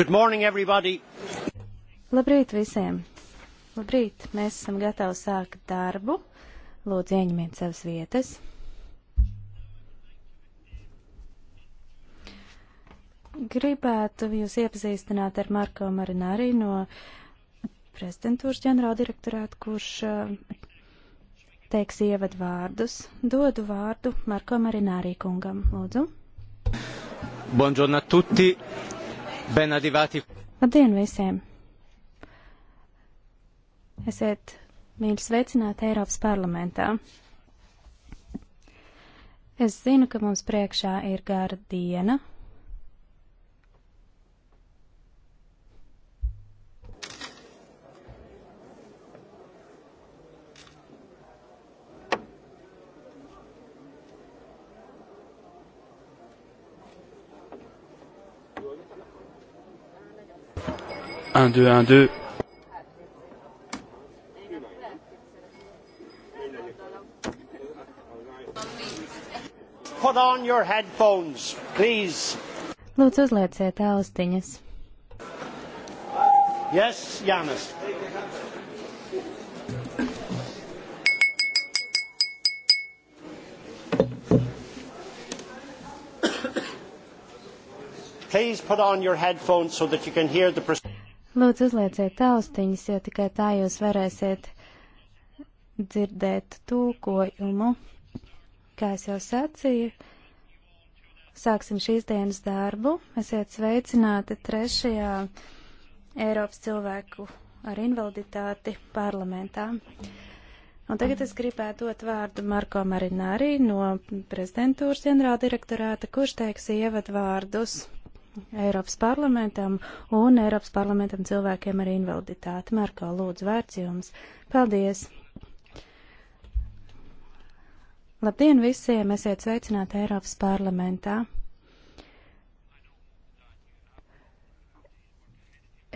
Good morning, everybody! Labrīt visiem! Labrīt! Mēs esam gatavi sākt darbu. Lūdzu, ieņemiet savas vietas. Gribētu jūs iepazīstināt ar Marko Marinari no prezidentūras ģenerāldirektorāta, kurš eh, teiks ievadvārdus. Dodu vārdu Marko Marinārī kungam. Lūdzu. Buongiorno a tutti. Ben adivati. Labdien visiem! Esiet mīļi sveicināti Eiropas parlamentā. Es zinu, ka mums priekšā ir gara diena, 1, 2, 1, 2. Put on your headphones, please. Lūdzu, uzlieciet austiņas. Yes, Jānis. Please put on your headphones so that you can hear the Lūdzu, uzlieciet austiņas, jo tikai tā jūs varēsiet dzirdēt tūkojumu. Kā es jau sacīju, sāksim šīs dienas darbu. Esiet sveicināti trešajā Eiropas cilvēku ar invaliditāti parlamentā. Un tagad es gribētu dot vārdu Marko Marinārī no prezidentūras ģenerāldirektorāta, kurš teiks ievadvārdus Eiropas parlamentam un Eiropas parlamentam cilvēkiem ar invaliditāti. Marko, lūdzu, vērts jums. Paldies! Labdien visiem! Esiet sveicināti Eiropas parlamentā!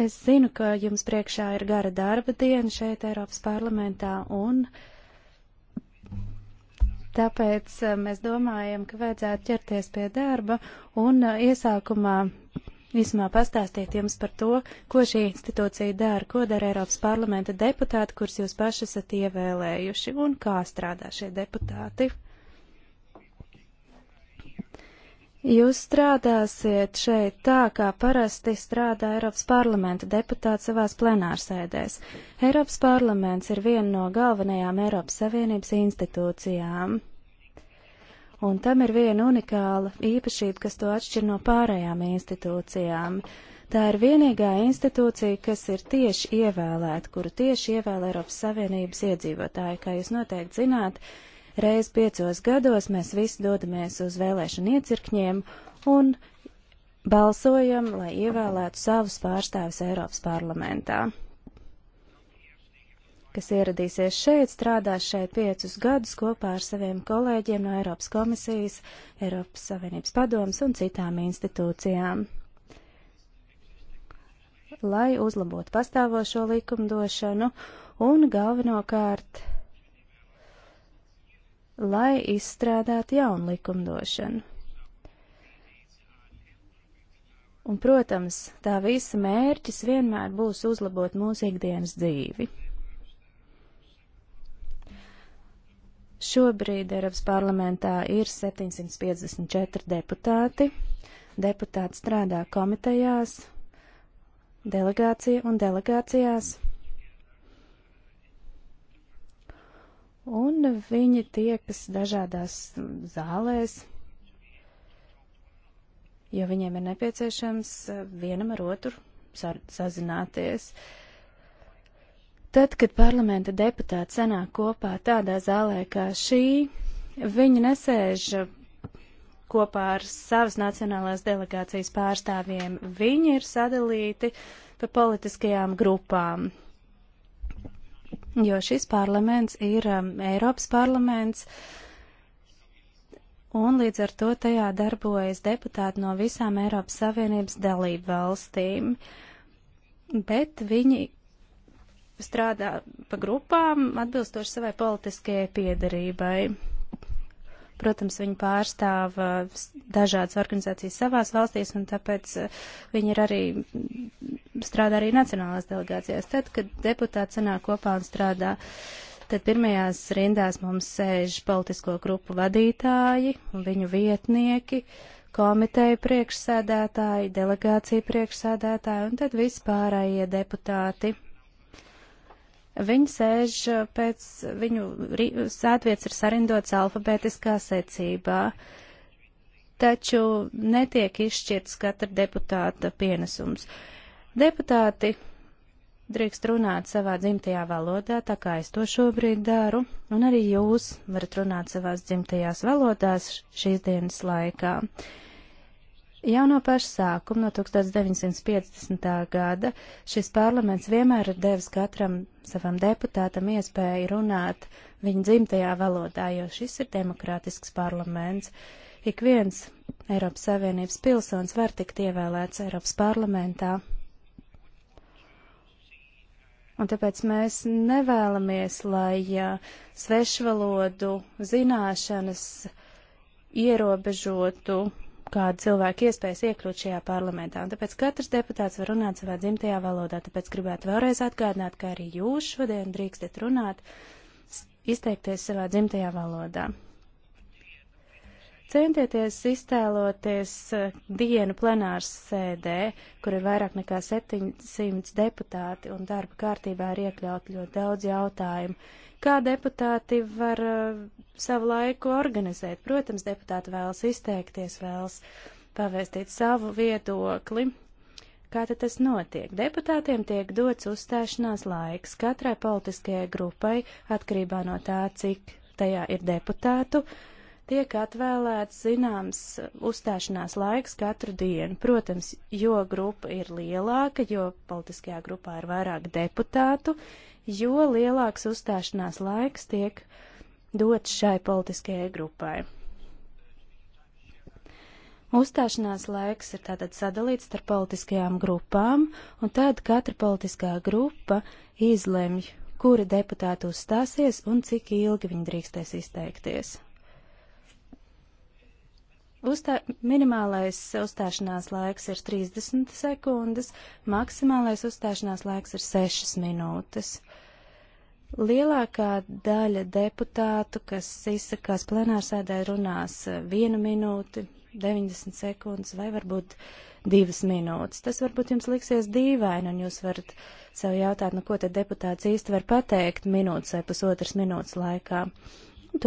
Es zinu, ka jums priekšā ir gara darba diena šeit Eiropas parlamentā un uh, Tāpēc eh, mēs domājam, ka vajadzētu ķerties pie darba un eh, iesākumā īsumā pastāstīt jums par to, ko šī institūcija dara, ko dara Eiropas parlamenta deputāti, kurus jūs paši esat ievēlējuši un kā strādā šie deputāti. Jūs strādāsiet šeit tā, kā parasti strādā Eiropas parlamenta deputāti savās plenārsēdēs. Eiropas parlaments ir viena no galvenajām Eiropas Savienības institūcijām. Un tam ir viena unikāla īpašība, kas to atšķir no pārējām institūcijām. Tā ir vienīgā institūcija, kas ir tieši ievēlēta, kuru tieši ievēl Eiropas Savienības iedzīvotāji, kā jūs noteikti zināt, uh, Reiz piecos gados mēs visi dodamies uz vēlēšanu iecirkņiem un balsojam, lai ievēlētu savus pārstāvis Eiropas parlamentā kas ieradīsies šeit, strādās šeit piecus gadus kopā ar saviem kolēģiem no Eiropas komisijas, Eiropas Savienības padomas un citām institūcijām. Lai uzlabotu pastāvošo likumdošanu un galvenokārt lai izstrādātu jaunu likumdošanu. Un, protams, tā visa mērķis vienmēr būs uzlabot mūsu ikdienas dzīvi. Šobrīd Eiropas parlamentā ir 754 deputāti. Deputāti strādā komitejās, delegācija un delegācijās. Un viņi tiekas dažādās zālēs, jo viņiem ir nepieciešams vienam ar otru sazināties. Tad, kad parlamenta deputāti sanāk kopā tādā zālē kā šī, viņi nesēž kopā ar savas nacionālās delegācijas pārstāvjiem. Viņi ir sadalīti pa politiskajām grupām jo šis parlaments ir um, Eiropas parlaments, un līdz ar to tajā darbojas deputāti no visām Eiropas Savienības dalību valstīm, bet viņi strādā pa grupām atbilstoši savai politiskajai piedarībai. Protams, viņi pārstāv uh, dažādas organizācijas savās valstīs, un tāpēc uh, viņi ir arī mm, strādā arī nacionālās delegācijās. Tad, kad deputāti sanāk kopā un strādā, tad pirmajās rindās mums sēž politisko grupu vadītāji un viņu vietnieki, komiteju priekšsēdētāji, delegāciju priekšsēdētāji un tad vispārējie deputāti Viņi sēž uh, pēc, viņu sēdvietas ir sarindotas alfabētiskā secībā, taču netiek izšķirts katra deputāta pienesums. Deputāti drīkst runāt savā dzimtajā valodā, tā kā es to šobrīd daru, un arī jūs varat runāt savās dzimtajās valodās šīs dienas laikā. Uh, Jau no paša sākuma, no 1950. gada, šis parlaments vienmēr ir devis katram savam deputātam iespēju runāt viņa dzimtajā valodā, jo šis ir demokrātisks parlaments. Ik viens Eiropas Savienības pilsonis var tikt ievēlēts Eiropas parlamentā, Un tāpēc mēs nevēlamies, lai ja, svešvalodu zināšanas ierobežotu kāda cilvēka iespējas iekļūt šajā parlamentā, un tāpēc katrs deputāts var runāt savā dzimtajā valodā, tāpēc gribētu vēlreiz atgādināt, ka arī jūs šodien drīkstat runāt, izteikties savā dzimtajā valodā. Centieties iztēloties eh, dienu plenārs sēdē, kur ir vairāk nekā 700 deputāti un darba kārtībā ir iekļaut ļoti daudz jautājumu. Kā deputāti var uh, savu laiku organizēt? Protams, deputāti vēlas izteikties, vēlas pavēstīt savu viedokli. Kā tad tas notiek? Deputātiem tiek dots uzstāšanās laiks katrai politiskajai grupai atkarībā no tā, cik tajā ir deputātu. Uh, tiek atvēlēts zināms uh, uzstāšanās laiks katru dienu. Protams, jo grupa ir lielāka, jo politiskajā grupā ir vairāk deputātu, jo lielāks uzstāšanās laiks tiek dots šai politiskajai grupai. Uzstāšanās laiks ir tātad sadalīts starp politiskajām grupām, un tad katra politiskā grupa izlemj, kuri deputāti uzstāsies un cik ilgi viņi drīkstēs izteikties. Uzstā, minimālais uzstāšanās laiks ir 30 sekundes, maksimālais uzstāšanās laiks ir 6 minūtes. Lielākā daļa deputātu, kas izsakās plenārsēdē, runās 1 eh, minūti, 90 sekundes vai varbūt 2 minūtes. Tas varbūt jums liksies dīvaini, un jūs varat sev jautāt, nu ko tad deputāts īsti var pateikt minūtes vai pusotras minūtes laikā.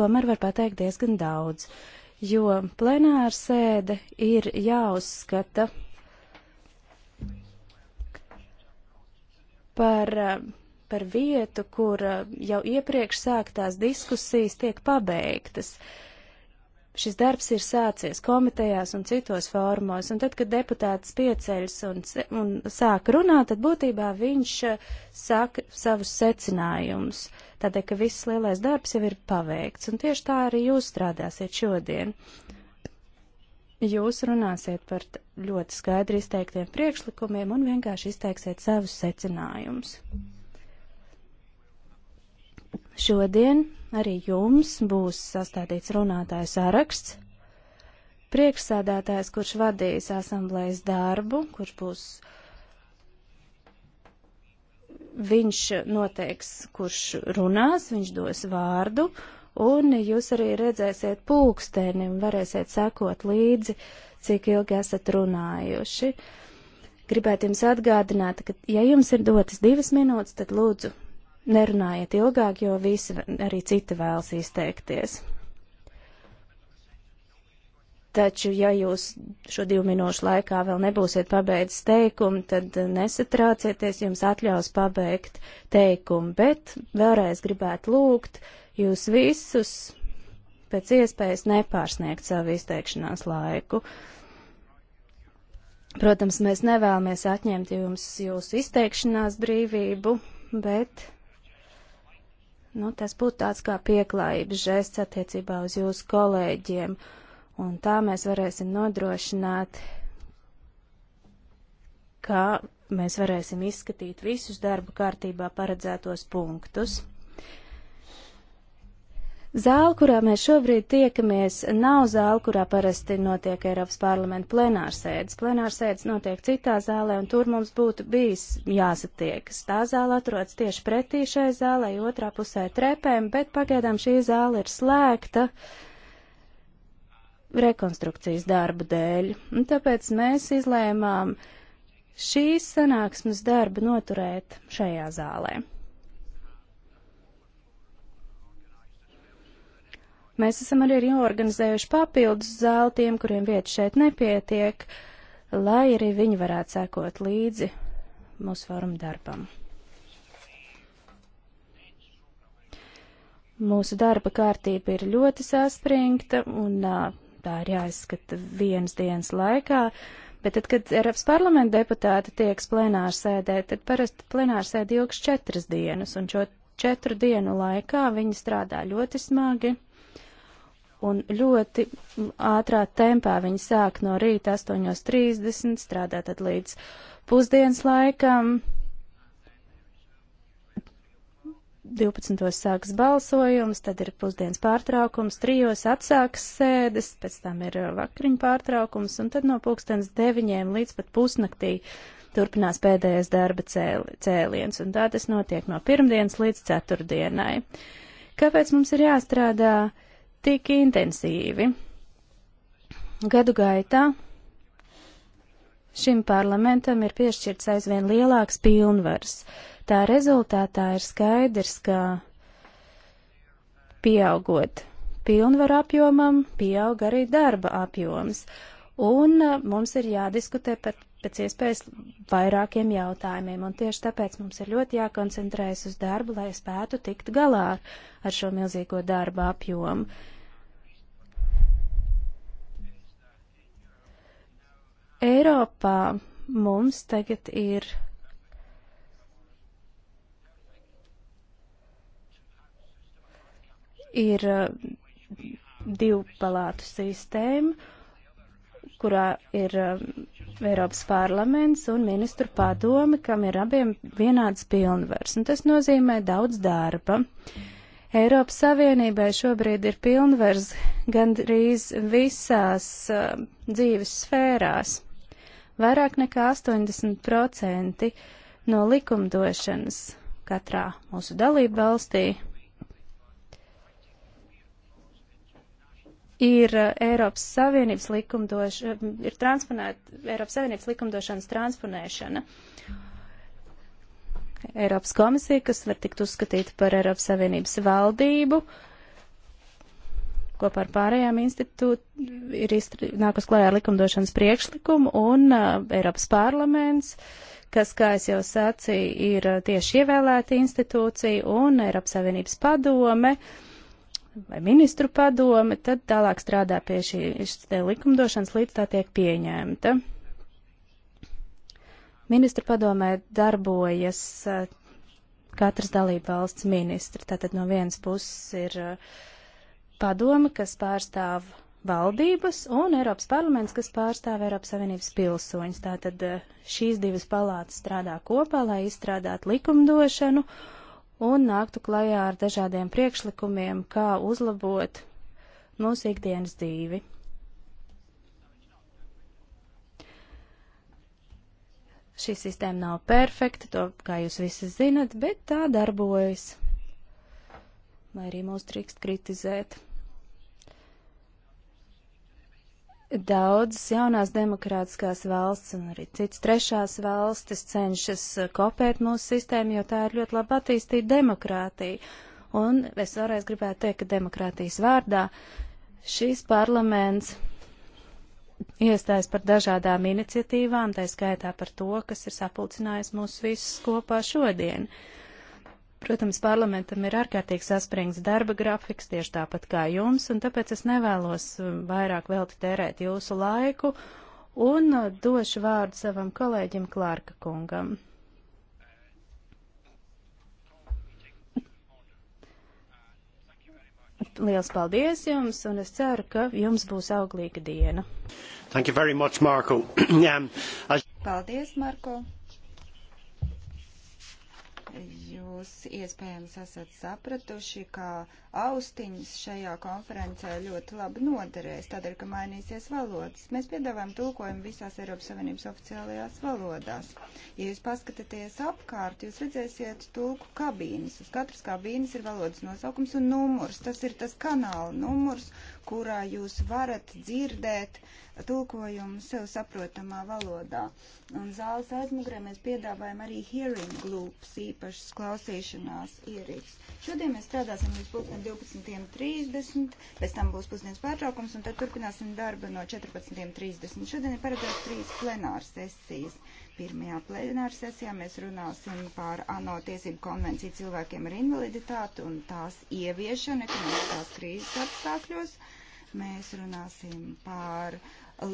Tomēr var pateikt diezgan daudz. Uh, jo plenāra sēde ir jāuzskata par, par vietu, kur jau iepriekš sāktās diskusijas tiek pabeigtas. Uh, Šis darbs ir sācies komitejās un citos formos, un tad, kad deputāts pieceļas un, un sāk runāt, tad būtībā viņš eh, saka savus secinājumus, tādēļ, ka viss lielais darbs jau ir paveikts, un tieši tā arī jūs strādāsiet šodien. Jūs runāsiet par ļoti skaidri izteiktiem priekšlikumiem un vienkārši izteiksiet savus secinājumus. Mm. Šodien arī jums būs sastādīts runātājs saraksts. Priekšsēdētājs, kurš vadīs asamblējas darbu, kurš būs, viņš noteiks, kurš runās, viņš dos vārdu, un jūs arī redzēsiet pulksteni un varēsiet sekot līdzi, cik ilgi esat runājuši. Gribētu jums atgādināt, ka ja jums ir dotas divas minūtes, tad lūdzu nerunājiet ilgāk, jo visi arī citi vēlas izteikties. Taču, ja jūs šo divu minūšu laikā vēl nebūsiet pabeidzis teikumu, tad nesatraucieties, jums atļaus pabeigt teikumu. Bet vēlreiz gribētu lūgt jūs visus pēc iespējas nepārsniegt savu izteikšanās laiku. Protams, mēs nevēlamies atņemt jums jūsu izteikšanās brīvību, bet Nu, tas būtu tāds kā pieklājības žests attiecībā uz jūsu kolēģiem, un tā mēs varēsim nodrošināt, ka mēs varēsim izskatīt visus darba kārtībā paredzētos punktus. Zāle, kurā mēs šobrīd tiekamies, nav zāle, kurā parasti notiek Eiropas parlamenta plenārsēdes. Plenārsēdes notiek citā zālē, un tur mums būtu bijis jāsatiekas. Tā zāle atrodas tieši pretī šai zālē, otrā pusē trepēm, bet pagaidām šī zāle ir slēgta rekonstrukcijas darbu dēļ. Un tāpēc mēs izlēmām šīs sanāksmes darbu noturēt šajā zālē. Mēs esam arī organizējuši papildus zāli tiem, kuriem vietas šeit nepietiek, lai arī viņi varētu sekot līdzi mūsu foruma darbam. Mūsu darba kārtība ir ļoti saspringta un tā ir jāizskata vienas dienas laikā. Bet tad, kad Eiropas parlamenta deputāti tieks plenārsēdē, tad parasti plenārsēde ilgs četras dienas, un šo četru dienu laikā viņi strādā ļoti smagi un ļoti ātrā tempā viņi sāk no rīta 8.30, strādā tad līdz pusdienas laikam. 12. sāks balsojums, tad ir pusdienas pārtraukums, 3. atsāks sēdes, pēc tam ir vakariņu pārtraukums, un tad no pulkstens 9. līdz pat pusnaktī turpinās pēdējais darba cēli, cēliens, un tā tas notiek no pirmdienas līdz ceturtdienai. Kāpēc mums ir jāstrādā uh, tik intensīvi. Gadu gaitā šim parlamentam ir piešķirts aizvien lielāks pilnvars. Tā rezultātā ir skaidrs, ka pieaugot pilnvaru apjomam, pieaug arī darba apjoms. Un uh, mums ir jādiskutē par pēc iespējas vairākiem jautājumiem, un tieši tāpēc mums ir ļoti jākoncentrējas uz darbu, lai spētu tikt galā ar šo milzīgo darba apjomu. Eiropā mums tagad ir ir uh, divu palātu sistēma, kurā ir um, Eiropas parlaments un ministru padomi, kam ir abiem vienāds pilnvars. Un tas nozīmē daudz darba. Eiropas Savienībai šobrīd ir pilnvars gandrīz visās uh, dzīves sfērās. Vairāk nekā 80% no likumdošanas katrā mūsu dalību valstī ir eh, Eiropas Savienības likumdošana, eh, ir transponēta Eiropas Savienības likumdošanas transponēšana. Eiropas komisija, kas var tikt uzskatīta par Eiropas Savienības valdību, kopā ar pārējām institūtiem ir nākus klājā likumdošanas priekšlikumu un uh, Eiropas parlaments, kas, kā es jau sacīju, ir tieši ievēlēta institūcija un Eiropas Savienības padome. Uh, vai ministru padome, tad tālāk strādā pie šīs likumdošanas, līdz tā tiek pieņemta. Ministru padomē darbojas eh, katras dalība valsts ministri. Tātad no vienas puses ir eh, padome, kas pārstāv valdības, un Eiropas parlaments, kas pārstāv Eiropas Savienības pilsoņus. Tātad eh, šīs divas palātas strādā kopā, lai izstrādātu likumdošanu, uh, un nāktu klajā ar dažādiem priekšlikumiem, kā uzlabot mūsu ikdienas dzīvi. Šī sistēma nav perfekta, to kā jūs visi zinat, bet tā darbojas. Vai arī mūs drīkst kritizēt. Daudzas jaunās demokrātiskās valsts un arī citas trešās valstis cenšas uh, kopēt mūsu sistēmu, jo tā ir ļoti labi attīstīta demokrātija. Un es vēlreiz gribētu teikt, ka demokrātijas vārdā šīs parlaments iestājas par dažādām iniciatīvām, tā skaitā par to, kas ir sapulcinājis mūs visus kopā šodien. Uh, Protams, parlamentam ir ārkārtīgi saspringts darba grafiks, tieši tāpat kā jums, un tāpēc es nevēlos um, vairāk velti tērēt jūsu laiku un uh, došu vārdu savam kolēģim Klārka kungam. Liels paldies jums, un es ceru, ka jums būs auglīga diena. Much, Marko. Paldies, Marko. Jūs iespējams esat sapratuši, ka austiņas šajā konferencē ļoti labi noderēs, tādēļ, ka mainīsies valodas. Mēs piedāvājam tulkojumu visās Eiropas Savienības oficiālajās valodās. Ja jūs paskatāties apkārt, jūs redzēsiet tulku kabīnes. Uz katras kabīnes ir valodas nosaukums un numurs. Tas ir tas kanāla numurs, kurā jūs varat dzirdēt tulkojumu sev saprotamā valodā. Un zāles aizmugurē mēs piedāvājam arī hearing loops, īpašas klausīšanās ierīces. Šodien mēs strādāsim līdz pulksten 12.30, pēc tam būs pusdienas pārtraukums, un tad turpināsim darbu no 14.30. Šodien ir paredzēts trīs plenāras sesijas. Pirmajā plenāra sesijā mēs runāsim par ANO tiesību konvenciju cilvēkiem ar invaliditāti un tās ieviešanu ekonomiskās krīzes apstākļos. Mēs runāsim par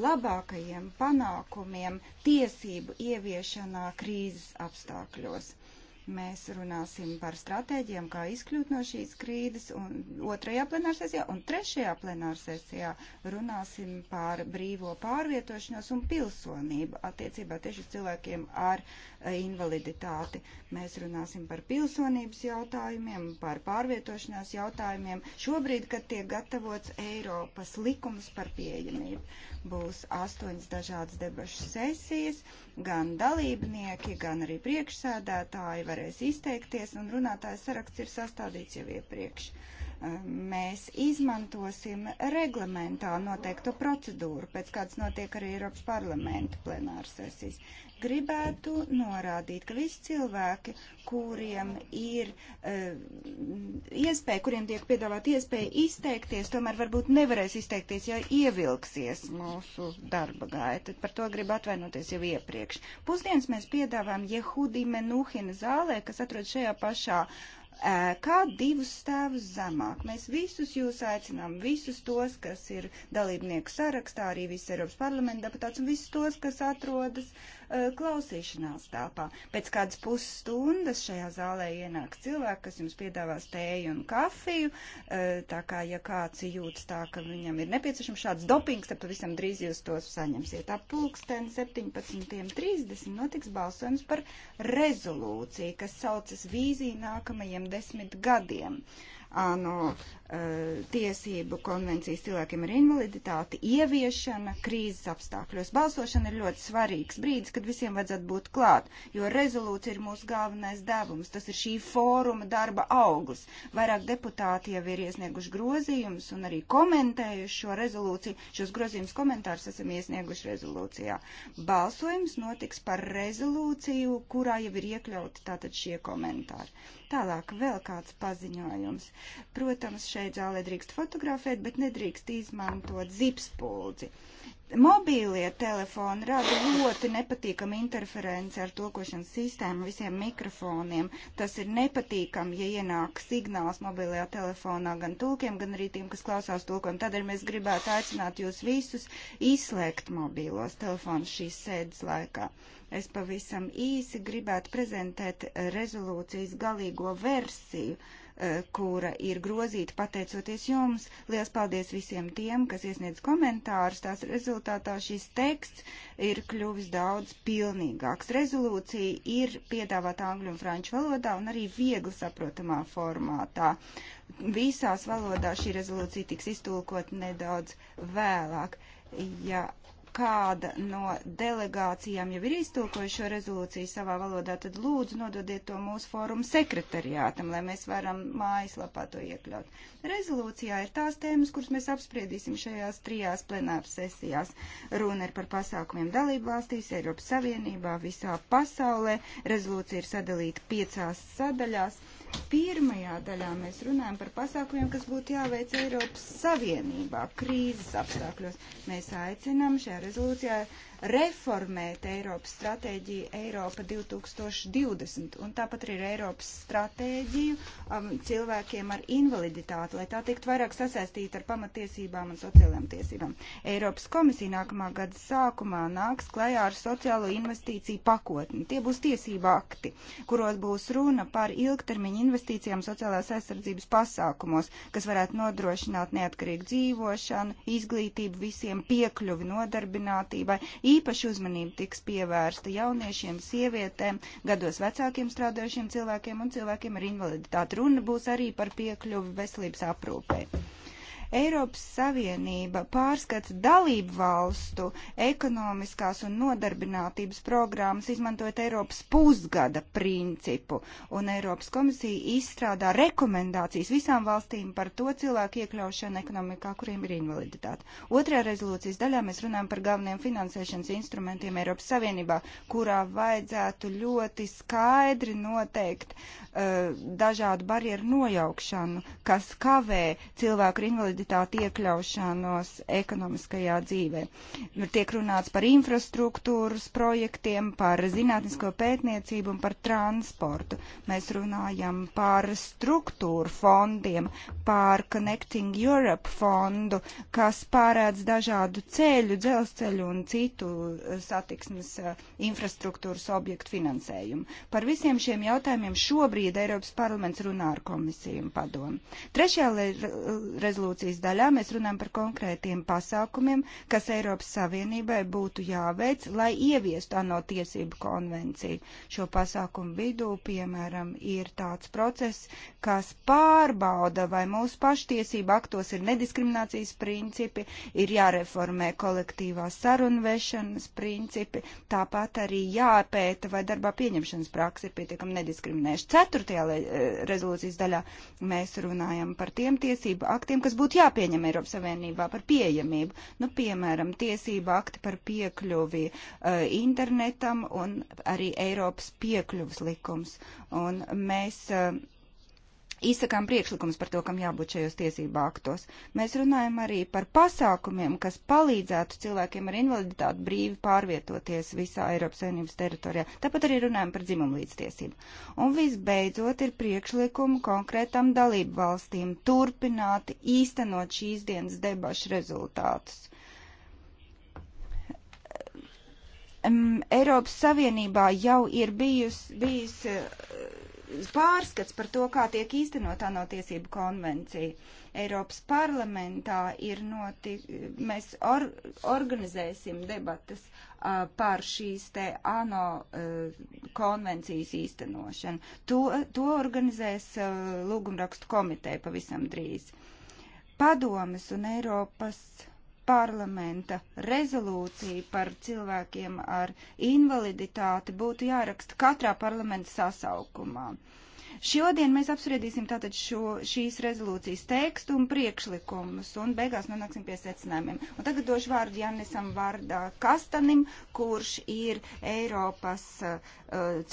labākajiem panākumiem tiesību ieviešanā krīzes apstākļos. Mēs runāsim par stratēģiem, kā izkļūt no šīs krīzes, un otrajā plenārsesijā un trešajā plenārsesijā runāsim par brīvo pārvietošanos un pilsonību attiecībā tieši uz cilvēkiem ar e, invaliditāti. Mēs runāsim par pilsonības jautājumiem, par pārvietošanās jautājumiem šobrīd, kad tiek gatavots Eiropas likums par pieejamību. Būs astoņas dažādas debašu sesijas, gan dalībnieki, gan arī priekšsēdētāji varēs izteikties, un runātājs saraksts ir sastādīts jau iepriekš. Ehm, mēs izmantosim reglamentā noteikto procedūru, pēc kādas notiek arī Eiropas parlamenta plenāras sesijas gribētu norādīt, ka visi cilvēki, kuriem ir uh, iespēja, kuriem tiek piedāvāt iespēja izteikties, tomēr varbūt nevarēs izteikties, ja ievilksies mūsu darba gaita. Par to gribu atvainoties jau iepriekš. Pusdienas mēs piedāvājam Jehudi Menuhina zālē, kas atrod šajā pašā ēkā eh, divus stāvus zemāk. Mēs visus jūs aicinām, visus tos, kas ir dalībnieku sarakstā, arī visi Eiropas parlamenta deputāts un visus tos, kas atrodas uh, Uh, klausīšanās telpā. Pēc kādas pusstundas šajā zālē ienāk cilvēki, kas jums piedāvā tēju un kafiju. Uh, tā kā, ja kāds jūtas tā, ka viņam ir nepieciešams šāds dopings, tad pavisam drīz jūs tos saņemsiet. Ap pulksten 17.30 notiks balsojums par rezolūciju, kas saucas vīzija nākamajiem desmit gadiem. Ano, Eh, tiesību konvencijas cilvēkiem ar invaliditāti ieviešana krīzes apstākļos. Balsošana ir ļoti svarīgs brīdis, kad visiem vajadzētu būt klāt, jo rezolūcija ir mūsu galvenais devums. Tas ir šī fóruma darba auglis. Vairāk deputāti jau ir iesnieguši grozījumus un arī komentējuši šo rezolūciju. Šos grozījumus komentārus esam iesnieguši rezolūcijā. Balsojums notiks par rezolūciju, kurā jau ir iekļauti tātad šie komentāri. Tālāk vēl kāds paziņojums. Protams, šeit sēž zālē drīkst fotografēt, bet nedrīkst izmantot zipspuldzi. Mobīlie telefoni rada ļoti nepatīkamu interferenci ar tulkošanas sistēmu visiem mikrofoniem. Tas ir nepatīkami, ja ienāk signāls mobilajā telefonā gan tulkiem, gan arī tiem, kas klausās tulkiem. Tādēļ mēs gribētu aicināt jūs visus izslēgt mobīlos telefonus šīs sēdes laikā. Es pavisam īsi gribētu prezentēt rezolūcijas galīgo versiju Eh, kura ir grozīta pateicoties jums. Lielas paldies visiem tiem, kas iesniedz komentārus. Tās rezultātā šis teksts ir kļuvis daudz pilnīgāks. Rezolūcija ir piedāvāta angļu un franču valodā un arī viegli saprotamā formātā. Visās valodās šī rezolūcija tiks iztulkot nedaudz vēlāk. Ja kāda no delegācijām jau ir iztulkojuši šo rezolūciju savā valodā, tad lūdzu nododiet to mūsu fórumu sekretariātam, lai mēs varam mājaslapā to iekļaut. Rezolūcijā ir tās tēmas, kuras mēs apspriedīsim šajās trijās plenāras sesijās. Runa ir par pasākumiem dalību valstīs, Eiropas Savienībā, visā pasaulē. Rezolūcija ir sadalīta piecās sadaļās. Pirmajā daļā mēs runājam par pasākumiem, kas būtu jāveic Eiropas Savienībā krīzes apstākļos. Mēs aicinām šajā rezolūcijā uh, reformēt Eiropas stratēģiju Eiropa 2020 un tāpat arī ar Eiropas stratēģiju um, cilvēkiem ar invaliditāti, lai tā tiktu vairāk sasaistīta ar pamatiesībām un sociālajām tiesībām. Eiropas komisija nākamā gada sākumā nāks klajā ar sociālo investīciju pakotni. Tie būs tiesība akti, kuros būs runa par ilgtermiņa investīcijām sociālās aizsardzības pasākumos, kas varētu nodrošināt neatkarīgu dzīvošanu, izglītību visiem, piekļuvi nodarbinātībai, īpaši uzmanība tiks pievērsta jauniešiem, sievietēm, gados vecākiem strādājušiem cilvēkiem un cilvēkiem ar invaliditāti. Runa būs arī par piekļuvi veselības aprūpē. Eiropas Savienība pārskata dalību valstu ekonomiskās un nodarbinātības programmas, izmantojot Eiropas pusgada principu, un Eiropas komisija izstrādā rekomendācijas visām valstīm par to cilvēku iekļaušanu ekonomikā, kuriem ir invaliditāte. Otrajā rezolūcijas daļā mēs runājam par galveniem finansēšanas instrumentiem Eiropas Savienībā, kurā vajadzētu ļoti skaidri noteikt uh, dažādu barjeru nojaukšanu, kas kavē cilvēku invaliditāti invaliditāti iekļaušanos ekonomiskajā dzīvē. Nu, tiek runāts par infrastruktūras projektiem, par zinātnisko pētniecību un par transportu. Mēs runājam par struktūru fondiem, par Connecting Europe fondu, kas pārēdz dažādu ceļu, dzelzceļu un citu eh, satiksmes eh, infrastruktūras objektu finansējumu. Par visiem šiem jautājumiem šobrīd Eiropas parlaments runā ar komisiju un padomu. Trešajā rezolūcijā rezolūcijas daļā mēs runājam par konkrētiem pasākumiem, kas Eiropas Savienībai būtu jāveic, lai ieviestu ANO tiesību konvenciju. Šo pasākumu vidū, piemēram, ir tāds process, kas pārbauda, vai mūsu paštiesību aktos ir nediskriminācijas principi, ir jāreformē kolektīvās sarunvešanas principi, tāpat arī jāpēta, vai darbā pieņemšanas praksa ir pietiekami nediskriminēša. Ceturtajā eh, rezolūcijas daļā mēs runājam par tiem tiesību aktiem, kas būtu būtu jāpieņem Eiropas Savienībā par pieejamību. Nu, piemēram, tiesība akti par piekļuvi uh, internetam un arī Eiropas piekļuvas likums. Un mēs uh, izsakām priekšlikums par to, kam jābūt šajos tiesību aktos. Mēs runājam arī par pasākumiem, kas palīdzētu cilvēkiem ar invaliditāti brīvi pārvietoties visā Eiropas Savienības teritorijā. Tāpat arī runājam par dzimumu līdztiesību. Un visbeidzot ir priekšlikumu konkrētām dalību valstīm turpināt īstenot šīs dienas debašu rezultātus. Um, Eiropas Savienībā jau ir bijus, bijis uh, pārskats par to, kā tiek īstenotā no tiesību konvencija. Eiropas parlamentā ir notik, mēs or, organizēsim debatas uh, par šīs te ANO uh, konvencijas īstenošanu. To, to organizēs uh, lūgumrakstu komiteja pavisam drīz. Padomas un Eiropas parlamenta rezolūcija par cilvēkiem ar invaliditāti būtu jāraksta katrā parlamenta sasaukumā. Šodien mēs apspriedīsim tātad šo, šīs rezolūcijas tekstu un priekšlikumus, un beigās nonāksim pie secinājumiem. Un tagad došu vārdu Janisam Vārdā Kastanim, kurš ir Eiropas uh,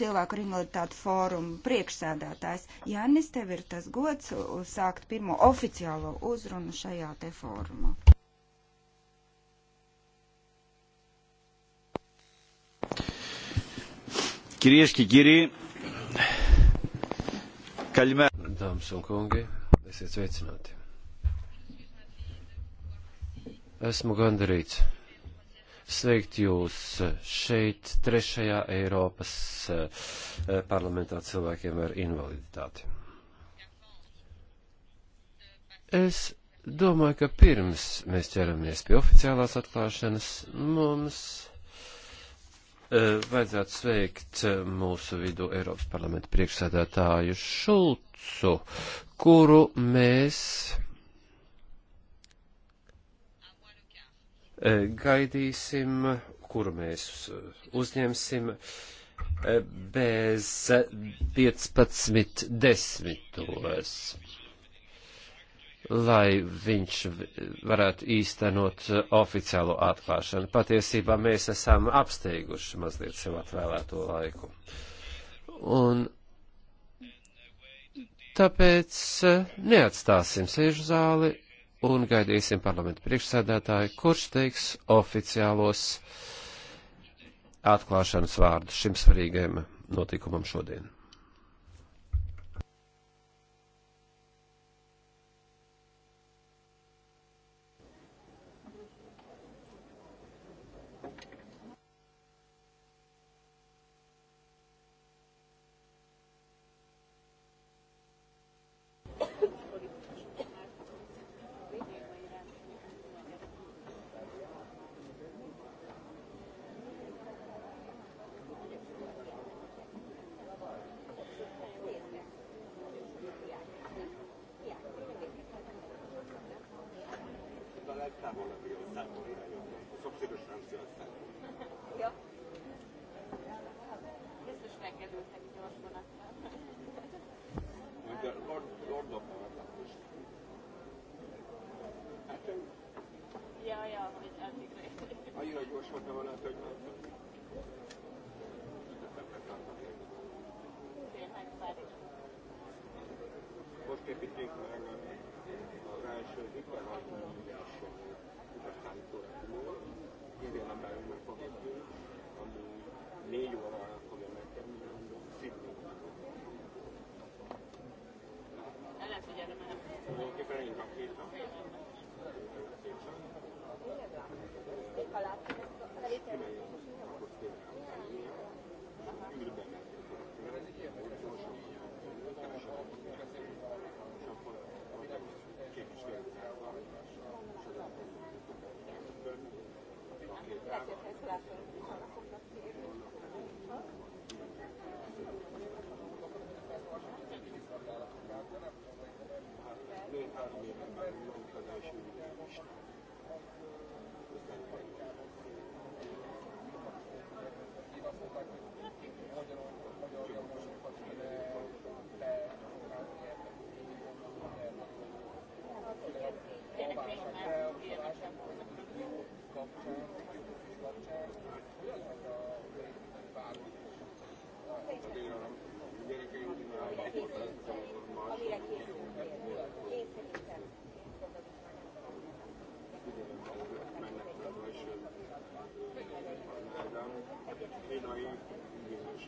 cilvēku ar invaliditātu fórumu priekšsēdētājs. Janis, tev ir tas gods uh, sākt pirmo oficiālo uzrunu šajā te fórumā. Κυρίες και κύριοι, καλημέρα. Dāmas un kungi, esiet sveicināti. Esmu gandarīts sveikt jūs šeit, trešajā Eiropas eh, parlamentā cilvēkiem ar invaliditāti. Es domāju, ka pirms mēs ķeramies pie oficiālās atklāšanas, mums Eh, vajadzētu sveikt eh, mūsu vidu Eiropas parlamenta priekšsēdētāju Šulcu, kuru mēs eh, gaidīsim, kuru mēs uzņemsim bez 15.10 lai viņš varētu īstenot uh, oficiālo atklāšanu. Patiesībā mēs esam apsteiguši mazliet sev atvēlēto laiku. Un tāpēc uh, neatstāsim sēžu zāli un gaidīsim parlamentu priekšsēdētāju, kurš teiks oficiālos atklāšanas vārdus šim svarīgajam notikumam šodien.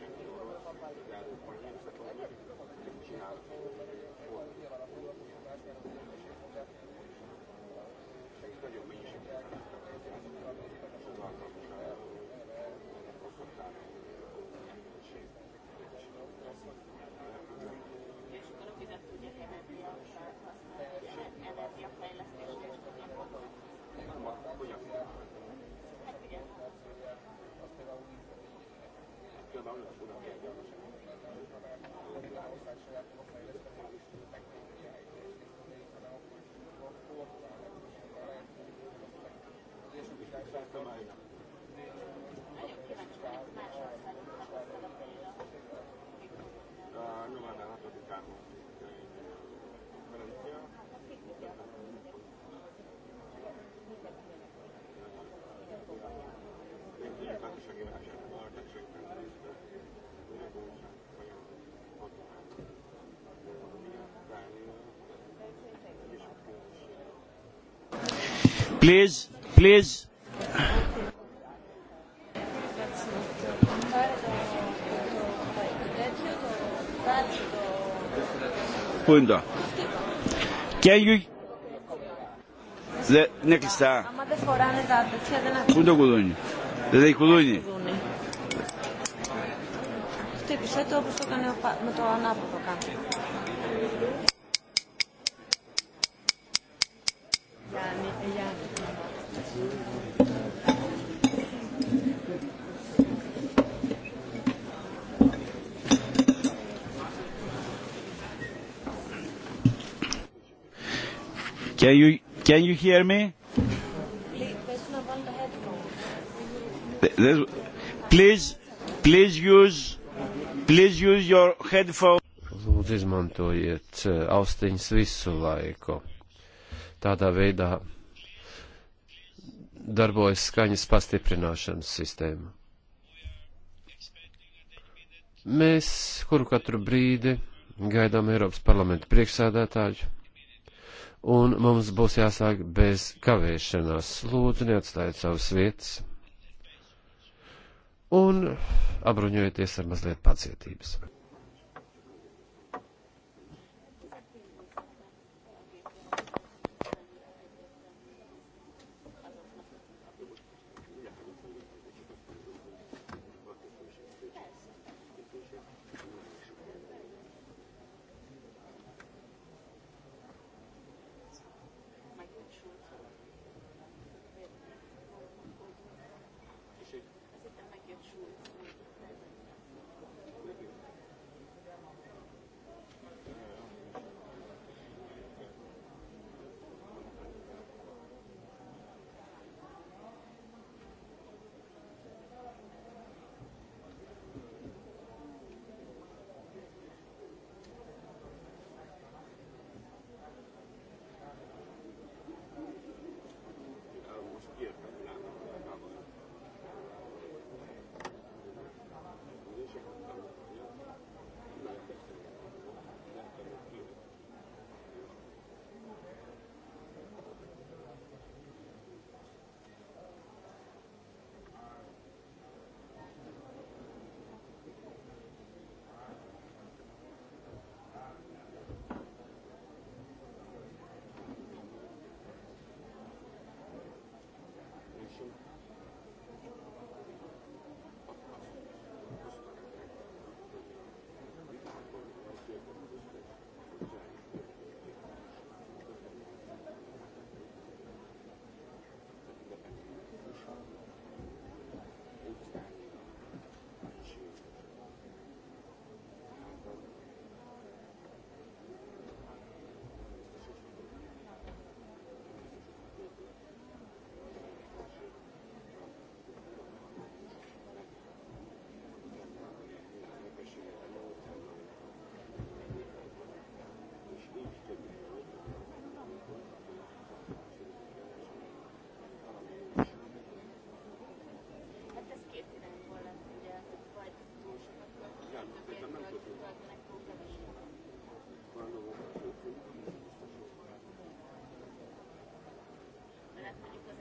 Grazie. Köszönöm. Please, please. Πού είναι το. Can you... Δε, είναι κλειστά. Άμα δεν φοράνε τα τέτοια δεν ακούνε. Πού είναι το κουδούνι. Δεν έχει κουδούνι. Χτύπησε το όπως το έκανε με το ανάποδο κάτω. Can you can you hear me? Please, please use, please use your headphone. Lūdzu, izmantojiet uh, austiņas visu laiku. Tādā veidā darbojas skaņas pastiprināšanas sistēma. Mēs kuru katru brīdi gaidām Eiropas parlamenta priekšsēdētāju un mums būs jāsāk bez kavēšanās. Lūdzu, neatstājiet savas vietas un apbruņojieties ar mazliet pacietības.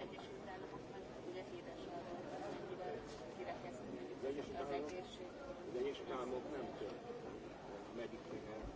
Egyesült Államokban ugye 7 arról, hogy mennyire kirekesztődik az egészség. Az Egyesült Államok nem tört a mediklinát.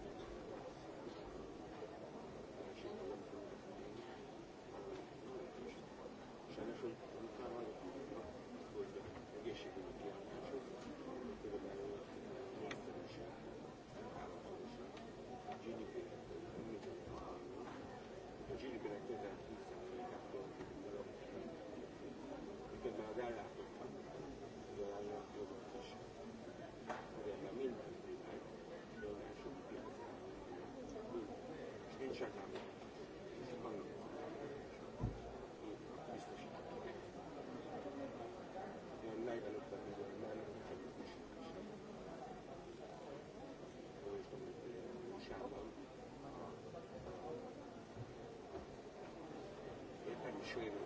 geschrieben.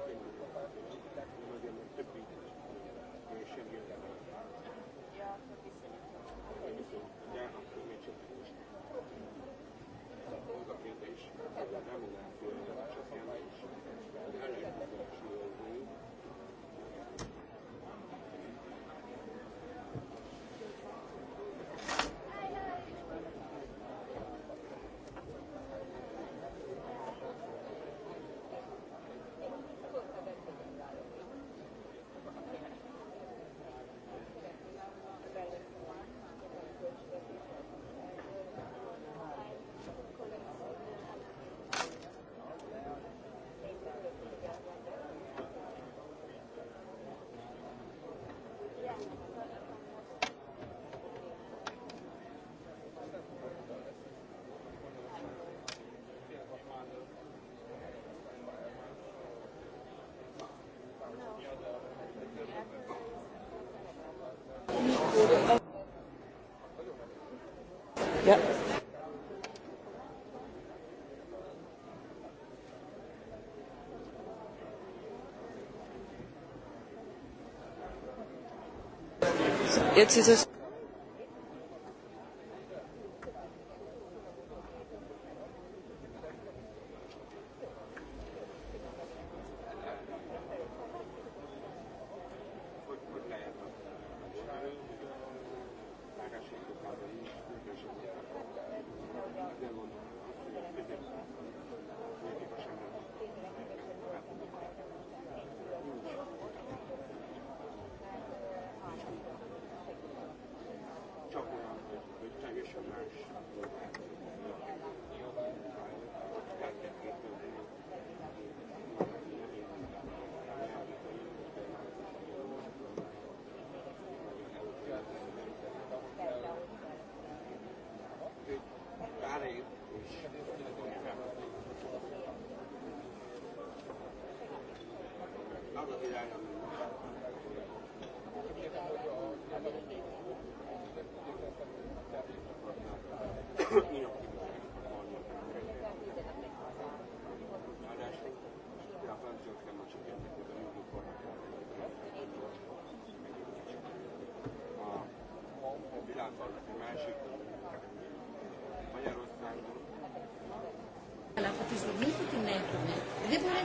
az a kérdés, hogy nem lehet, hogy csak jelenleg, de előbb Jetzt ist es από τις δημήθη την έχουμε δεν μπορεί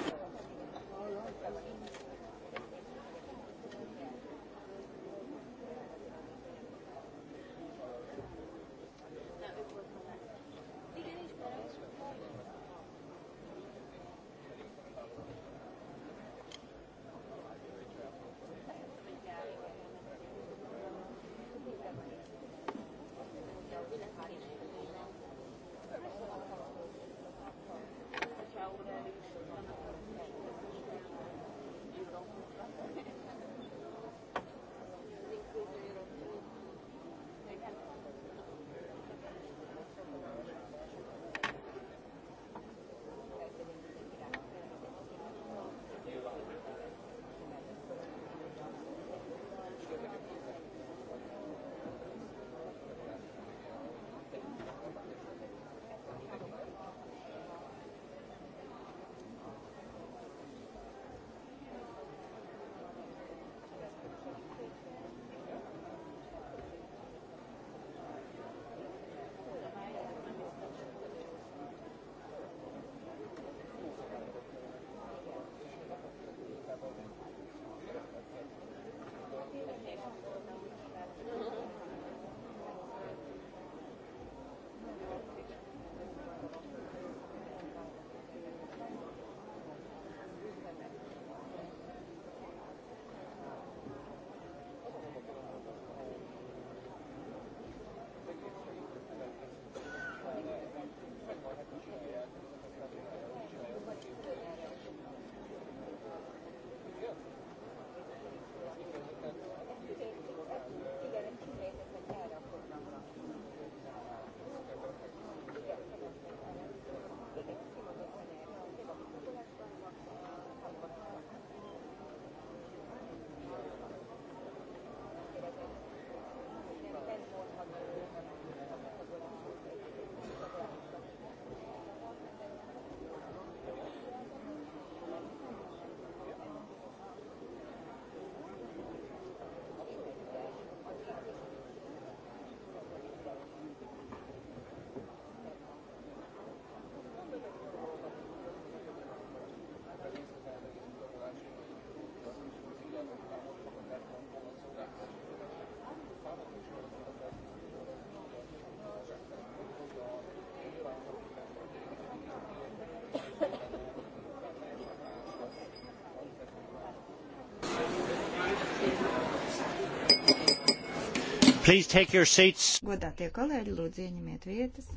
Please take your seats. Godātie kolēģi, lūdzu ieņemiet vietas.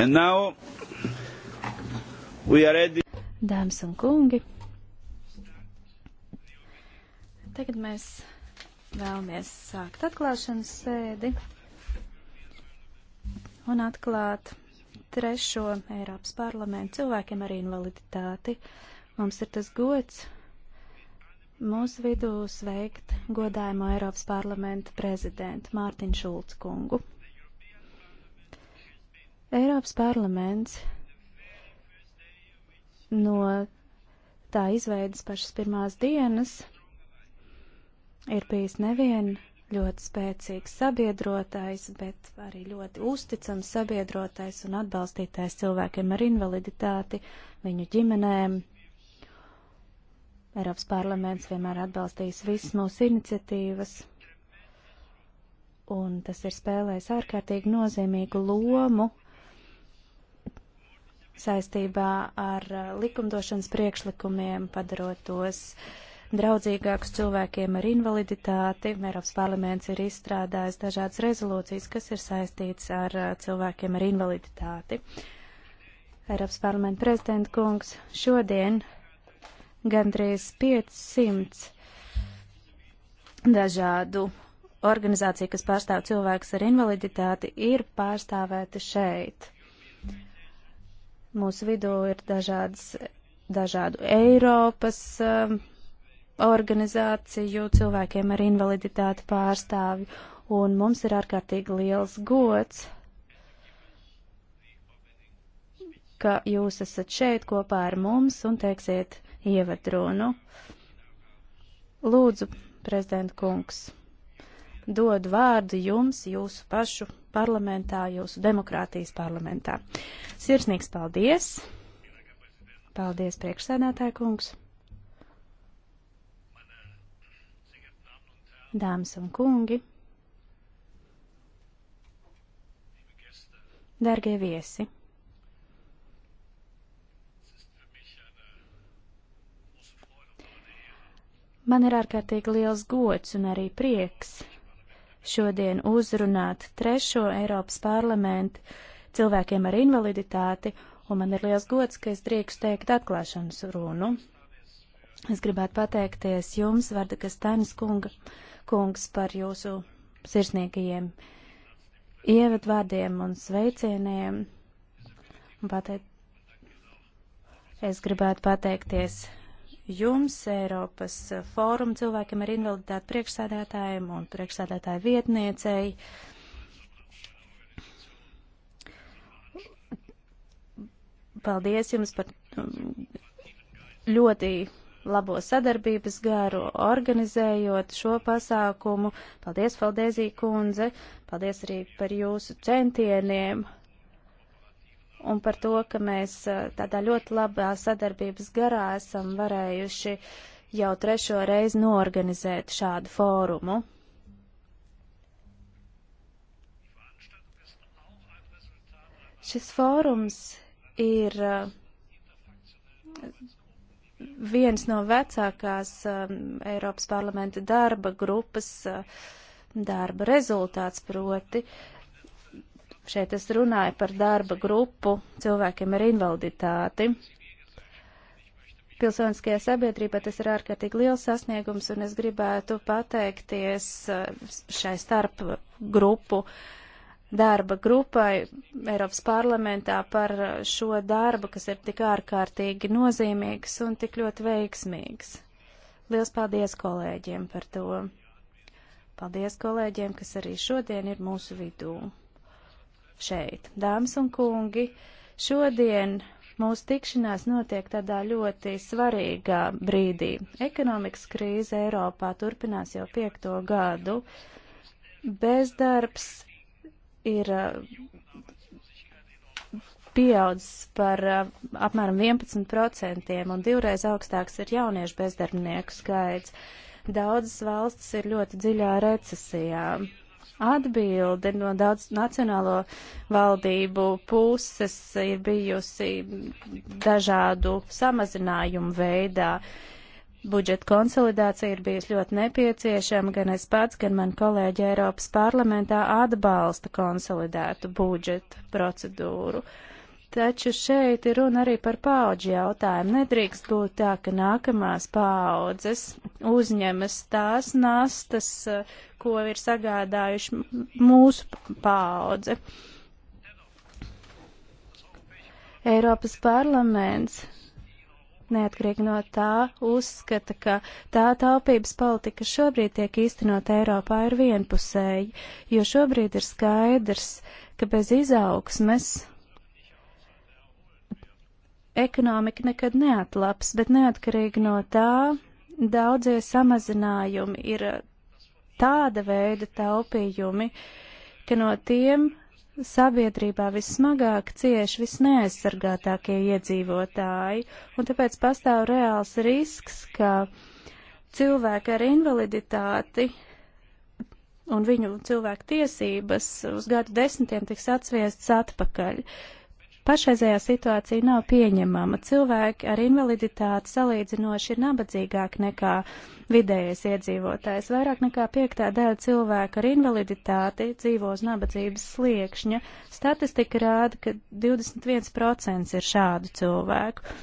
And now Dāmas un kungi, tagad mēs vēlamies sākt atklāšanas sēdi un atklāt trešo Eiropas parlamentu cilvēkiem ar invaliditāti. Mums ir tas gods mūsu vidū sveikt godājumu Eiropas parlamenta prezidentu Mārtiņu Šulc kungu. Eiropas parlaments no tā izveidas pašas pirmās dienas ir bijis nevien ļoti spēcīgs sabiedrotais, bet arī ļoti uzticams sabiedrotais un atbalstītājs cilvēkiem ar invaliditāti, viņu ģimenēm. Eiropas parlaments vienmēr atbalstījis visas mūsu iniciatīvas, un tas ir spēlējis ārkārtīgi nozīmīgu lomu uh, saistībā ar uh, likumdošanas priekšlikumiem, padarot tos draudzīgākus cilvēkiem ar invaliditāti. Eiropas parlaments ir izstrādājis dažādas rezolūcijas, kas ir saistītas ar uh, cilvēkiem ar invaliditāti. Eiropas parlamenta prezidenta kungs šodien gandrīz 500 dažādu organizāciju, kas pārstāv cilvēkus ar invaliditāti, ir pārstāvēta šeit. Mūsu vidū ir dažādas, dažādu Eiropas um, organizāciju, cilvēkiem ar invaliditāti pārstāvi, un mums ir ārkārtīgi liels gods, ka jūs esat šeit kopā ar mums un teiksiet ievadrunu. Lūdzu, prezident kungs dod vārdu jums, jūsu pašu parlamentā, jūsu demokrātijas parlamentā. Sirsnīgs paldies! Paldies, priekšsēdētāja kungs! Dāmas un kungi! Dargie viesi! Man ir ārkārtīgi liels gods un arī prieks šodien uzrunāt trešo Eiropas parlamentu cilvēkiem ar invaliditāti, un man ir liels gods, ka es drīkstu teikt atklāšanas runu. Es gribētu pateikties jums, Varda Kastanis kunga, kungs, par jūsu sirsnīgajiem ievadvārdiem un sveicieniem. Un pateikt, es gribētu pateikties jums, Eiropas eh, fórumu cilvēkiem ar invaliditāti priekšsēdētājiem un priekšsēdētāju vietniecei. Paldies jums par mm, ļoti labo sadarbības garu, organizējot šo pasākumu. Paldies, Faldēzī kundze! Paldies arī par jūsu centieniem! un par to, ka mēs tādā ļoti labā sadarbības garā esam varējuši jau trešo reizi norganizēt šādu fórumu. Šis fórums ir viens no vecākās Eiropas parlamenta darba grupas darba rezultāts proti. Uh, Šeit es runāju par darba grupu cilvēkiem ar invaliditāti. Pilsoniskajā sabiedrībā tas ir ārkārtīgi liels sasniegums, un es gribētu pateikties eh, šai starp grupu darba grupai Eiropas parlamentā par šo darbu, kas ir tik ārkārtīgi nozīmīgs un tik ļoti veiksmīgs. Liels paldies kolēģiem par to! Paldies kolēģiem, kas arī šodien ir mūsu vidū! šeit. Dāmas un kungi, šodien mūsu tikšanās notiek tādā ļoti svarīgā brīdī. Ekonomikas krīze Eiropā turpinās jau piekto gadu. Bezdarbs ir uh, pieaudzis par uh, apmēram 11% un divreiz augstāks ir jauniešu bezdarbnieku skaits. Daudzas valstis ir ļoti dziļā recesijā atbilde no daudz nacionālo valdību puses ir bijusi dažādu samazinājumu veidā. Budžeta konsolidācija ir bijusi ļoti nepieciešama, gan es pats, gan man kolēģi Eiropas parlamentā atbalsta konsolidētu budžeta procedūru. Uh, Taču šeit ir runa arī par paudžu jautājumu. Nedrīkst būt tā, ka nākamās paudzes uzņemas tās nastas, ko ir sagādājuši mūsu paudze. Eiropas parlaments neatkarīgi no tā uzskata, ka tā taupības politika šobrīd tiek īstenot Eiropā ir vienpusēji, jo šobrīd ir skaidrs, ka bez izaugsmes ekonomika nekad neatlaps, bet neatkarīgi no tā daudzie samazinājumi ir tāda veida taupījumi, ka no tiem sabiedrībā vismagāk cieši visneaizsargātākie iedzīvotāji, un tāpēc pastāv reāls risks, ka cilvēki ar invaliditāti un viņu cilvēku tiesības uz gadu desmitiem tiks atsviestas atpakaļ. Uh, Pašreizējā situācija nav pieņemama. Cilvēki ar invaliditāti salīdzinoši ir nabadzīgāki nekā vidējais iedzīvotājs. Vairāk nekā piektā daļa cilvēku ar invaliditāti dzīvo uz nabadzības sliekšņa. Statistika rāda, ka 21% ir šādu cilvēku.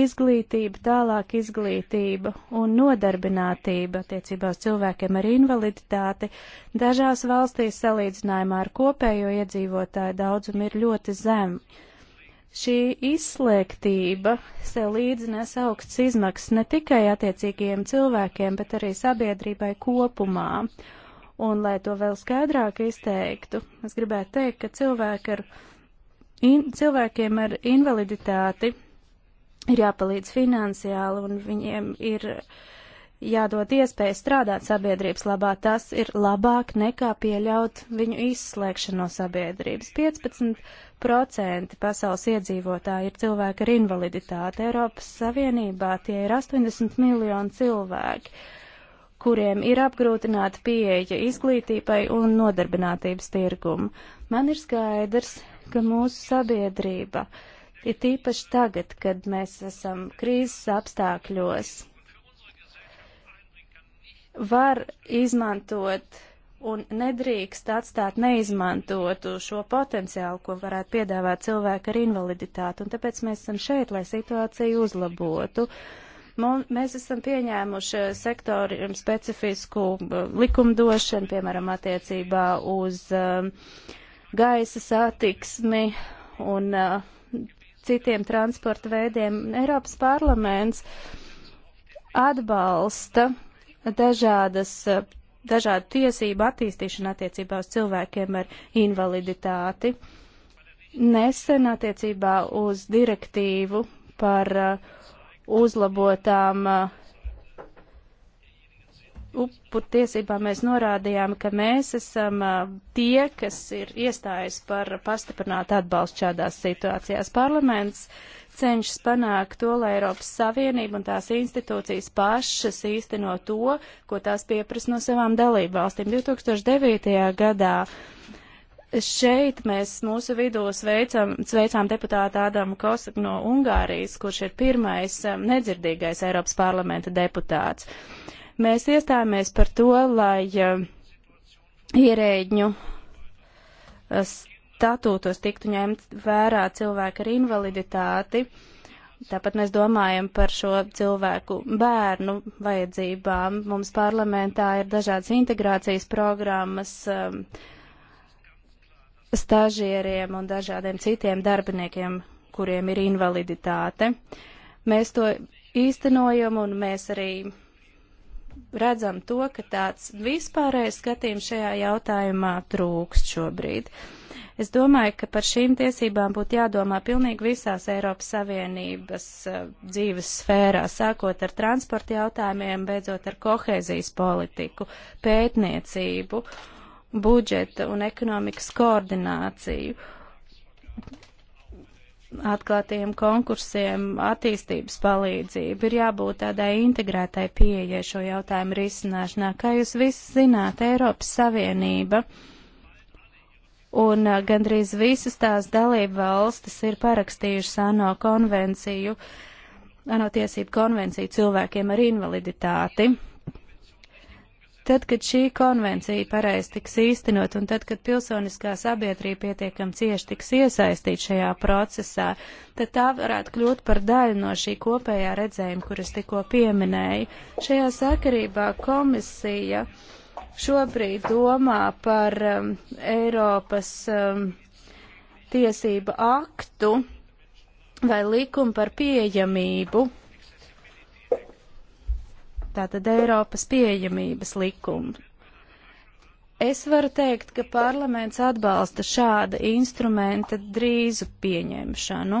Izglītība, tālāk izglītība un nodarbinātība attiecībā uz cilvēkiem ar invaliditāti dažās valstīs salīdzinājumā ar kopējo iedzīvotāju daudzumu ir ļoti zemi Šī izslēgtība sev līdzi nes augsts izmaksas ne tikai attiecīgajiem cilvēkiem, bet arī sabiedrībai kopumā. Un, lai to vēl skaidrāk izteiktu, es gribētu teikt, ka cilvēki ar, in, cilvēkiem ar invaliditāti ir jāpalīdz finansiāli un viņiem ir uh, jādod iespēja strādāt sabiedrības labā. Tas ir labāk nekā pieļaut viņu izslēgšanu no sabiedrības. 15% pasaules iedzīvotāji ir cilvēki ar invaliditāti. Eiropas Savienībā tie ir 80 miljoni cilvēki kuriem ir apgrūtināta pieeja izglītībai un nodarbinātības tirgumu. Man ir skaidrs, ka mūsu sabiedrība ir tīpaši tagad, kad mēs esam krīzes apstākļos, var izmantot un nedrīkst atstāt neizmantotu šo potenciālu, ko varētu piedāvāt cilvēku ar invaliditāti. Un tāpēc mēs esam šeit, lai situāciju uzlabotu. Mums, mēs esam pieņēmuši sektoriem specifisku uh, likumdošanu, piemēram, attiecībā uz um, gaisa satiksmi un uh, citiem transporta veidiem. Eiropas parlaments atbalsta dažādas, eh, dažādu tiesību attīstīšanu attiecībā uz cilvēkiem ar invaliditāti. Nesen attiecībā uz direktīvu par eh, uzlabotām eh, upur tiesībām mēs norādījām, ka mēs esam tie, kas ir iestājas par pastiprinātu atbalstu šādās situācijās. Parlaments uh, cenšas panākt to, lai Eiropas Savienība un tās institūcijas pašas īsteno to, ko tās pieprasa no savām dalību valstīm. 2009. gadā šeit mēs mūsu vidū sveicam, sveicām deputātu Ādamu Kosaku no Ungārijas, kurš ir pirmais um, nedzirdīgais Eiropas parlamenta deputāts. Mēs iestājāmies par to, lai um, ierēģņu uh, statūtos tiktu ņemt vērā cilvēki ar invaliditāti. Tāpat mēs domājam par šo cilvēku bērnu vajadzībām. Mums parlamentā ir dažādas integrācijas programmas um, stažieriem un dažādiem citiem darbiniekiem, kuriem ir invaliditāte. Mēs to īstenojam un mēs arī redzam to, ka tāds vispārējais skatījums šajā jautājumā trūkst šobrīd. Uh, Es domāju, ka par šīm tiesībām būtu jādomā pilnīgi visās Eiropas Savienības eh, dzīves sfērās, sākot ar transporta jautājumiem, beidzot ar kohēzijas politiku, pētniecību, budžeta un ekonomikas koordināciju atklātiem konkursiem, attīstības palīdzību, ir jābūt tādai integrētai pieejai šo jautājumu risināšanā. Kā jūs visi zināt, Eiropas Savienība uh, un uh, gandrīz visas tās dalība valstis ir parakstījušas ANO konvenciju, ANO tiesību konvenciju cilvēkiem ar invaliditāti. Tad, kad šī konvencija pareizi tiks īstenot un tad, kad pilsoniskā sabiedrība pietiekam cieši tiks iesaistīt šajā procesā, tad tā varētu kļūt par daļu no šī kopējā redzējuma, kuras tikko pieminēju. Šajā sakarībā komisija uh, šobrīd domā par um, Eiropas um, tiesība aktu vai likumu par pieejamību. Tātad Eiropas pieejamības likumu. Es varu teikt, ka parlaments atbalsta šāda instrumenta drīzu pieņemšanu.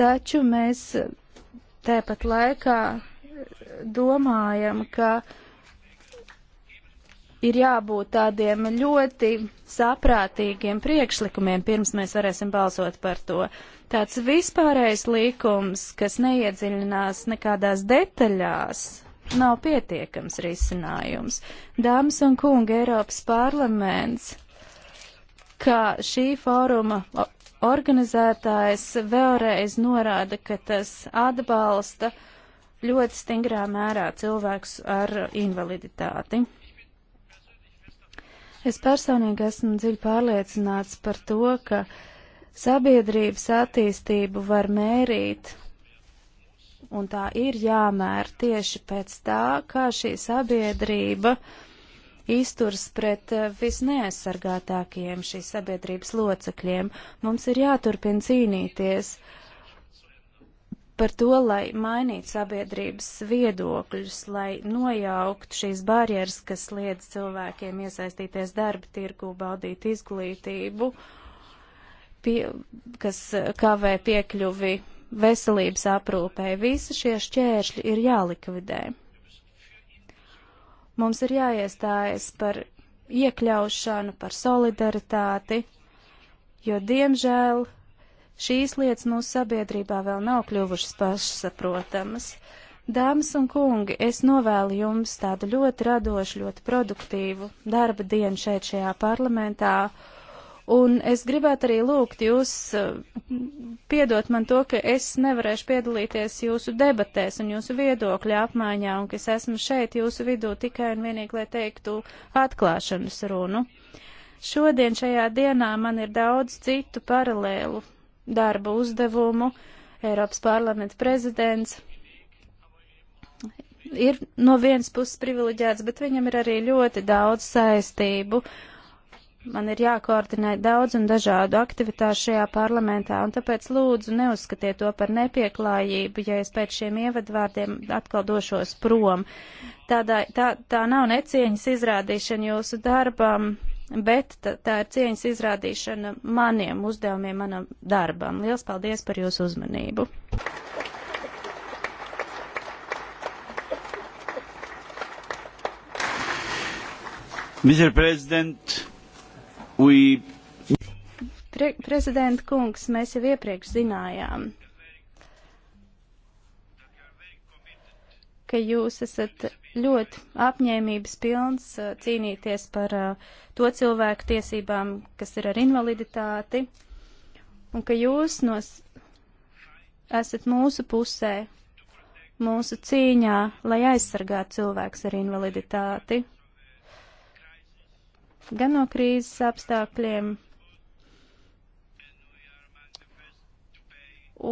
Taču mēs tāpat laikā domājam, ka ir jābūt tādiem ļoti saprātīgiem priekšlikumiem, pirms mēs varēsim balsot par to. Tāds vispārējais likums, kas neiedziļinās nekādās detaļās, nav pietiekams risinājums. Dāmas un kungi, Eiropas parlaments, kā šī fóruma organizētājs vēlreiz norāda, ka tas atbalsta uh, ļoti stingrā mērā cilvēks ar invaliditāti. Es personīgi esmu dziļi pārliecināts par to, ka sabiedrības attīstību var mērīt, un tā ir jāmēr tieši pēc tā, kā šī sabiedrība izturs pret eh, visneaizsargātākajiem šīs sabiedrības locekļiem. Mums ir jāturpina cīnīties uh, par to, lai mainītu sabiedrības viedokļus, lai nojauktu šīs barjeras, kas liedz cilvēkiem iesaistīties darba tirgu, baudīt izglītību, pie, kas kavē piekļuvi veselības aprūpē. Visi šie šķēršļi ir jālikvidē. Mums ir jāiestājas par iekļaušanu, par solidaritāti, jo, diemžēl, Šīs lietas mūsu sabiedrībā vēl nav kļuvušas pašsaprotamas. Dāmas un kungi, es novēlu jums tādu ļoti radošu, ļoti produktīvu darba dienu šeit šajā parlamentā. Un es gribētu arī lūgt jūs, eh, piedot man to, ka es nevarēšu piedalīties jūsu debatēs un jūsu viedokļu apmaiņā, un ka es esmu šeit jūsu vidū tikai un vienīgi, lai teiktu, atklāšanas runu. Šodien šajā dienā man ir daudz citu paralēlu darba uzdevumu. Eiropas parlamenta prezidents ir no vienas puses privileģēts, bet viņam ir arī ļoti daudz saistību. Man ir jākoordinē daudz un dažādu aktivitāšu šajā parlamentā, un tāpēc lūdzu neuzskatiet to par nepieklājību, ja es pēc šiem ievadvārdiem atkal došos prom. Tādā, tā, tā nav necieņas izrādīšana jūsu darbam, bet tā ir cieņas izrādīšana maniem uzdevumiem, manam darbam. Lielas paldies par jūsu uzmanību! Mr. President, we... Pre prezident kungs, mēs jau iepriekš zinājām, ka jūs esat ļoti apņēmības pilns cīnīties par to cilvēku tiesībām, kas ir ar invaliditāti, un ka jūs nos esat mūsu pusē, mūsu cīņā, lai aizsargātu cilvēks ar invaliditāti. Gan no krīzes apstākļiem,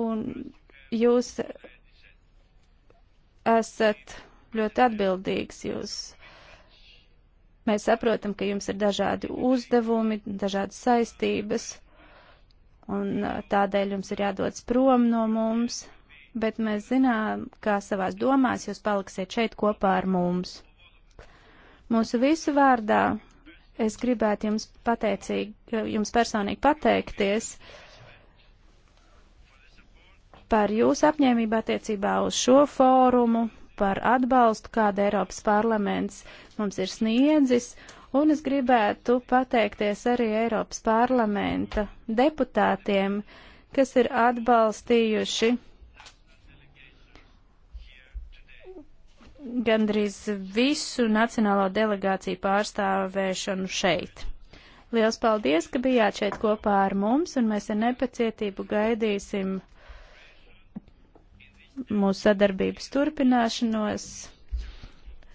un jūs esat ļoti atbildīgs. Jūs, mēs saprotam, ka jums ir dažādi uzdevumi, dažādas saistības, un uh, tādēļ jums ir jādodas prom no mums, bet mēs zinām, kā savās domās jūs paliksiet šeit kopā ar mums. Mūsu visu vārdā es gribētu jums, pateicīgi, jums personīgi pateikties. Uh, par jūsu apņēmību attiecībā uz šo fórumu, par atbalstu, kādu Eiropas parlaments mums ir sniedzis, un es gribētu pateikties arī Eiropas parlamenta deputātiem, kas ir atbalstījuši gandrīz visu nacionālo delegāciju pārstāvēšanu šeit. Liels paldies, ka bijāt šeit kopā ar mums, un mēs ar nepacietību gaidīsim mūsu sadarbības turpināšanos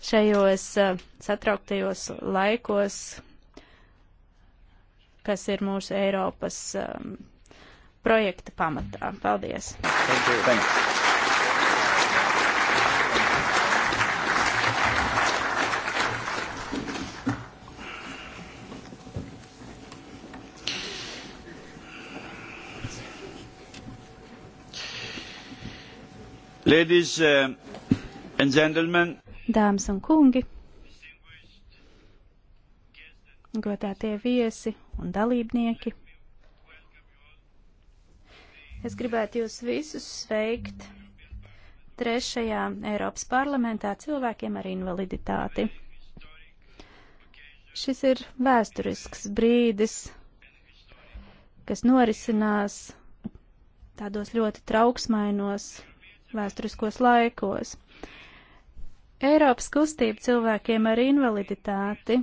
šajos uh, satrauktajos laikos, kas ir mūsu Eiropas um, projekta pamatā. Paldies! Thank you. Thank you. Ladies uh, and gentlemen, Dāmas un kungi, godātie viesi un dalībnieki, es gribētu jūs visus sveikt trešajā Eiropas parlamentā cilvēkiem ar invaliditāti. Šis ir vēsturisks brīdis, kas norisinās tādos ļoti trauksmainos vēsturiskos laikos. Eiropas kustība cilvēkiem ar invaliditāti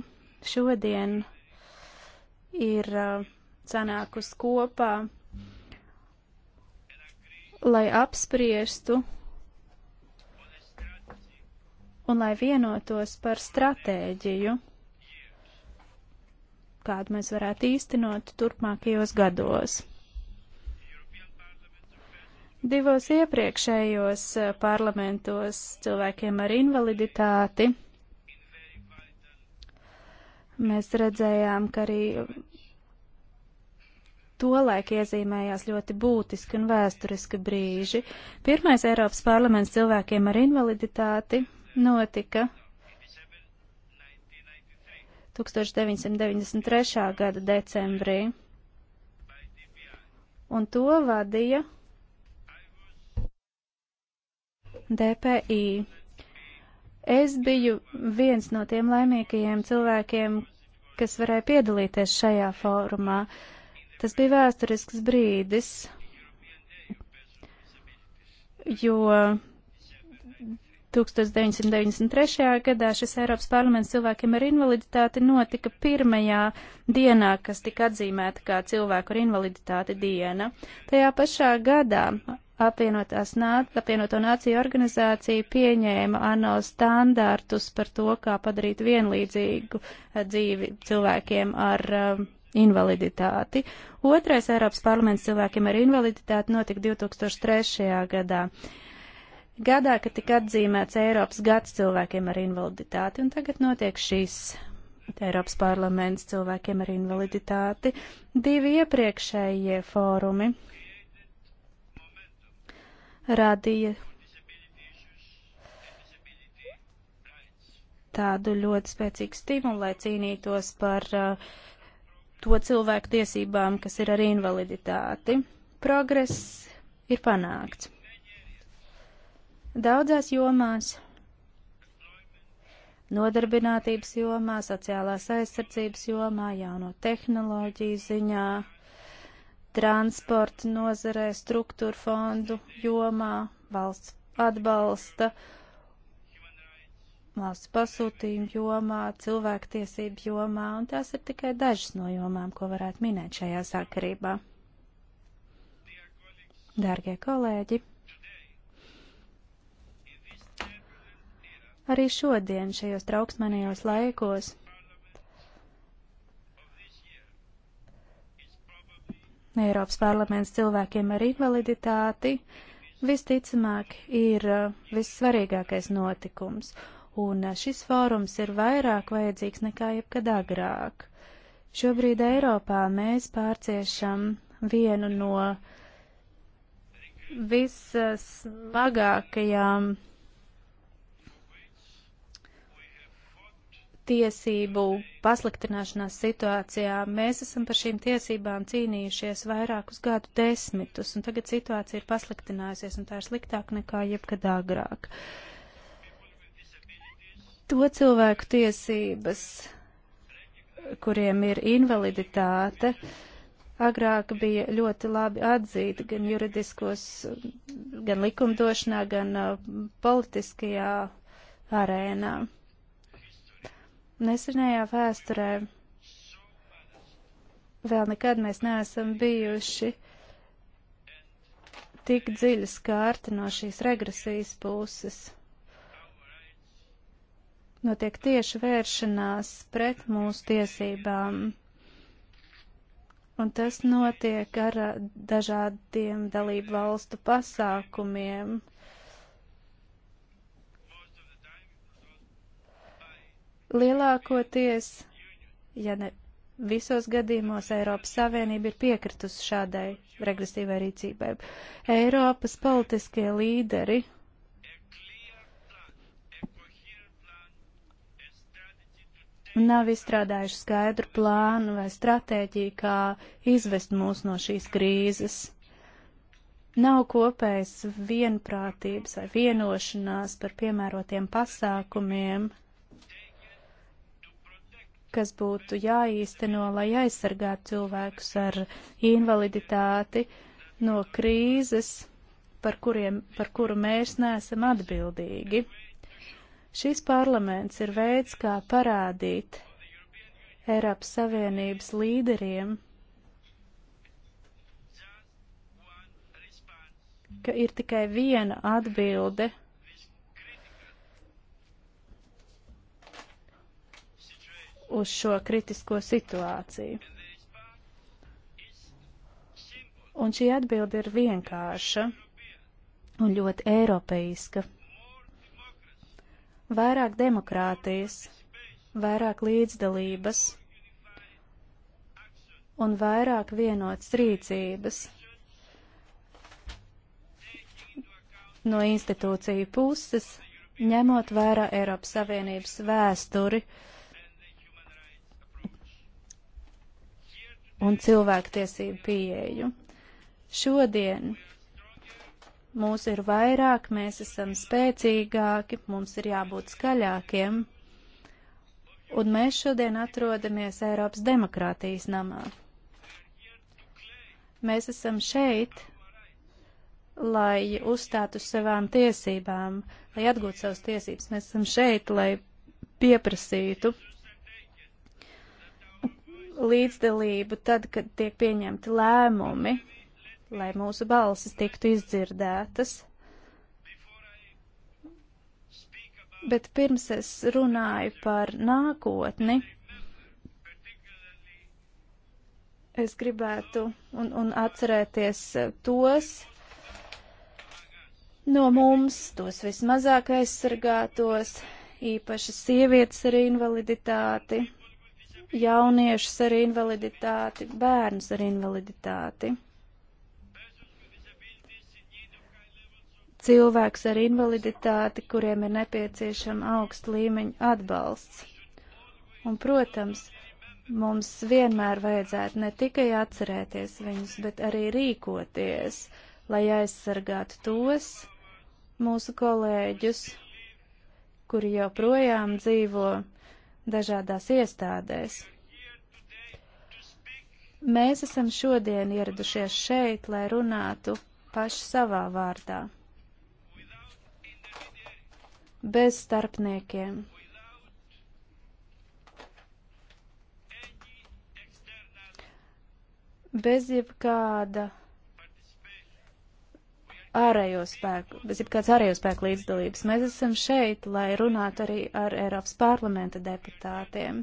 šodien ir uh, sanākus kopā, lai apspriestu un lai vienotos par stratēģiju, kādu mēs varētu īstenot turpmākajos gados. Divos iepriekšējos eh, parlamentos cilvēkiem ar invaliditāti mēs redzējām, ka arī tolaik iezīmējās ļoti būtiski un vēsturiski brīži. Pirmais Eiropas parlaments cilvēkiem ar invaliditāti notika 1993. gada decembrī, un to vadīja DPI. Es biju viens no tiem laimīgajiem cilvēkiem, kas varēja piedalīties šajā fórumā. Tas bija vēsturisks brīdis, jo 1993. gadā šis Eiropas parlaments cilvēkiem ar invaliditāti notika pirmajā dienā, kas tika atzīmēta kā cilvēku ar invaliditāti diena. Tajā pašā gadā apvienotās nāc, apvienoto nāciju organizācija pieņēma ANO standārtus par to, kā padarīt vienlīdzīgu eh, dzīvi cilvēkiem ar um, invaliditāti. Otrais Eiropas parlaments cilvēkiem ar invaliditāti notika 2003. gadā. Gadā, kad tika atzīmēts Eiropas gads cilvēkiem ar invaliditāti, un tagad notiek šīs Eiropas parlaments cilvēkiem ar invaliditāti, divi iepriekšējie fórumi radīja tādu ļoti spēcīgu stimulu, lai cīnītos par uh, to cilvēku tiesībām, kas ir ar invaliditāti. Progress ir panākts. Daudzās jomās, nodarbinātības jomā, sociālās aizsardzības jomā, jauno tehnoloģiju ziņā, uh, transporta nozarē, struktūra fondu jomā, valsts atbalsta, valsts pasūtījumu jomā, cilvēktiesību jomā, un tās ir tikai dažas no jomām, ko varētu minēt šajā sakarībā. Dārgie kolēģi! Arī šodien šajos trauksmanījos laikos Eiropas parlaments cilvēkiem ar invaliditāti visticamāk ir uh, vissvarīgākais notikums, un uh, šis fórums ir vairāk vajadzīgs nekā jebkad agrāk. Šobrīd Eiropā mēs pārciešam vienu no vissmagākajām uh, tiesību pasliktināšanās situācijā. Mēs esam par šīm tiesībām cīnījušies vairākus gadu desmitus, un tagad situācija ir pasliktinājusies, un tā ir sliktāk nekā jebkad agrāk. To cilvēku tiesības, kuriem ir invaliditāte, agrāk bija ļoti labi atzīta gan juridiskos, gan likumdošanā, gan uh, politiskajā arēnā. Nesenajā vēsturē vēl nekad mēs neesam bijuši tik dziļa skārta no šīs regresijas puses. Notiek tieši vēršanās pret mūsu tiesībām, un tas notiek ar dažādiem dalību valstu pasākumiem. Uh, Lielākoties, ja ne visos gadījumos, Eiropas Savienība ir piekritusi šādai regresīvai rīcībai. Eiropas politiskie līderi nav izstrādājuši skaidru plānu vai stratēģiju, kā izvest mūs no šīs krīzes. Nav kopējas vienprātības vai vienošanās par piemērotiem pasākumiem, kas būtu jāīsteno, lai aizsargātu cilvēkus ar invaliditāti no krīzes, par, kuriem, par kuru mēs neesam atbildīgi. Šis parlaments ir veids, kā parādīt Eiropas Savienības līderiem, ka ir tikai viena atbilde uz šo kritisko situāciju. Un šī atbilde ir vienkārša un ļoti eiropeiska. Vairāk demokrātijas, vairāk līdzdalības un vairāk vienots rīcības no institūciju puses, ņemot vērā Eiropas Savienības vēsturi, uh, un cilvēktiesību pieeju. Šodien mūs ir vairāk, mēs esam spēcīgāki, mums ir jābūt skaļākiem, un mēs šodien atrodamies Eiropas demokrātijas namā. Mēs esam šeit, lai uzstātu uz savām tiesībām, lai atgūtu savas tiesības. Mēs esam šeit, lai pieprasītu līdzdalību tad, kad tiek pieņemti lēmumi, lai mūsu balsis tiktu izdzirdētas. Bet pirms es runāju par nākotni, es gribētu un, un atcerēties tos no mums, tos vismazāk aizsargātos, īpaši sievietes ar invaliditāti, jauniešus ar invaliditāti, bērnus ar invaliditāti. Cilvēks ar invaliditāti, kuriem ir nepieciešama augsta līmeņa atbalsts. Un, protams, mums vienmēr vajadzētu ne tikai atcerēties viņus, bet arī rīkoties, lai aizsargātu tos mūsu kolēģus, kuri joprojām dzīvo dažādās iestādēs. Mēs esam šodien ieradušies šeit, lai runātu paši savā vārdā, bez starpniekiem. Bez jebkāda ārējo spēku, bez jebkādas ārējo spēku līdzdalības. Mēs esam šeit, lai runātu arī ar Eiropas parlamenta deputātiem.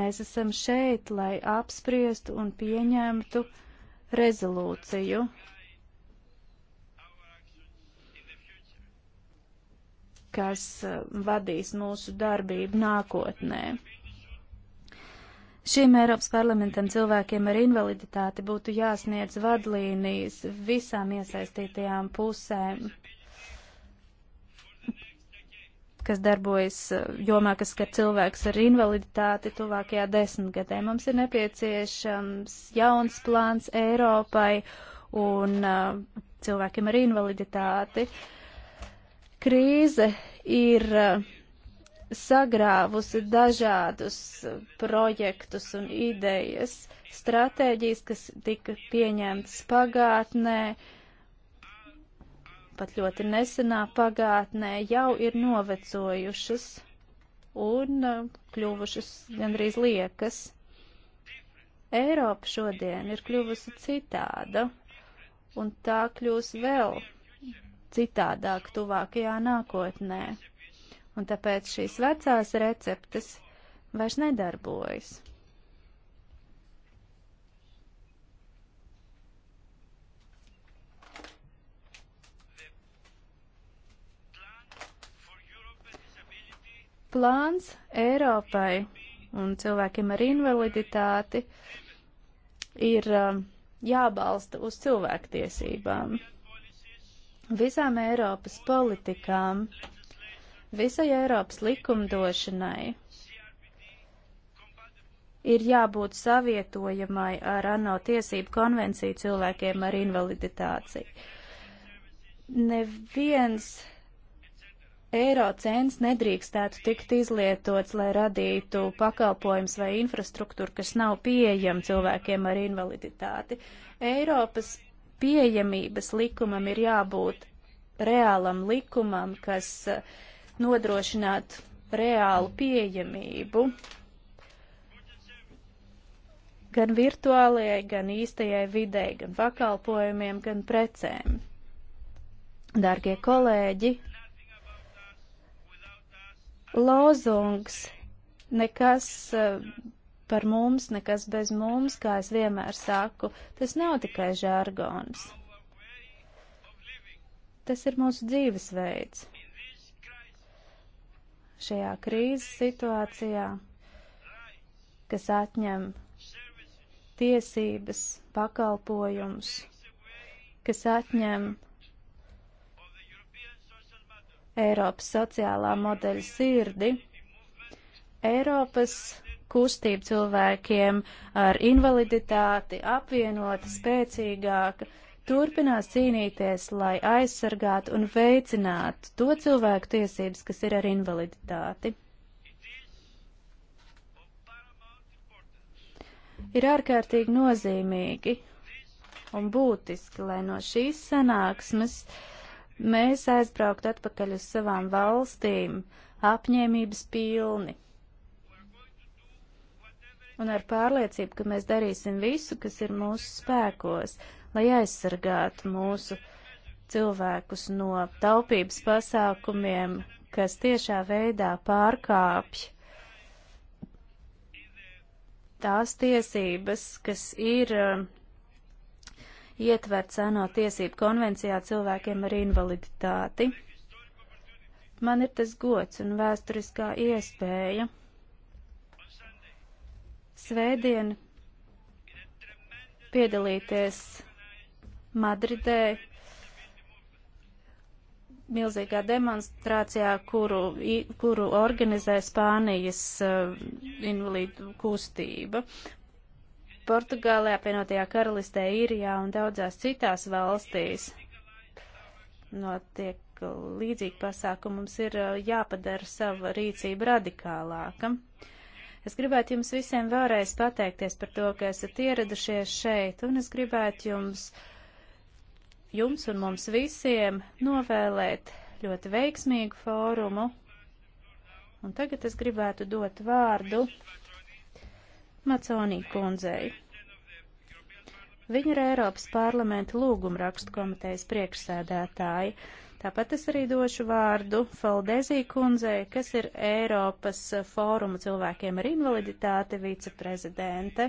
Mēs esam šeit, lai apspriestu un pieņemtu rezolūciju. kas eh, vadīs mūsu darbību nākotnē. Šīm Eiropas parlamentam cilvēkiem ar invaliditāti būtu jāsniedz vadlīnijas visām iesaistītajām pusēm, kas darbojas eh, jomā, kas skar cilvēks ar invaliditāti tuvākajā desmitgadē. Mums ir nepieciešams jauns plāns Eiropai un uh, cilvēkiem ar invaliditāti. Krīze ir uh, sagrāvusi dažādus projektus un idejas, stratēģijas, kas tika pieņemtas pagātnē, pat ļoti nesenā pagātnē, jau ir novecojušas un uh, kļuvušas gandrīz liekas. Eiropa šodien ir kļuvusi citāda, un tā kļūs vēl citādāk tuvākajā nākotnē un tāpēc šīs vecās receptes vairs nedarbojas. Plāns Eiropai un cilvēkiem ar invaliditāti ir um, jābalsta uz cilvēktiesībām. Visām Eiropas politikām visai Eiropas likumdošanai ir jābūt savietojamai ar ANO tiesību konvenciju cilvēkiem ar invaliditāciju. Neviens eiro cents nedrīkstētu tikt izlietots, lai radītu pakalpojums vai infrastruktūru, kas nav pieejama cilvēkiem ar invaliditāti. Eiropas pieejamības likumam ir jābūt reālam likumam, kas uh, nodrošināt reālu pieejamību gan virtuālajai, gan īstajai videi, gan pakalpojumiem, gan precēm. Dārgie kolēģi, lozungs nekas eh, par mums, nekas bez mums, kā es vienmēr saku, tas nav tikai žargons. Tas ir mūsu dzīvesveids šajā krīzes situācijā, kas atņem tiesības, pakalpojums, kas atņem Eiropas sociālā modeļa sirdi, Eiropas kustība cilvēkiem ar invaliditāti apvienota, spēcīgāka, turpinās cīnīties, lai aizsargātu un veicinātu to cilvēku tiesības, kas ir ar invaliditāti. Ir ārkārtīgi nozīmīgi un būtiski, lai no šīs sanāksmes mēs aizbrauktu atpakaļ uz savām valstīm apņēmības pilni. Un ar pārliecību, ka mēs darīsim visu, kas ir mūsu spēkos, lai aizsargātu mūsu cilvēkus no taupības pasākumiem, kas tiešā veidā pārkāpj tās tiesības, kas ir um, ietverts ANO tiesību konvencijā cilvēkiem ar invaliditāti. Man ir tas gods un vēsturiskā iespēja. Svētdien piedalīties Madridē milzīgā demonstrācijā, kuru, kuru organizē Spānijas uh, invalīdu kustība. Portugālē, apvienotajā karalistē, Īrijā un daudzās citās valstīs notiek līdzīgi pasākumi. Mums ir uh, jāpadara sava rīcība radikālāka. Es gribētu jums visiem vēlreiz pateikties par to, ka esat ieradušies šeit, un es gribētu jums uh, jums un mums visiem novēlēt ļoti veiksmīgu fórumu. Un tagad es gribētu dot vārdu Maconī kundzei. Viņa ir Eiropas parlamenta lūgumrakstu komitejas priekšsēdētāja. Tāpat es arī došu vārdu Faldezī kundzei, kas ir Eiropas fóruma cilvēkiem ar invaliditāti viceprezidente.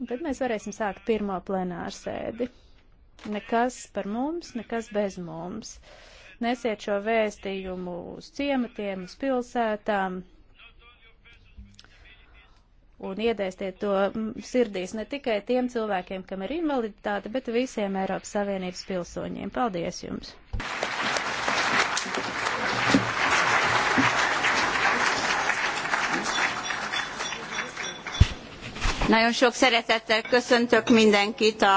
Un tad mēs varēsim sākt pirmo plenārsēdi. sēdi. Nekas par mums, nekas bez mums. Nesiet šo vēstījumu uz ciematiem, uz pilsētām un iedēstiet to sirdīs ne tikai tiem cilvēkiem, kam ir invaliditāte, bet visiem Eiropas Savienības pilsoņiem. Paldies jums! Nagyon sok szeretettel köszöntök mindenkit a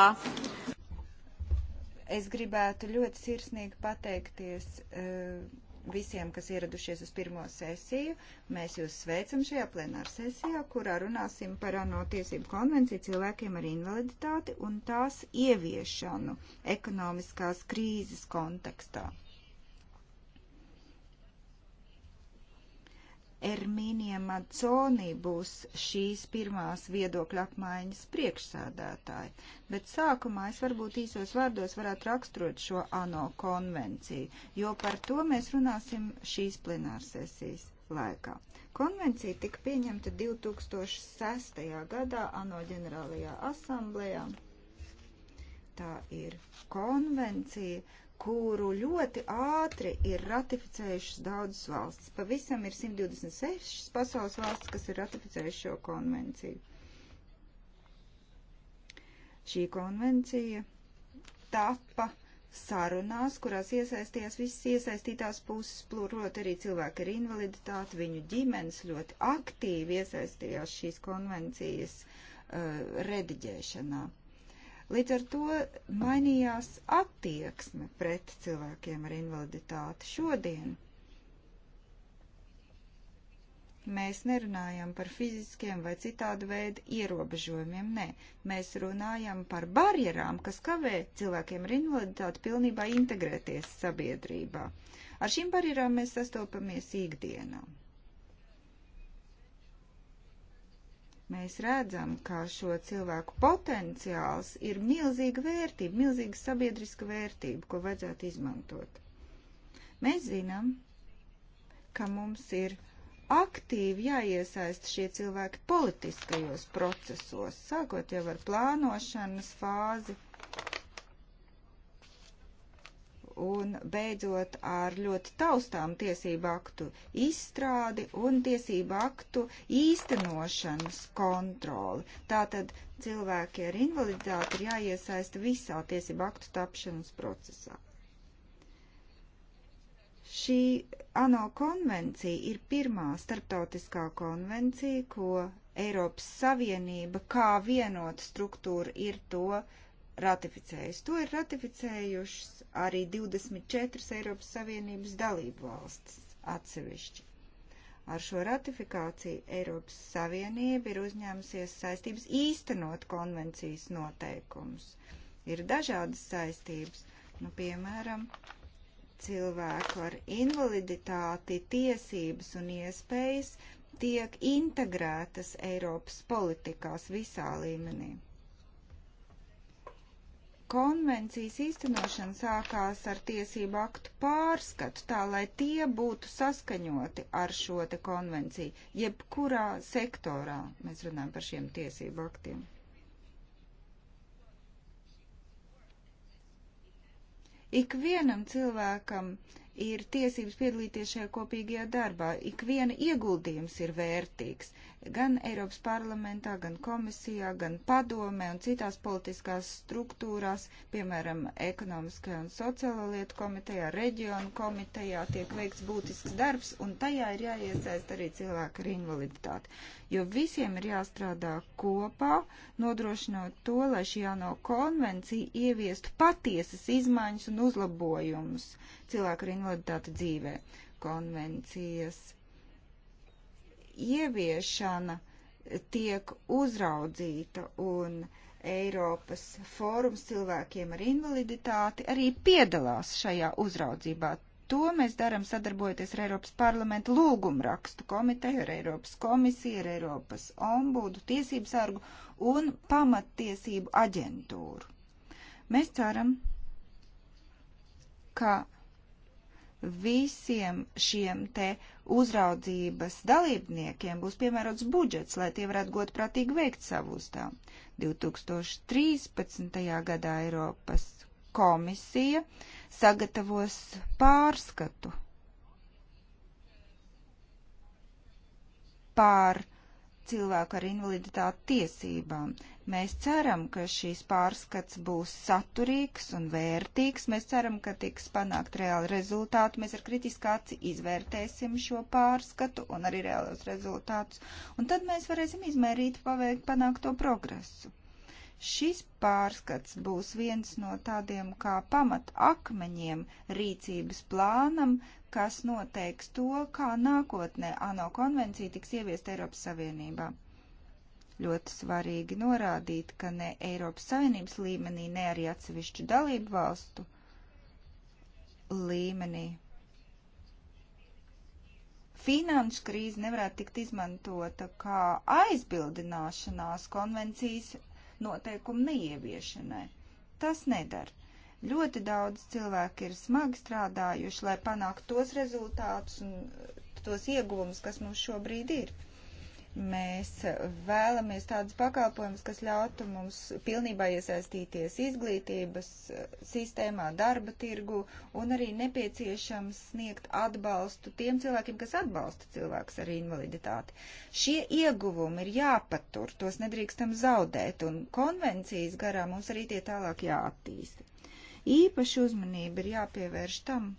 Es gribētu ļoti sirsnīgi pateikties eh, visiem, kas ieradušies uz pirmo sesiju. Mēs jūs sveicam šajā plenāra sesijā, kurā runāsim par ANO tiesību konvenciju cilvēkiem ar invaliditāti un tās ieviešanu ekonomiskās krīzes kontekstā. Ermīnija Madzoni būs šīs pirmās viedokļa apmaiņas priekšsādātāja, bet sākumā es varbūt īsos vārdos varētu raksturot šo ANO konvenciju, jo par to mēs runāsim šīs plenārsesijas laikā. Konvencija tika pieņemta 2006. gadā ANO ģenerālajā asamblējā. Tā ir konvencija, kuru ļoti ātri ir ratificējušas daudzas valstis. Pavisam ir 126 pasaules valstis, kas ir ratificējušas šo konvenciju. Šī konvencija tapa sarunās, kurās iesaistījās visas iesaistītās puses, plurot arī cilvēki ar invaliditāti, viņu ģimenes ļoti aktīvi iesaistījās šīs konvencijas uh, rediģēšanā. Līdz ar to mainījās attieksme pret cilvēkiem ar invaliditāti šodien. Mēs nerunājam par fiziskiem vai citādu veidu ierobežojumiem, nē. Mēs runājam par barjerām, kas kavē cilvēkiem ar invaliditāti pilnībā integrēties sabiedrībā. Ar šīm barjerām mēs sastopamies ikdienā. Mēs redzam, ka šo cilvēku potenciāls ir milzīga vērtība, milzīga sabiedriska vērtība, ko vajadzētu izmantot. Mēs zinām, ka mums ir aktīvi jāiesaista šie cilvēki politiskajos procesos, sākot jau ar plānošanas fāzi un beidzot ar ļoti taustām tiesību aktu izstrādi un tiesību aktu īstenošanas kontroli. Tātad cilvēki ar invaliditāti ir jāiesaista visā tiesību aktu tapšanas procesā. Šī ANO konvencija ir pirmā starptautiskā konvencija, ko Eiropas Savienība kā vienota struktūra ir to uh, ratificējis. To ir ratificējušas arī 24 Eiropas Savienības dalību valstis atsevišķi. Ar šo ratifikāciju Eiropas Savienība ir uzņēmusies saistības īstenot konvencijas noteikumus. Ir dažādas saistības, nu, piemēram, cilvēku ar invaliditāti tiesības un iespējas tiek integrētas Eiropas politikās visā līmenī konvencijas īstenošana sākās ar tiesību aktu pārskatu, tā lai tie būtu saskaņoti ar šo te konvenciju, jebkurā sektorā mēs runājam par šiem tiesību aktiem. Ikvienam cilvēkam ir tiesības piedalīties šajā kopīgajā darbā, ikviena ieguldījums ir vērtīgs gan Eiropas parlamentā, gan komisijā, gan padomē un citās politiskās struktūrās, piemēram, ekonomiskajā un sociālo lietu komitejā, reģionu komitejā tiek veikts būtisks darbs, un tajā ir jāiesaist arī cilvēki ar invaliditāti. Jo visiem ir jāstrādā kopā, nodrošinot to, lai šī jauno konvencija ieviestu patiesas izmaiņas un uzlabojumus cilvēku ar invaliditāti dzīvē. Konvencijas ieviešana tiek uzraudzīta un Eiropas fórums cilvēkiem ar invaliditāti arī piedalās šajā uzraudzībā. To mēs darām sadarbojoties ar Eiropas parlamentu lūgumrakstu komiteju, ar Eiropas komisiju, ar Eiropas ombudu, tiesību sargu un pamattiesību aģentūru. Mēs ceram, ka visiem šiem te uzraudzības dalībniekiem būs piemērots budžets, lai tie varētu godprātīgi veikt savu uzdevumu. 2013. gadā Eiropas komisija sagatavos pārskatu pār cilvēku ar invaliditāti tiesībām. Mēs ceram, ka šīs pārskats būs saturīgs un vērtīgs. Mēs ceram, ka tiks panākt reāli rezultāti. Mēs ar kritiskāci izvērtēsim šo pārskatu un arī reālos rezultātus. Un tad mēs varēsim izmērīt paveikt panākto progresu. Šis pārskats būs viens no tādiem kā pamat akmeņiem rīcības plānam, kas noteiks to, kā nākotnē ANO konvencija tiks ieviest Eiropas Savienībā. Ļoti svarīgi norādīt, ka ne Eiropas Savienības līmenī, ne arī atsevišķu dalību valstu līmenī finanšu krīze nevarētu tikt izmantota kā aizbildināšanās konvencijas noteikumu neieviešanai. Tas nedara. Ļoti daudz cilvēku ir smagi strādājuši, lai panāktu tos rezultātus un tos ieguvumus, kas mums šobrīd ir. Mēs vēlamies tādus pakalpojumus, kas ļautu mums pilnībā iesaistīties izglītības eh, sistēmā, darba tirgu un arī nepieciešams sniegt atbalstu tiem cilvēkiem, kas atbalsta cilvēkus ar invaliditāti. Šie ieguvumi ir jāpatur, tos nedrīkstam zaudēt, un konvencijas garā mums arī tie tālāk jāattīsta. Īpaši uzmanība ir jāpievērš tam,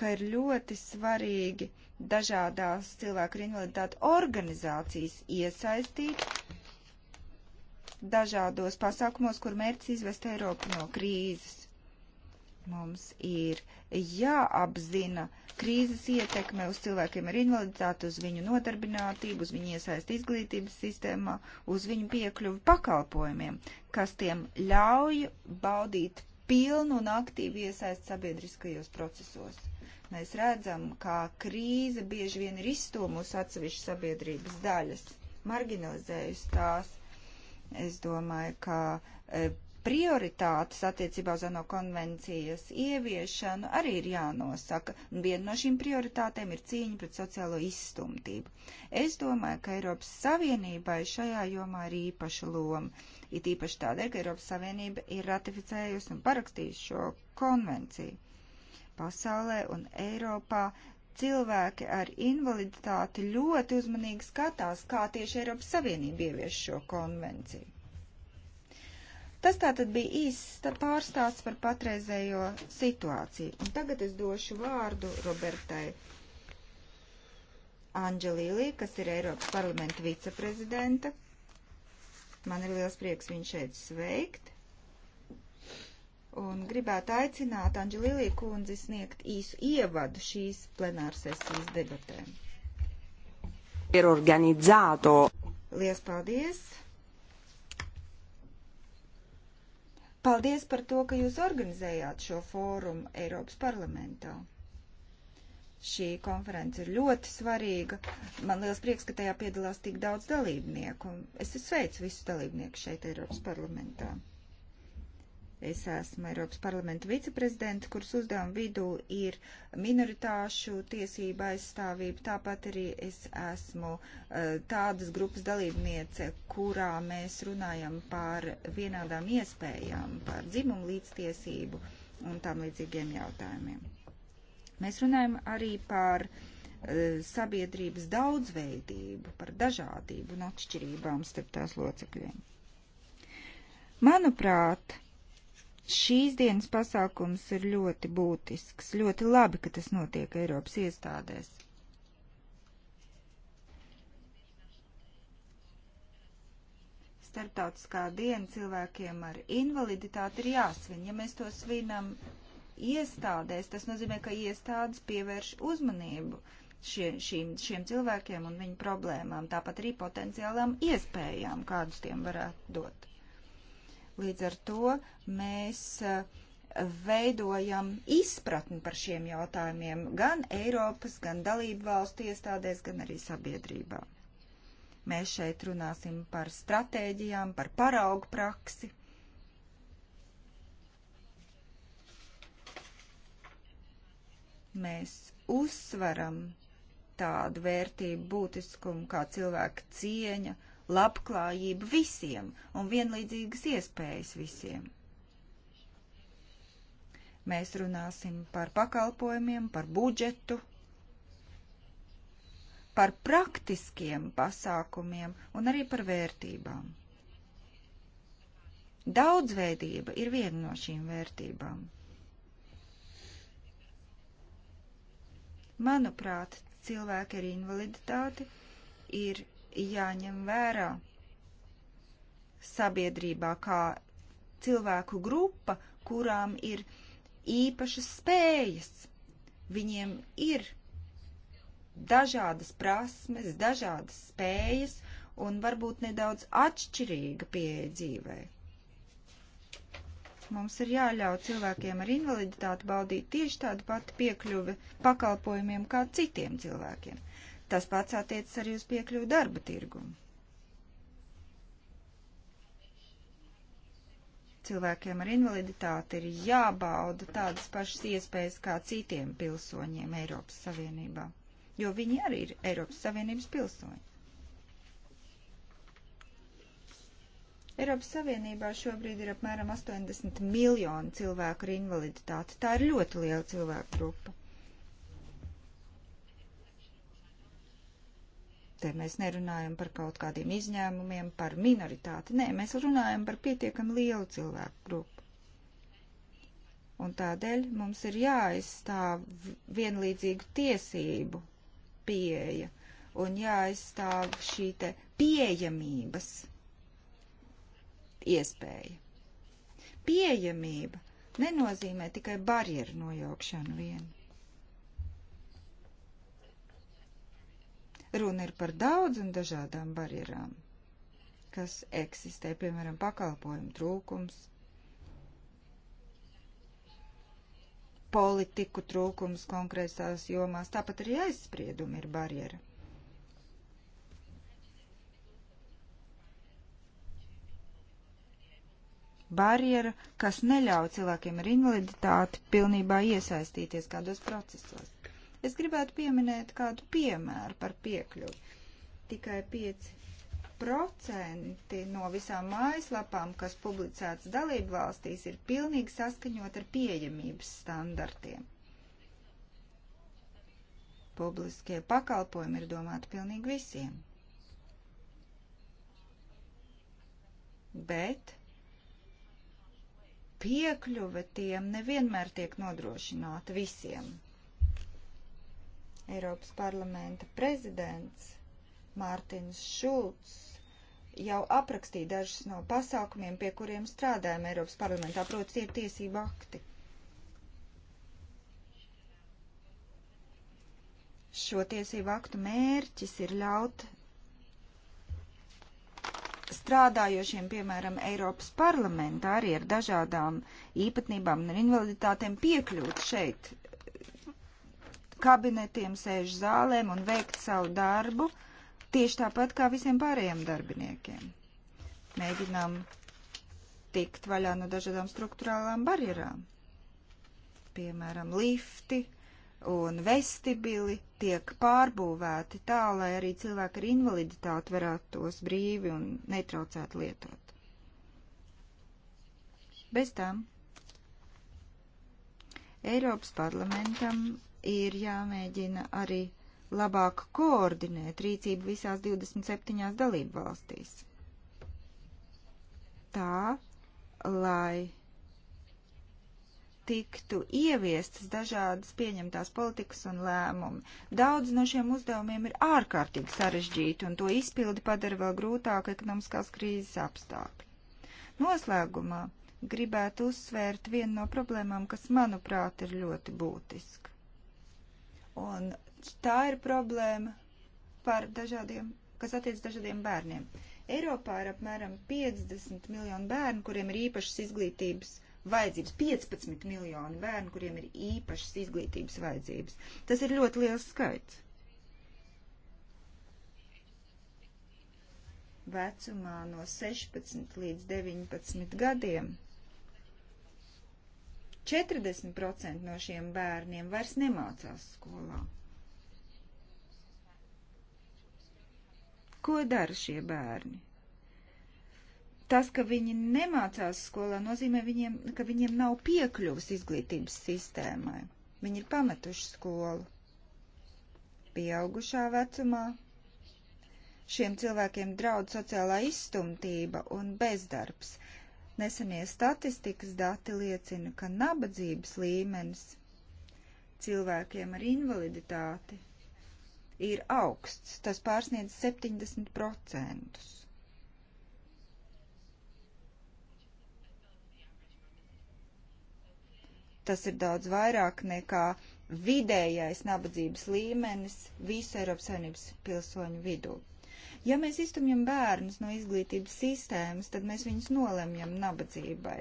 ka ir ļoti svarīgi dažādās cilvēku ar invaliditāti organizācijas iesaistīt dažādos pasākumos, kur mērķis izvest Eiropu no krīzes. Mums ir jāapzina krīzes ietekme uz cilvēkiem ar invaliditāti, uz viņu nodarbinātību, uz viņu iesaist izglītības sistēmā, uz viņu piekļuvi pakalpojumiem, kas tiem ļauj baudīt pilnu un aktīvu iesaist sabiedriskajos procesos. Mēs redzam, kā krīze bieži vien ir izstūmusi atsevišķas sabiedrības daļas, marginalizējusi tās. Es domāju, ka e, prioritātes attiecībā uz ANO konvencijas ieviešanu arī ir jānosaka. Un viena no šīm prioritātēm ir cīņa pret sociālo izstumtību. Es domāju, ka Eiropas Savienībai šajā jomā ir īpaša loma. It īpaši tādēļ, ka Eiropas Savienība ir ratificējusi un parakstījusi šo konvenciju. Pasaulē un Eiropā cilvēki ar invaliditāti ļoti uzmanīgi skatās, kā tieši Eiropas Savienība ievieš šo konvenciju. Tas tātad bija īsts pārstāsts par patreizējo situāciju. Un tagad es došu vārdu Robertai Anģelīlī, kas ir Eiropas parlamenta viceprezidenta. Man ir liels prieks viņu šeit sveikt un gribētu aicināt Anģelīlī kundzi sniegt īsu ievadu šīs plenārsesijas debatēm. Ir organizēto. Lies paldies! Paldies par to, ka jūs organizējāt šo fórumu Eiropas parlamentā. Šī konference ir ļoti svarīga. Man liels prieks, ka tajā piedalās tik daudz dalībnieku. Es sveicu visus dalībniekus šeit Eiropas parlamentā. Es esmu Eiropas parlamenta viceprezidents, kuras uzdevuma vidū ir minoritāšu tiesība aizstāvība. Tāpat arī es esmu eh, tādas grupas dalībniece, kurā mēs runājam par vienādām iespējām, par dzimumu līdztiesību un tam līdzīgiem jautājumiem. Mēs runājam arī par eh, sabiedrības daudzveidību, par dažādību un atšķirībām starp tās locekļiem. Manuprāt, Šīs dienas pasākums ir ļoti būtisks, ļoti labi, ka tas notiek Eiropas iestādēs. starptautiskā diena cilvēkiem ar invaliditāti ir jāsvin. Ja mēs to svinam iestādēs, tas nozīmē, ka iestādes pievērš uzmanību šie, šīm, šiem cilvēkiem un viņu problēmām, tāpat arī potenciālām iespējām, kādus tiem varētu dot. Līdz ar to mēs eh, veidojam izpratni par šiem jautājumiem gan Eiropas, gan dalību valstu iestādēs, gan arī sabiedrībā. Mēs šeit runāsim par stratēģijām, par paraugu praksi. Mēs uzsveram tādu vērtību būtiskumu kā cilvēka cieņa labklājību visiem un vienlīdzīgas iespējas visiem. Mēs runāsim par pakalpojumiem, par budžetu, par praktiskiem pasākumiem un arī par vērtībām. Daudzveidība ir viena no šīm vērtībām. Manuprāt, cilvēki ar invaliditāti ir jāņem vērā sabiedrībā kā cilvēku grupa, kurām ir īpašas spējas. Viņiem ir dažādas prasmes, dažādas spējas un varbūt nedaudz atšķirīga pieeja dzīvē. Mums ir jāļauj cilvēkiem ar invaliditāti baudīt tieši tādu pati piekļuvi pakalpojumiem kā citiem cilvēkiem. Tas pats attiecas arī uz piekļuvu darba tirgumu. cilvēkiem ar invaliditāti ir jābauda tādas pašas iespējas kā citiem pilsoņiem Eiropas Savienībā, jo viņi arī ir Eiropas Savienības pilsoņi. Eiropas Savienībā šobrīd ir apmēram 80 miljoni cilvēku ar invaliditāti. Tā ir ļoti liela cilvēku grupa. praksē. Mēs nerunājam par kaut kādiem izņēmumiem, par minoritāti. Nē, mēs runājam par pietiekami lielu cilvēku grupu. Un tādēļ mums ir jāaizstāv vienlīdzīgu tiesību pieeja un jāaizstāv šī te pieejamības iespēja. Pieejamība nenozīmē tikai barjeru nojaukšanu vienu. Runa ir par daudz un dažādām barjerām, kas eksistē, piemēram, pakalpojumu trūkums, politiku trūkums konkrētās jomās, tāpat arī aizspriedumi ir barjera. barjera, kas neļauj cilvēkiem ar invaliditāti pilnībā iesaistīties kādos procesos. Es gribētu pieminēt kādu piemēru par piekļuvi. Tikai 5% no visām mājaslapām, kas publicētas dalību valstīs, ir pilnīgi saskaņot ar pieejamības standartiem. Publiskie pakalpojumi ir domāti pilnīgi visiem. Bet piekļuve tiem nevienmēr tiek nodrošināta visiem. Eiropas parlamenta prezidents Mārtiņš Šulcs jau aprakstīja dažus no pasākumiem, pie kuriem strādājam Eiropas parlamentā, proti tie ir tiesība akti. Šo tiesību aktu mērķis ir ļaut strādājošiem, piemēram, Eiropas parlamentā arī ar dažādām īpatnībām un invaliditātēm piekļūt šeit kabinetiem, sēž zālēm un veikt savu darbu, tieši tāpat kā visiem pārējiem darbiniekiem. Mēģinām tikt vaļā no dažādām struktūrālām barjerām. Piemēram, lifti un vestibili tiek pārbūvēti tā, lai arī cilvēki ar invaliditāti varētu tos brīvi un netraucēt lietot. Bez tam Eiropas parlamentam ir jāmēģina arī labāk koordinēt rīcību visās 27 dalību valstīs. Tā, lai tiktu ieviestas dažādas pieņemtās politikas un lēmumi. Daudz no šiem uzdevumiem ir ārkārtīgi sarežģīti, un to izpildi padara vēl grūtāk ekonomiskās krīzes apstākļi. Noslēgumā gribētu uzsvērt vienu no problēmām, kas, manuprāt, ir ļoti būtiska. Un tā ir problēma par dažādiem, kas attiec dažādiem bērniem. Eiropā ir apmēram 50 miljonu bērnu, kuriem ir īpašas izglītības vajadzības. 15 miljoni bērnu, kuriem ir īpašas izglītības vajadzības. Tas ir ļoti liels skaits. Vecumā no 16 līdz 19 gadiem 40% no šiem bērniem vairs nemācās skolā. Ko dara šie bērni? Tas, ka viņi nemācās skolā, nozīmē, viņiem, ka viņiem nav piekļuvas izglītības sistēmai. Viņi ir pametuši skolu. Pieaugušā vecumā šiem cilvēkiem draud sociālā izstumtība un bezdarbs. Nesenie statistikas dati liecina, ka nabadzības līmenis cilvēkiem ar invaliditāti ir augsts. Tas pārsniedz 70%. Tas ir daudz vairāk nekā vidējais nabadzības līmenis visu Eiropas Savienības pilsoņu vidū. Ja mēs iztumjam bērnus no izglītības sistēmas, tad mēs viņus nolemjam nabadzībai.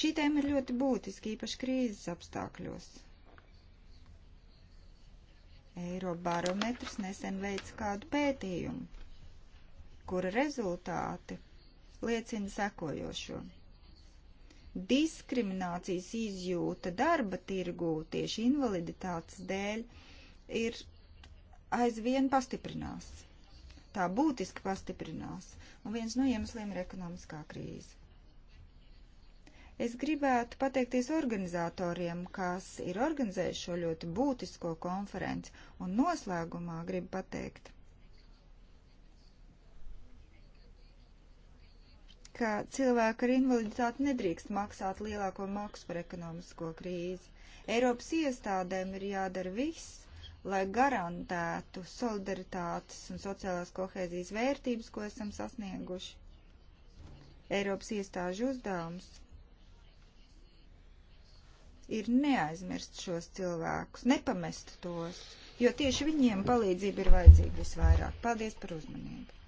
Šī tēma ir ļoti būtiska, īpaši krīzes apstākļos. Eirobarometrs nesen veica kādu pētījumu, kura rezultāti liecina sekojošo. Diskriminācijas izjūta darba tirgū tieši invaliditātes dēļ ir aizvien pastiprinās tā būtiski pastiprinās, un viens no iemesliem ir ekonomiskā krīze. Es gribētu pateikties organizatoriem, kas ir organizējuši šo ļoti būtisko konferenci, un noslēgumā gribu pateikt, ka cilvēki ar invaliditāti nedrīkst maksāt lielāko maksu par ekonomisko krīzi. Eiropas iestādēm ir jādara viss, lai garantētu solidaritātes un sociālās kohēzijas vērtības, ko esam sasnieguši. Eiropas iestāžu uzdevums ir neaizmirst šos cilvēkus, nepamest tos, jo tieši viņiem palīdzība ir vajadzīga visvairāk. Paldies par uzmanību.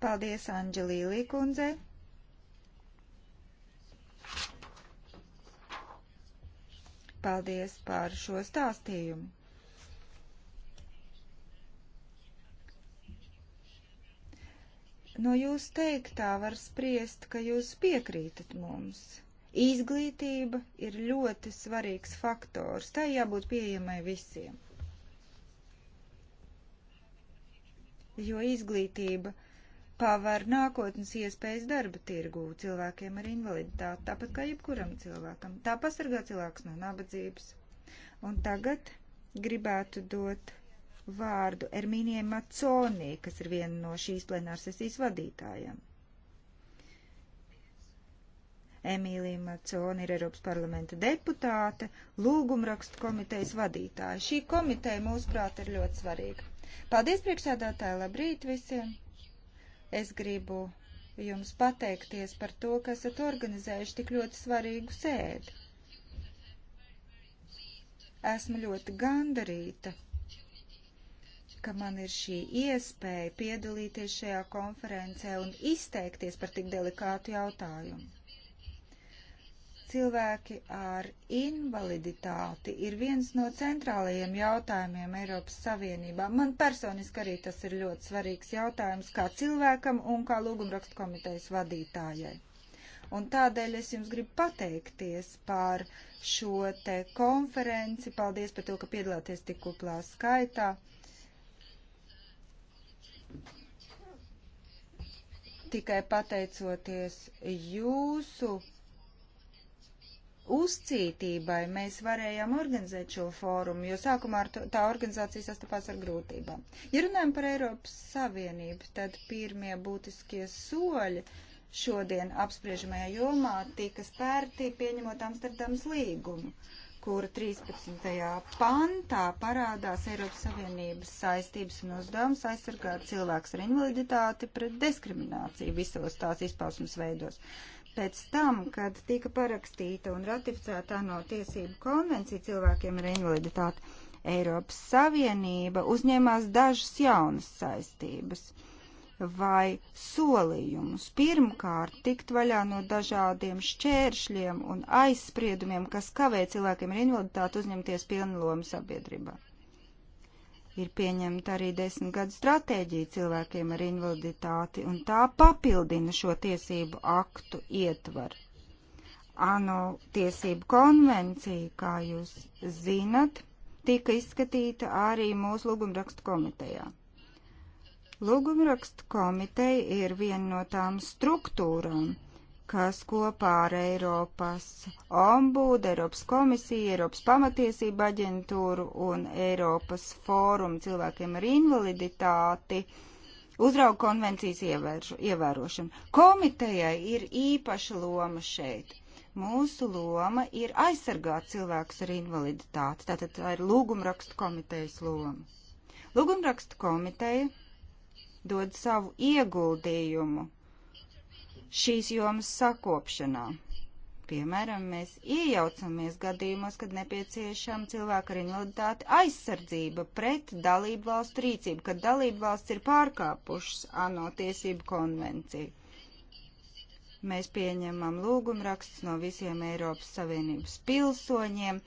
Paldies Anģelīlī kundzei. Paldies par šo stāstījumu. No jūs teiktā var spriest, ka jūs piekrītat mums. Izglītība ir ļoti svarīgs faktors, tā jābūt pieejamai visiem. Jo izglītība ir paver nākotnes iespējas darba tirgū cilvēkiem ar invaliditāti, tāpat kā jebkuram cilvēkam. Tā pasargā cilvēks no nabadzības. Un tagad gribētu dot vārdu Ermīnijai Maconī, kas ir viena no šīs plenārsesijas vadītājiem. Emīlija Maconi ir Eiropas parlamenta deputāte, lūgumrakstu komitejas vadītāja. Šī komiteja, mūsuprāt, ir ļoti svarīga. Paldies, priekšsēdētāji, labrīt visiem! Es gribu jums pateikties par to, ka esat organizējuši tik ļoti svarīgu sēdi. Esmu ļoti gandarīta, ka man ir šī iespēja piedalīties šajā konferencē un izteikties par tik delikātu jautājumu cilvēki ar invaliditāti ir viens no centrālajiem jautājumiem Eiropas Savienībā. Man personiski arī tas ir ļoti svarīgs jautājums kā cilvēkam un kā lūgumrakstu komitejas vadītājai. Un tādēļ es jums gribu pateikties par šo te konferenci. Paldies par to, ka piedalāties tik kuplā skaitā. Tikai pateicoties jūsu uzcītībai mēs varējām organizēt šo fórumu, jo sākumā to, tā organizācija sastapās ar grūtībām. Ja runājam par Eiropas Savienību, tad pirmie būtiskie soļi šodien apspriežamajā jomā tika spērti pieņemot Amsterdams līgumu kur 13. pantā parādās Eiropas Savienības saistības un uzdevums aizsargāt cilvēks ar invaliditāti pret diskrimināciju visos tās izpausmas veidos pēc tam, kad tika parakstīta un ratificēta no tiesību konvencija cilvēkiem ar invaliditāti, Eiropas Savienība uzņēmās dažas jaunas saistības vai solījumus. Pirmkārt, tikt vaļā no dažādiem šķēršļiem un aizspriedumiem, kas kavē cilvēkiem ar invaliditāti uzņemties pilnlomu sabiedrībā. Ir pieņemta arī desmit gadu stratēģija cilvēkiem ar invaliditāti, un tā papildina šo tiesību aktu ietvaru. ANO tiesību konvencija, kā jūs zinat, tika izskatīta arī mūsu lūgumrakstu komitejā. Lūgumrakstu komiteja ir viena no tām struktūrām, kas kopā ar Eiropas ombudu, Eiropas komisiju, Eiropas pamatiesību aģentūru un Eiropas fórumu cilvēkiem ar invaliditāti uzrauga konvencijas ievēršu, ievērošanu. Komitejai ir īpaša loma šeit. Mūsu loma ir aizsargāt cilvēkus ar invaliditāti. Tātad tā ir lūgumrakstu komitejas loma. Lūgumrakstu komiteja dod savu ieguldījumu šīs jomas sakopšanā. Piemēram, mēs iejaucamies gadījumos, kad nepieciešama cilvēka ar invaliditāti aizsardzība pret dalību valstu rīcību, kad dalību valsts ir pārkāpušas ANO tiesību konvenciju. Mēs pieņemam lūgumrakstus no visiem Eiropas Savienības pilsoņiem.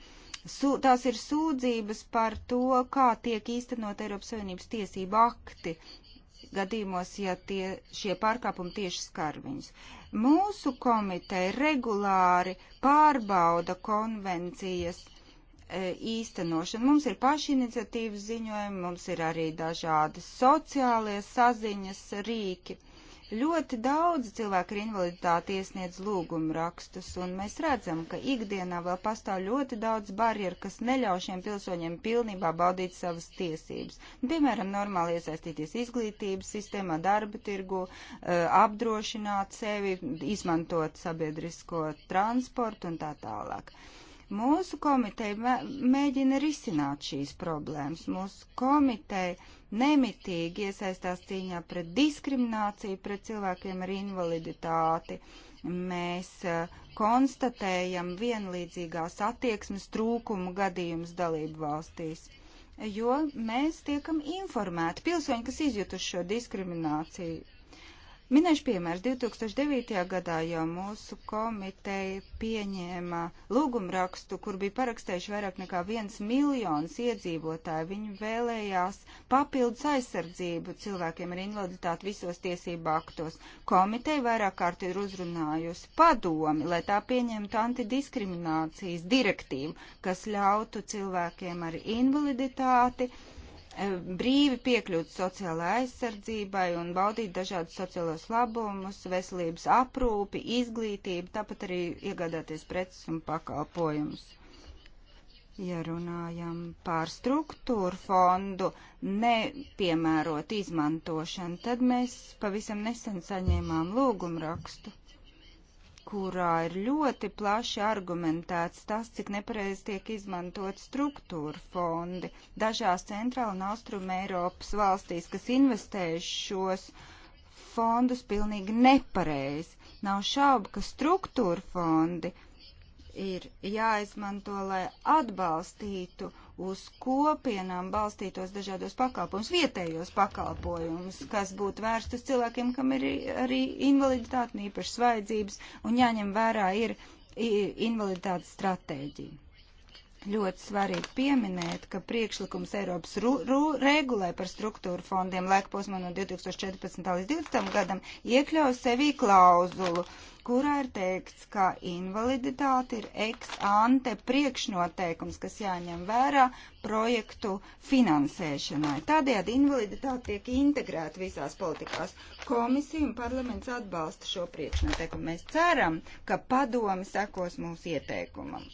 Sū, tās ir sūdzības par to, kā tiek īstenot Eiropas Savienības tiesību akti gadījumos, ja tie, šie pārkāpumi tieši skar viņus. Mūsu komiteja regulāri pārbauda konvencijas e, īstenošanu. Mums ir pašiniciatīvas ziņojumi, mums ir arī dažādi sociālie saziņas rīki. Ļoti daudz cilvēku ar invaliditāti iesniedz lūgumu rakstus, un mēs redzam, ka ikdienā vēl pastāv ļoti daudz barjeru, kas neļauj šiem pilsoņiem pilnībā baudīt savas tiesības. Nu, piemēram, normāli iesaistīties izglītības sistēmā, darba tirgu, eh, apdrošināt sevi, izmantot sabiedrisko transportu un tā tālāk. Mūsu komiteja mēģina risināt šīs problēmas. Mūsu komiteja nemitīgi iesaistās cīņā pret diskrimināciju, pret cilvēkiem ar invaliditāti. Mēs uh, konstatējam vienlīdzīgās attieksmes trūkumu gadījumus dalību valstīs jo mēs tiekam informēti. Pilsoņi, kas izjutuši šo diskrimināciju, Minēšu piemēru. 2009. gadā jau mūsu komiteja pieņēma lūgumrakstu, kur bija parakstējuši vairāk nekā viens miljons iedzīvotāju. Viņi vēlējās papildus aizsardzību cilvēkiem ar invaliditāti visos tiesību aktos. Komiteja vairāk kārt ir uzrunājusi padomi, lai tā pieņemtu antidiskriminācijas direktīvu, kas ļautu cilvēkiem ar invaliditāti Eh, brīvi piekļūt sociālajai aizsardzībai un baudīt dažādus sociālos labumus, veselības aprūpi, izglītību, tāpat arī iegādāties preces un pakalpojumus. Ja runājam par struktūru fondu nepiemērot izmantošanu, tad mēs pavisam nesen saņēmām lūgumrakstu kurā ir ļoti plaši argumentēts tas, cik nepareizi tiek izmantot struktūra fondi dažās centrāla un austruma Eiropas valstīs, kas investējuši šos fondus pilnīgi nepareizi. Nav šaubu, ka struktūra fondi ir jāizmanto, lai atbalstītu uz kopienām balstītos dažādos pakalpojumus, vietējos pakalpojumus, kas būtu vērsti uz cilvēkiem, kam ir arī invaliditāte, īpašas vajadzības, un jāņem vērā ir invaliditātes stratēģija ļoti svarīgi pieminēt, ka priekšlikums Eiropas ru, ru, regulē par struktūru fondiem laika posmā no 2014. līdz 2020. gadam iekļaus sevī klauzulu, kurā ir teikts, ka invaliditāte ir ex ante priekšnoteikums, kas jāņem vērā projektu finansēšanai. Tādējādi invaliditāte tiek integrēta visās politikās. Komisija un parlaments atbalsta šo priekšnoteikumu. Mēs ceram, ka padomi sekos mūsu ieteikumam.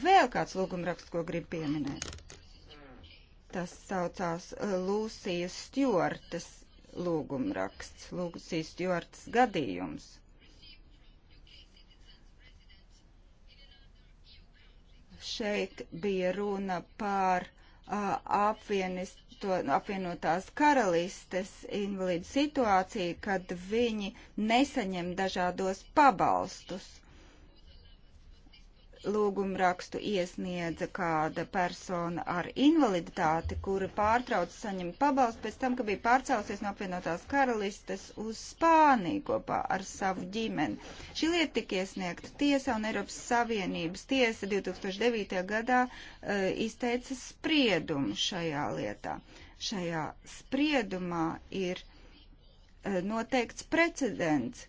Vēl kāds lūgumraksts, ko grib pieminēt. Tas saucās eh, Lūsijas Stjortas lūgumraksts, Lūsijas Stjortas gadījums. Šeit bija runa par apvienis, to, apvienotās karalistes invalīdu situāciju, kad viņi nesaņem dažādos pabalstus lūgumu rakstu iesniedza kāda persona ar invaliditāti, kura pārtrauca saņemt pabalstu pēc tam, ka bija pārcēlusies no apvienotās karalistes uz Spāniju kopā ar savu ģimeni. Šī lieta tika iesniegta tiesā un Eiropas Savienības tiesa 2009. gadā uh, izteica spriedumu šajā lietā. Šajā spriedumā ir uh, noteikts precedents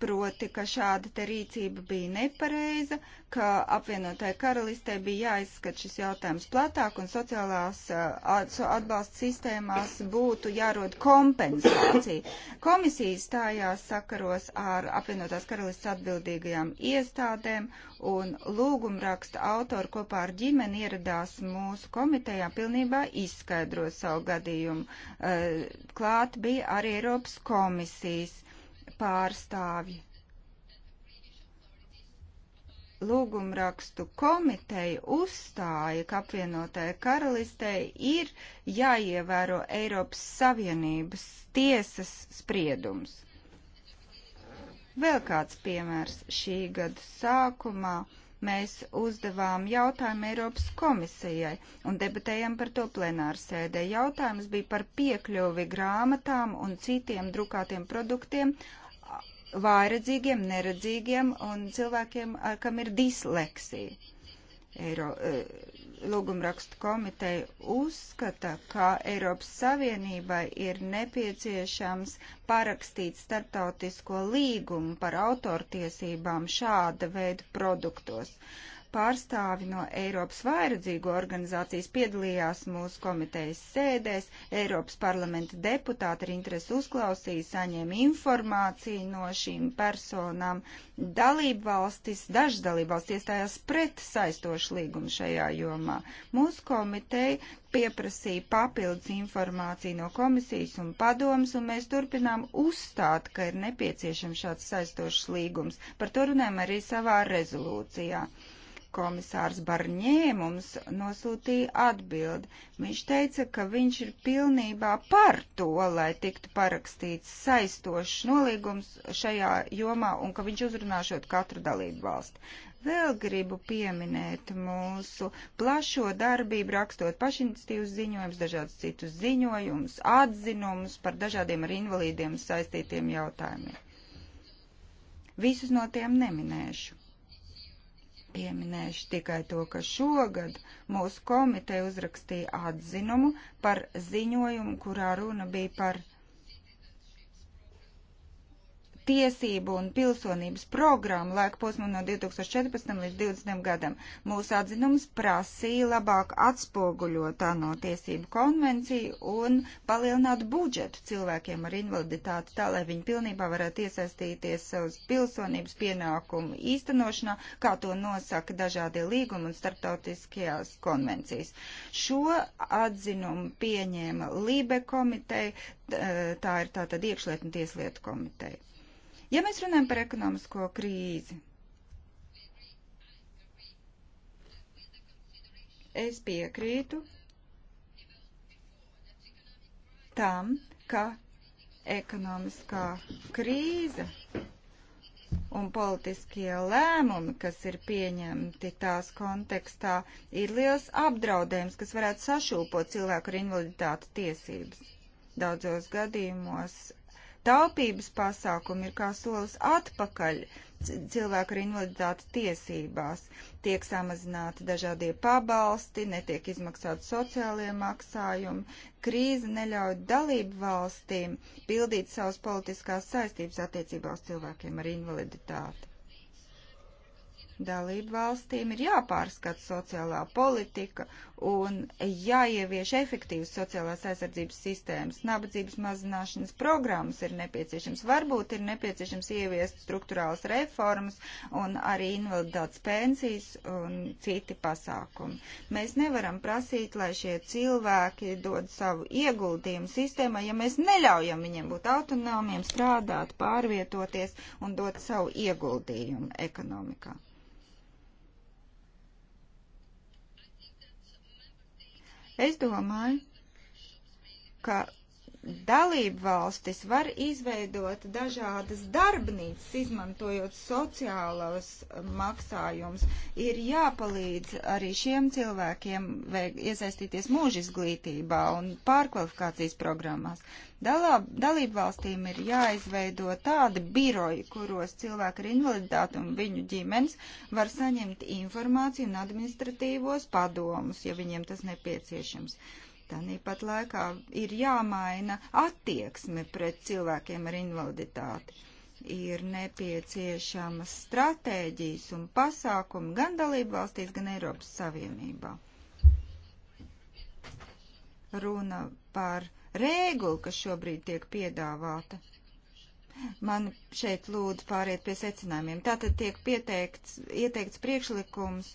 proti, ka šāda te rīcība bija nepareiza, ka apvienotāja karalistē bija jāizskat šis jautājums platāk un sociālās atbalsta sistēmās būtu jārod kompensācija. Komisija stājās sakaros ar apvienotās karalistes atbildīgajām iestādēm un lūgumraksta autori kopā ar ģimeni ieradās mūsu komitejā pilnībā izskaidrot savu gadījumu. Klāt bija arī Eiropas komisijas pārstāvji lūgumrakstu komiteja uzstāja, ka apvienotajai karalistei ir jāievēro Eiropas Savienības tiesas spriedums. Vēl kāds piemērs šī gada sākumā mēs uzdevām jautājumu Eiropas komisijai un debatējām par to plenārsēdē. Jautājums bija par piekļuvi grāmatām un citiem drukātiem produktiem vājredzīgiem, neredzīgiem un cilvēkiem, kam ir disleksija. Eiro, e, lūgumrakstu komiteja uzskata, ka Eiropas Savienībai ir nepieciešams parakstīt starptautisko līgumu par autortiesībām šāda veida produktos. Uh, pārstāvi no Eiropas vairadzīgo organizācijas piedalījās mūsu komitejas sēdēs, Eiropas parlamenta deputāti ar interesi uzklausīja, saņēma informāciju no šīm personām. Dalību valstis, dažas dalību valstis iestājās pret saistošu līgumu šajā jomā. Mūsu komiteja pieprasīja papildus informāciju no komisijas un padomas, un mēs turpinām uzstāt, ka ir nepieciešams šāds saistošs līgums. Par to runājam arī savā rezolūcijā komisārs Barņē mums nosūtīja atbildi. Viņš teica, ka viņš ir pilnībā par to, lai tiktu parakstīts saistošs nolīgums šajā jomā un ka viņš uzrunāšot katru dalību valstu. Vēl gribu pieminēt mūsu plašo darbību, rakstot pašinstīvus ziņojumus, dažādus citus ziņojumus, atzinumus par dažādiem ar invalīdiem saistītiem jautājumiem. Visus no tiem neminēšu. Pieminēšu tikai to, ka šogad mūsu komiteja uzrakstīja atzinumu par ziņojumu, kurā runa bija par tiesību un pilsonības programmu laika posmu no 2014 līdz 2020 gadam. Mūsu atzinums prasīja labāk atspoguļot ANO tiesību konvenciju un palielināt budžetu cilvēkiem ar invaliditāti tā, lai viņi pilnībā varētu iesaistīties savas pilsonības pienākumu īstenošanā, kā to nosaka dažādie līgumi un starptautiskajās konvencijas. Šo atzinumu pieņēma Lībe komiteja, tā ir tātad iekšlietu un tieslietu komiteja. Ja mēs runājam par ekonomisko krīzi, es piekrītu tam, ka ekonomiskā krīze un politiskie lēmumi, kas ir pieņemti tās kontekstā, ir liels apdraudējums, kas varētu sašūpot cilvēku ar invaliditāti tiesības. Daudzos gadījumos Taupības pasākumi ir kā solis atpakaļ cilvēku ar invaliditāti tiesībās. Tiek samazināti dažādie pabalsti, netiek izmaksāti sociālie maksājumi. Krīze neļauj dalību valstīm pildīt savas politiskās saistības attiecībā uz cilvēkiem ar invaliditāti. Dalību valstīm ir jāpārskata sociālā politika un jāievieš efektīvas sociālās aizsardzības sistēmas. Nabadzības mazināšanas programmas ir nepieciešams. Varbūt ir nepieciešams ieviest struktūrālas reformas un arī invaliditātes pensijas un citi pasākumi. Mēs nevaram prasīt, lai šie cilvēki dod savu ieguldījumu sistēmā, ja mēs neļaujam viņiem būt autonomiem, strādāt, pārvietoties un dot savu ieguldījumu ekonomikā. Es domāju, ka dalību valstis var izveidot dažādas darbnīcas, izmantojot sociālos maksājumus. Ir jāpalīdz arī šiem cilvēkiem iesaistīties mūža izglītībā un pārkvalifikācijas programmās. Dalību valstīm ir jāizveido tādi biroji, kuros cilvēki ar invaliditāti un viņu ģimenes var saņemt informāciju un administratīvos padomus, ja viņiem tas nepieciešams. Tāpat laikā ir jāmaina attieksme pret cilvēkiem ar invaliditāti ir nepieciešamas stratēģijas un pasākumi gan dalību valstīs, gan Eiropas Savienībā. Runa par regula, kas šobrīd tiek piedāvāta. Man šeit lūdzu pāriet pie secinājumiem. Tātad tiek pieteikts, ieteikts priekšlikums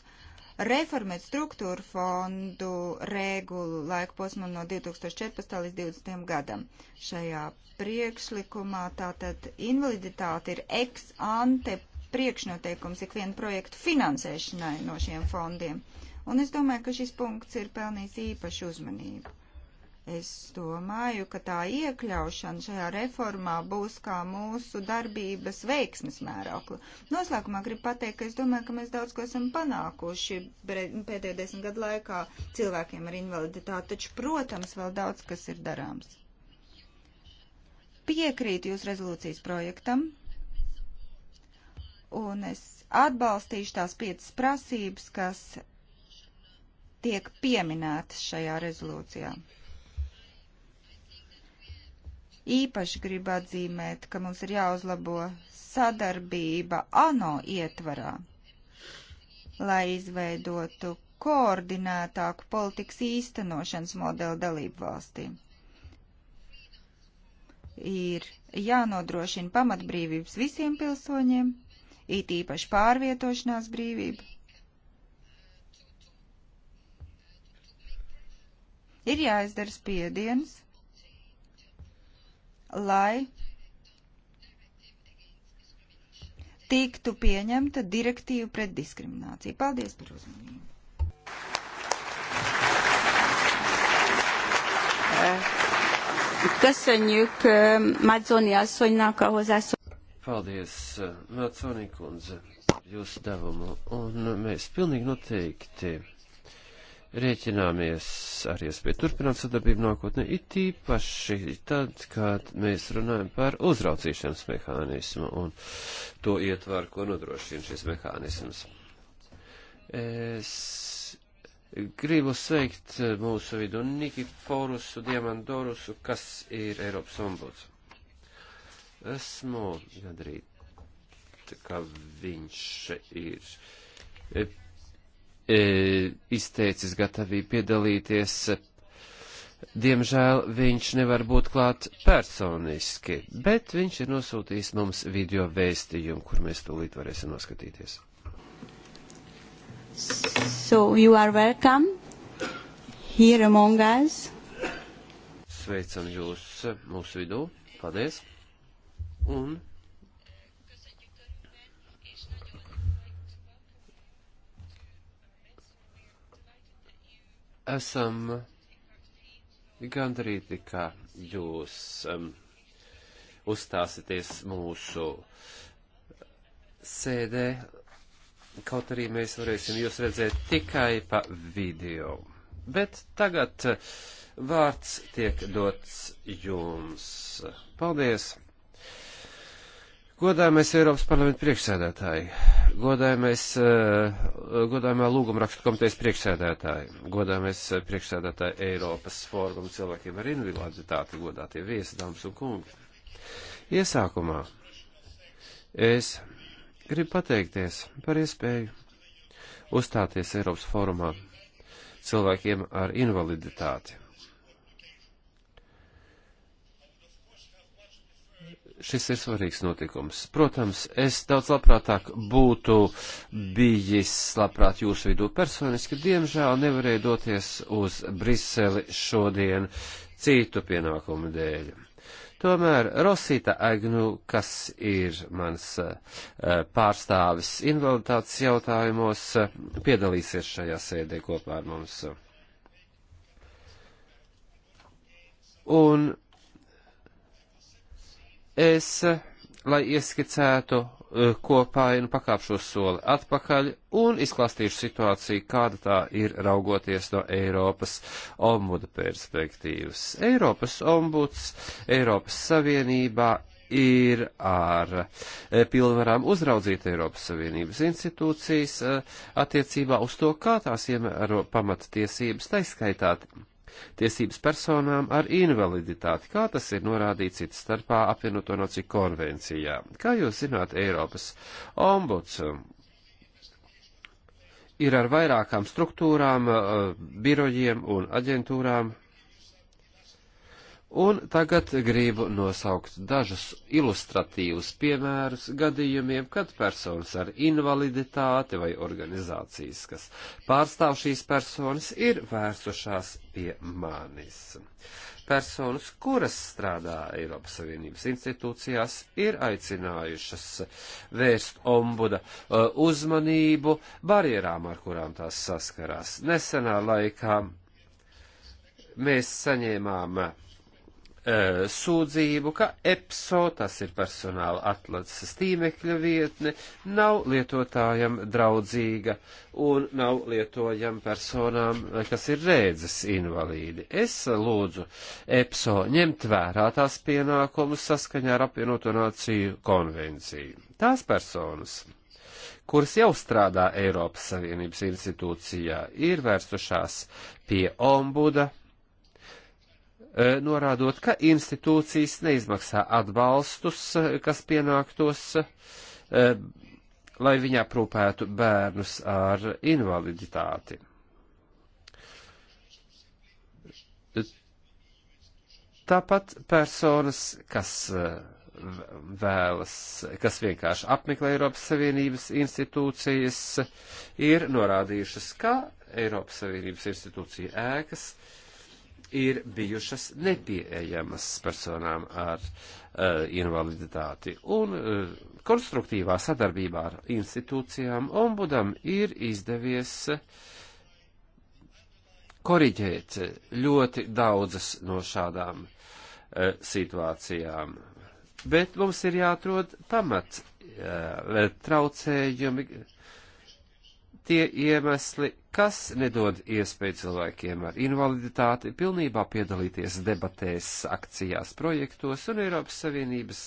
reformēt struktūru fondu regulu laika posmam no 2014. līdz 2020. gadam. Šajā priekšlikumā tātad invaliditāte ir ex ante priekšnoteikums ikvienu projektu finansēšanai no šiem fondiem. Un es domāju, ka šis punkts ir pelnījis īpašu uzmanību. Es domāju, ka tā iekļaušana šajā reformā būs kā mūsu darbības veiksmes mērokli. Noslēgumā gribu pateikt, ka es domāju, ka mēs daudz ko esam panākuši pēdējo desmit gadu laikā cilvēkiem ar invaliditāti, taču, protams, vēl daudz kas ir darāms. Piekrīt jūs rezolūcijas projektam, un es atbalstīšu tās piecas prasības, kas tiek pieminētas šajā rezolūcijā. Īpaši gribu atzīmēt, ka mums ir jāuzlabo sadarbība ANO ietvarā, lai izveidotu koordinētāku politikas īstenošanas modeli dalību valstīm. Ir jānodrošina pamatbrīvības visiem pilsoņiem, it īpaši pārvietošanās brīvība. Ir jāizdara spiediens, lai tiktu pieņemta direktīva pret diskrimināciju. Paldies par uzmanību. Köszönjük eh, Madzoni asszonynak a hozzászólást. Paldies, eh, Madzoni kundze, jūsu devumu. Un mēs pilnīgi noteikti rēķināmies ar iespēju turpināt sadarbību nākotnē, it īpaši tad, kad mēs runājam par uzraucīšanas mehānismu un to ietvaru, ko nodrošina šis mehānisms. Es gribu sveikt mūsu vidu Nikiforusu Diamandorusu, kas ir Eiropas ombuds. Esmu gandrīz, ka viņš ir E, izteicis gatavību piedalīties. Diemžēl viņš nevar būt klāt personiski, bet viņš ir nosūtījis mums video vēstījumu, kur mēs tūlīt varēsim noskatīties. So you are welcome here among us. Sveicam jūs mūsu vidū. Paldies. Un esam gandrīti, ka jūs um, uzstāsieties mūsu sēdē, kaut arī mēs varēsim jūs redzēt tikai pa video. Bet tagad vārds tiek dots jums. Paldies! Godājamais Eiropas parlamenta priekšsēdētāji, godājamais, eh, godājamā lūgumrakstu komitejas priekšsēdētāji, godājamais eh, priekšsēdētāji Eiropas fórumu cilvēkiem ar invaliditāti, godātie viesi, dāmas un kungi. Iesākumā es gribu pateikties par iespēju uzstāties Eiropas fórumā cilvēkiem ar invaliditāti. šis ir svarīgs notikums. Protams, es daudz labprātāk būtu bijis labprāt jūsu vidū personiski, diemžēl nevarēju doties uz Briseli šodien citu pienākumu dēļ. Tomēr Rosita Agnu, kas ir mans eh, pārstāvis invaliditātes jautājumos, piedalīsies šajā sēdē kopā ar mums. Un Es, eh, lai ieskicētu eh, kopainu, pakāpšos soli atpakaļ un izklāstīšu situāciju, kāda tā ir raugoties no Eiropas ombuda perspektīvas. Eiropas ombuds Eiropas Savienībā ir ar eh, pilnvarām uzraudzīt Eiropas Savienības institūcijas attiecībā uz to, kā tās iemēro pamata tiesības, taiskaitāt tiesības personām ar invaliditāti, kā tas ir norādīts cits starpā apvienoto nociju konvencijā. Kā jūs zināt, Eiropas ombuds um, ir ar vairākām struktūrām, uh, birojiem un aģentūrām Un tagad gribu nosaukt dažus ilustratīvus piemērus gadījumiem, kad personas ar invaliditāti vai organizācijas, kas pārstāv šīs personas, ir vērsušās pie manis. Personas, kuras strādā Eiropas Savienības institūcijās, ir aicinājušas vērst ombuda uh, uzmanību barjerām, ar kurām tās saskarās. Nesenā laikā mēs saņēmām Eh, sūdzību, ka EPSO, tas ir personāla atlases tīmekļa vietne, nav lietotājam draudzīga un nav lietojama personām, eh, kas ir rēdzes invalīdi. Es lūdzu EPSO ņemt vērā tās pienākumus saskaņā ar apvienoto nāciju konvenciju. Tās personas, kuras jau strādā Eiropas Savienības institūcijā, ir vērsušās pie ombuda Eh, norādot, ka institūcijas neizmaksā atbalstus, eh, kas pienāktos, eh, lai viņi aprūpētu bērnus ar invaliditāti. Tāpat personas, kas vēlas, kas vienkārši apmeklē Eiropas Savienības institūcijas, ir norādījušas, ka Eiropas Savienības institūcija ēkas uh, ir bijušas nepieejamas personām ar uh, invaliditāti. Un uh, konstruktīvā sadarbībā ar institūcijām ombudam ir izdevies eh, koriģēt ļoti daudzas no šādām uh, situācijām. Bet mums ir jāatrod pamats uh, traucējumi, uh, tie iemesli, kas nedod iespēju cilvēkiem ar invaliditāti pilnībā piedalīties debatēs, akcijās, projektos un Eiropas Savienības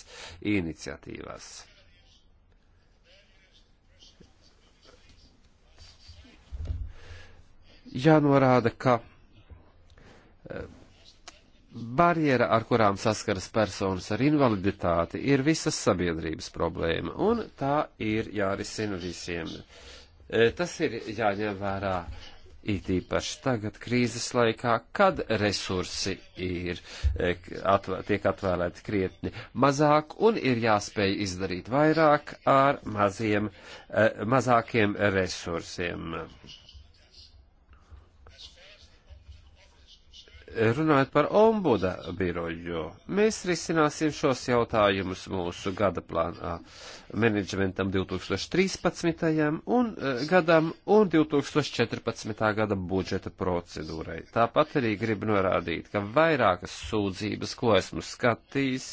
iniciatīvās. Jānorāda, ka eh, barjera, ar kurām saskaras personas ar invaliditāti, ir visas sabiedrības problēma, un tā ir jārisina visiem. Uh, E, tas ir jāņem vērā it īpaši tagad krīzes laikā, kad resursi ir, e, atvē, tiek atvēlēti krietni mazāk un ir jāspēj izdarīt vairāk ar maziem, e, mazākiem resursiem. Runājot par ombuda biroju, mēs risināsim šos jautājumus mūsu gada plānā menedžmentam 2013. Un, e, gadam un 2014. gada budžeta procedūrai. Tāpat arī gribu norādīt, ka vairākas sūdzības, ko esmu skatījis,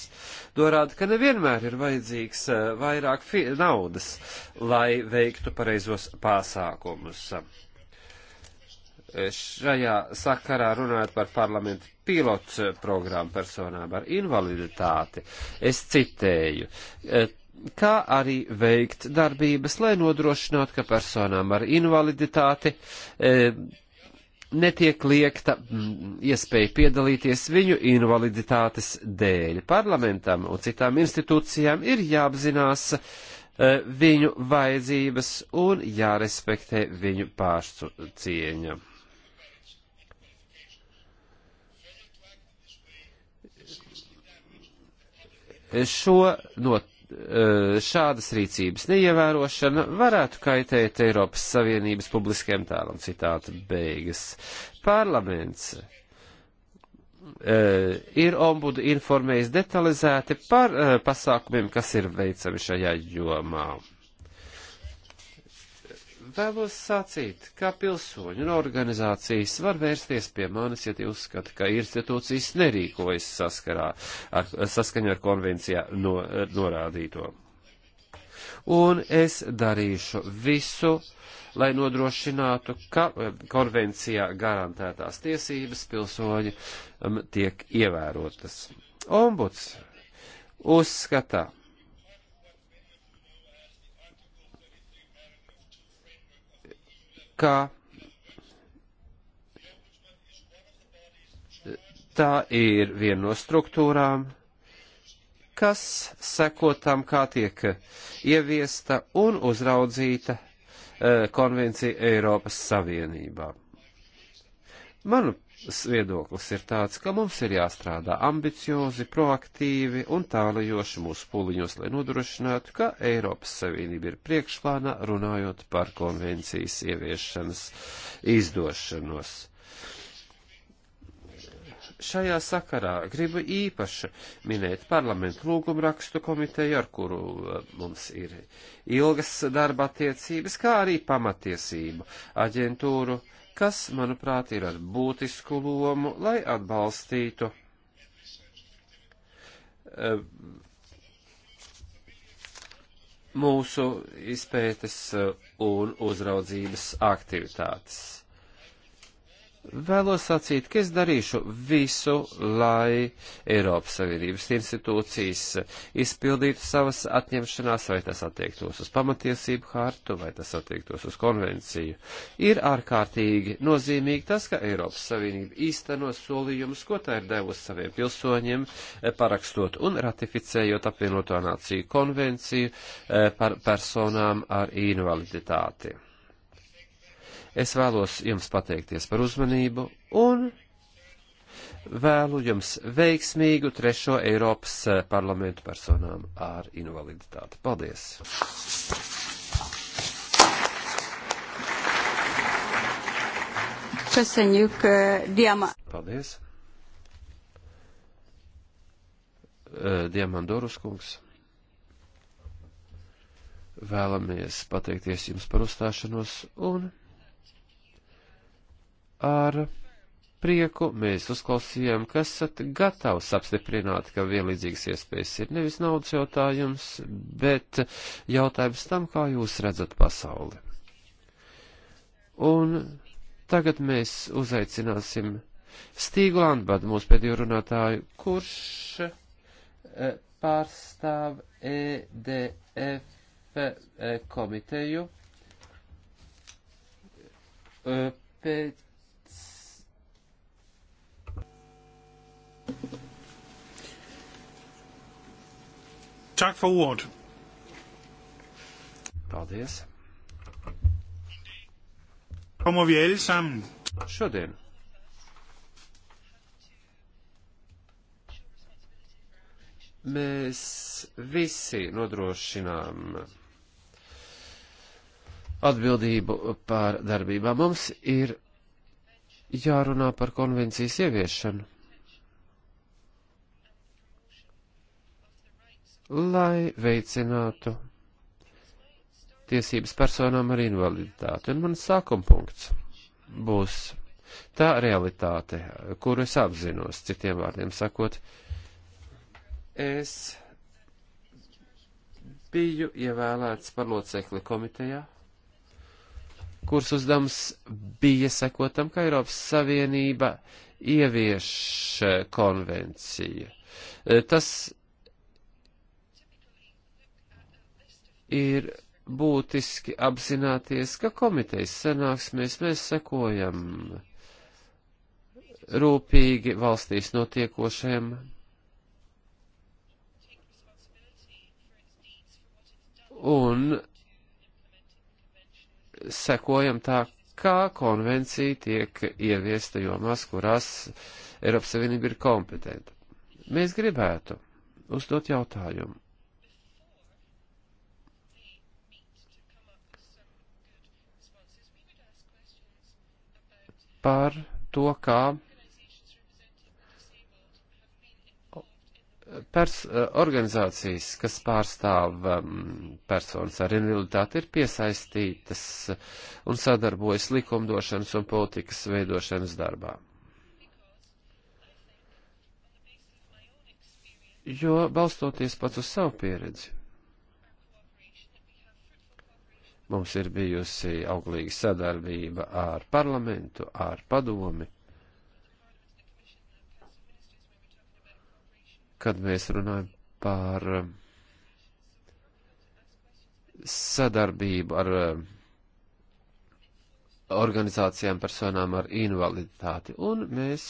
norāda, ka nevienmēr ir vajadzīgs e, vairāk naudas, lai veiktu pareizos pasākumus šajā sakarā runājot par parlamentu pilotu programmu personām ar invaliditāti, es citēju, e, kā arī veikt darbības, lai nodrošinātu, ka personām ar invaliditāti e, netiek liekta iespēja piedalīties viņu invaliditātes dēļ. Parlamentam un citām institūcijām ir jāapzinās e, viņu vajadzības un jārespektē viņu pašu cieņa. šo no eh, šādas rīcības neievērošana varētu kaitēt Eiropas Savienības publiskajam tēlam, citāta beigas. Parlaments eh, ir ombudu informējis detalizēti par eh, pasākumiem, kas ir veicami šajā jomā. Vēlos sacīt, kā pilsoņu un organizācijas var vērsties pie manis, ja tie uzskata, ka institūcijas nerīkojas saskarā, ar, saskaņā ar konvencijā no, norādīto. Un es darīšu visu, lai nodrošinātu, ka eh, konvencijā garantētās tiesības pilsoņi um, tiek ievērotas. Ombuds uzskatā, ka tā ir viena no struktūrām, kas seko tam, kā tiek ieviesta un uzraudzīta eh, konvencija Eiropas Savienībā. Manuprāt, viedoklis ir tāds, ka mums ir jāstrādā ambiciozi, proaktīvi un tālajoši mūsu pūliņos, lai nodrošinātu, ka Eiropas Savienība ir priekšplānā runājot par konvencijas ieviešanas izdošanos. Šajā sakarā gribu īpaši minēt parlamentu lūgumu rakstu komiteju, ar kuru uh, mums ir ilgas darba attiecības, kā arī pamatiesību aģentūru, uh, kas, manuprāt, ir ar būtisku lomu, lai atbalstītu eh, mūsu izpētes eh, un uzraudzības aktivitātes. Vēlos sacīt, ka es darīšu visu, lai Eiropas Savienības institūcijas izpildītu savas atņemšanās, vai tas attiektos uz pamatiesību hartu, vai tas attiektos uz konvenciju. Ir ārkārtīgi nozīmīgi tas, ka Eiropas Savienība īstenos solījumus, ko tā ir devusi saviem pilsoņiem, eh, parakstot un ratificējot apvienoto nāciju konvenciju eh, par personām ar invaliditāti Es vēlos jums pateikties par uzmanību un vēlu jums veiksmīgu trešo Eiropas eh, parlamentu personām ar invaliditāti. Paldies! Köszönjük, eh, Diama. Paldies. Eh, Diamandorus kungs. Vēlamies pateikties jums par uzstāšanos un ar prieku mēs uzklausījām, ka esat gatavs apstiprināt, ka vienlīdzīgas iespējas ir nevis naudas jautājums, bet jautājums tam, kā jūs redzat pasauli. Un tagad mēs uzaicināsim Stīgu Landbadu, mūsu pēdējo runātāju, kurš eh, pārstāv EDF eh, komiteju eh, pēc Tak for ordet. Paldies. Kommer vi alle sammen? Šodien. Mēs visi nodrošinām atbildību par darbībām. Mums ir jārunā par konvencijas ieviešanu. lai veicinātu tiesības personām ar invaliditāti. Un man sākuma punkts būs tā realitāte, kuru es apzinos, citiem vārdiem sakot, es biju ievēlēts par locekli komitejā, kuras uzdevums bija sekotam, ka Eiropas Savienība ievieš konvenciju. Tas ir būtiski apzināties, ka komitejas sanāksmēs mēs sekojam rūpīgi valstīs notiekošajam. Un sekojam tā, kā konvencija tiek ieviesta jomās, kurās Eiropas Savienība ir kompetenta. Mēs gribētu uzdot jautājumu. par to, kā pers organizācijas, kas pārstāv um, personas ar invaliditāti, ir piesaistītas un sadarbojas likumdošanas un politikas veidošanas darbā. Jo balstoties pats uz savu pieredzi, Mums ir bijusi auglīga sadarbība ar parlamentu, ar padomi. Kad mēs runājam par um, sadarbību ar um, organizācijām personām ar invaliditāti, un mēs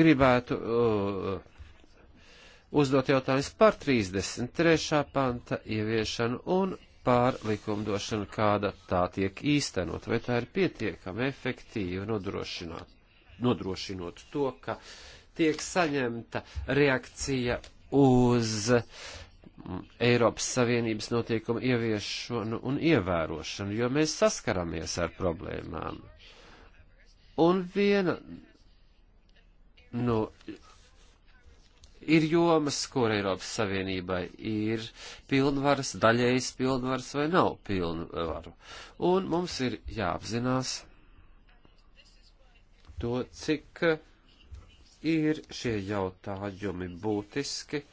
gribētu uh, uzdot jautājums par 33. panta ieviešanu un par likumdošanu, kāda tā tiek īstenot, vai tā ir pietiekami efektīva nodrošināt, nodrošinot to, ka tiek saņemta reakcija uz mm, Eiropas Savienības notiekumu ieviešanu un ievērošanu, jo mēs saskaramies ar problēmām. Un viena no nu, ir jomas, kur Eiropas Savienībai ir pilnvaras, daļējas pilnvaras vai nav pilnvaru. Un mums ir jāapzinās to, cik ir šie jautājumi būtiski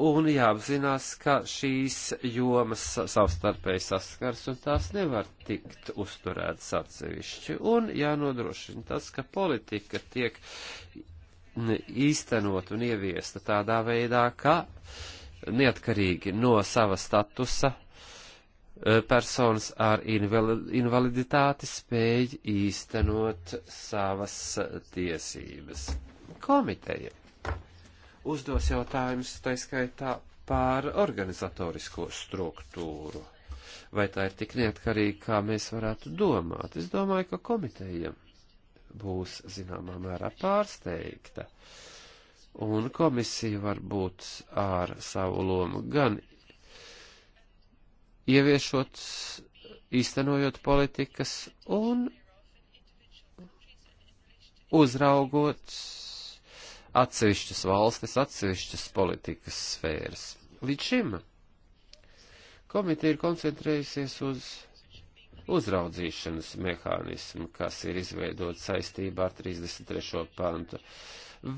un jāapzinās, ka šīs jomas savstarpēji saskars un tās nevar tikt uzturētas atsevišķi. Un jānodrošina tas, ka politika tiek īstenot un ieviesta tādā veidā, ka neatkarīgi no sava statusa e, personas ar invaliditāti spēj īstenot savas tiesības. Komiteja uzdos jautājumus, tā skaitā par organizatorisko struktūru. Vai tā ir tik neatkarīga, kā mēs varētu domāt? Es domāju, ka komitejiem būs zināmā mērā pārsteigta. Un komisija varbūt ar savu lomu gan ieviešot, īstenojot politikas un uzraugot atsevišķas valstis, atsevišķas politikas sfēras. Līdz šim komiteja ir koncentrējusies uz uzraudzīšanas mehānismu, kas ir izveidot saistībā ar 33. pantu.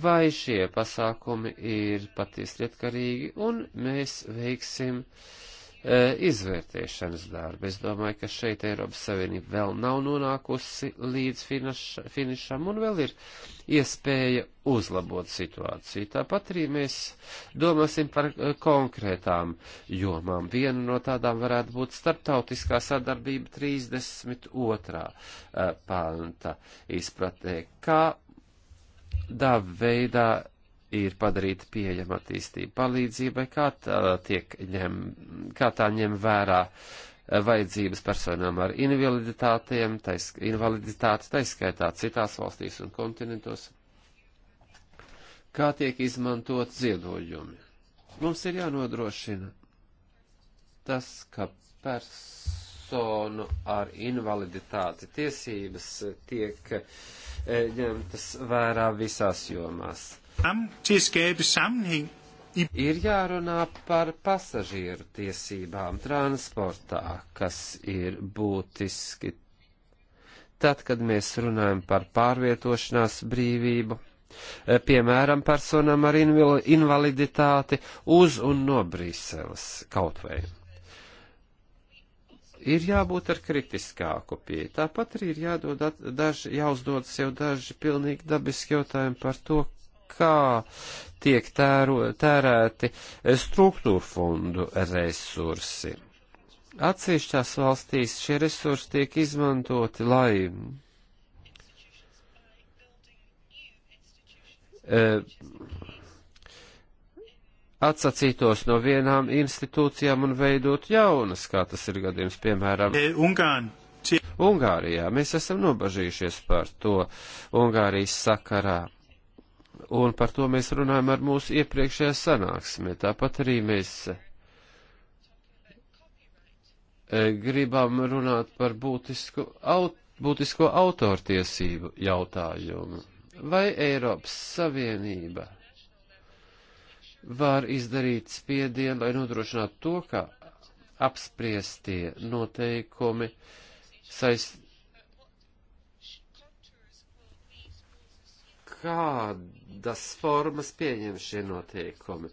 Vai šie pasākumi ir patiesi lietkarīgi, un mēs veiksim uh, E, izvērtēšanas darbu. Es domāju, ka šeit Eiropas Savienība vēl nav nonākusi līdz finiša, finišam un vēl ir iespēja uzlabot situāciju. Tāpat arī mēs domāsim par e, konkrētām jomām. Viena no tādām varētu būt starptautiskā sadarbība 32. E, panta izpratē, kādā veidā ir padarīta pieejama attīstība palīdzībai, kā tā, tiek ņem, kā tā ņem vērā eh, vajadzības personām ar invaliditātiem, tais, invaliditāti, taiskaitā citās valstīs un kontinentos, kā tiek izmantot ziedojumi. Mums ir jānodrošina tas, ka personu ar invaliditāti tiesības tiek eh, ņemtas vērā visās jomās Ir jārunā par pasažieru tiesībām transportā, kas ir būtiski. Tad, kad mēs runājam par pārvietošanās brīvību, eh, piemēram, personam ar invaliditāti uz un no Brīseles kaut vai. Ir jābūt ar kritiskāku pieeju. Tāpat arī ir jādod daži, jāuzdod sev daži pilnīgi dabiski jautājumi par to, kā tiek tēru, tērēti struktūra fondu resursi. Atsevišķās valstīs šie resursi tiek izmantoti, lai e, atsacītos no vienām institūcijām un veidot jaunas, kā tas ir gadījums, piemēram, e, Ungāna. Ungārijā. Mēs esam nobažījušies par to Ungārijas sakarā un par to mēs runājam ar mūsu iepriekšējā sanāksmē. Tāpat arī mēs e, gribam runāt par būtisku, aut, būtisko autortiesību jautājumu. Vai Eiropas Savienība var izdarīt spiedienu, lai nodrošinātu to, ka apspriestie noteikumi saist, kādas formas pieņem šie noteikumi,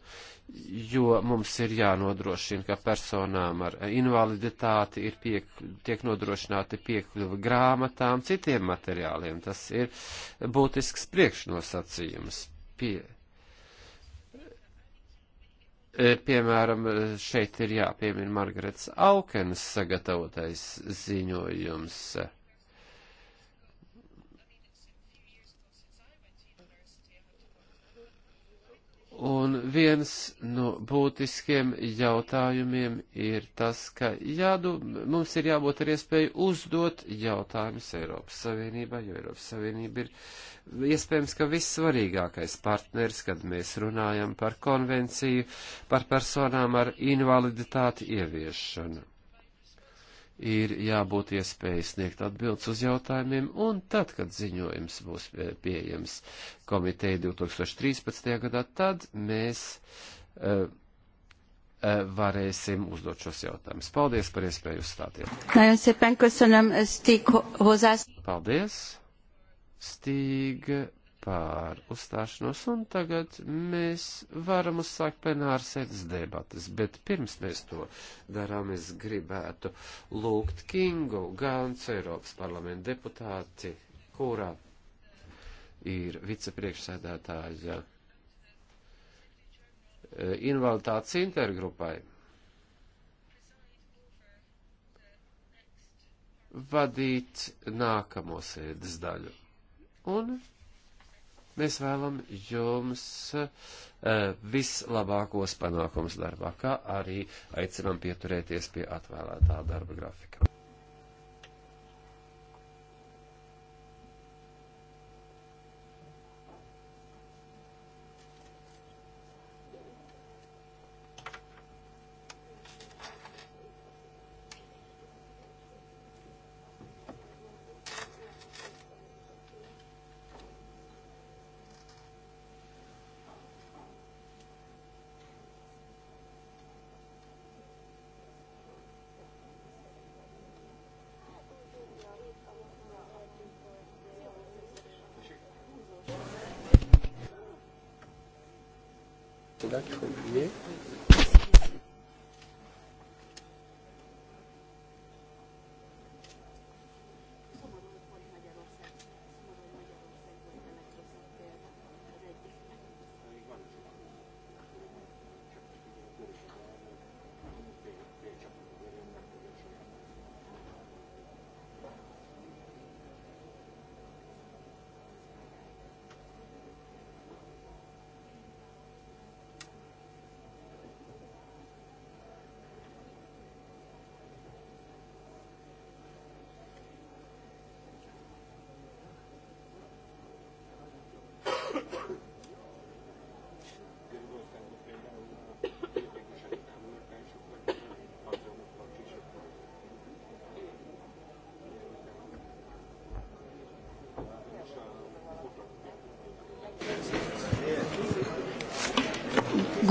jo mums ir jānodrošina, ka personām ar invaliditāti ir piek, tiek nodrošināti piekļuva grāmatām, citiem materiāliem. Tas ir būtisks priekšnosacījums. Pie, e, piemēram, šeit ir jāpiemina Margaretas Aukenas sagatavotais ziņojums Un viens no būtiskiem jautājumiem ir tas, ka jādu, mums ir jābūt ar iespēju uzdot jautājumus Eiropas Savienībā, jo Eiropas Savienība ir iespējams, ka vissvarīgākais partners, kad mēs runājam par konvenciju, par personām ar invaliditāti ieviešanu ir jābūt iespēja sniegt atbildes uz jautājumiem, un tad, kad ziņojums būs e, pieejams komiteja 2013. gadā, tad mēs uh, uh, varēsim uzdot šos jautājumus. Paldies par iespēju uzstāties. Paldies, Stīga par uzstāšanos, un tagad mēs varam uzsākt plenāru sēdes debatas, bet pirms mēs to darām, es gribētu lūgt Kingu Gāns, Eiropas parlamenta deputāti, kurā ir vicepriekšsēdētāja eh, invaliditātes intergrupai. Vadīt nākamo sēdes daļu. Un Mēs vēlam jums eh, vislabākos panākums darbā, kā arī aicinām pieturēties pie atvēlētā darba grafika. là qu'il faut oublier.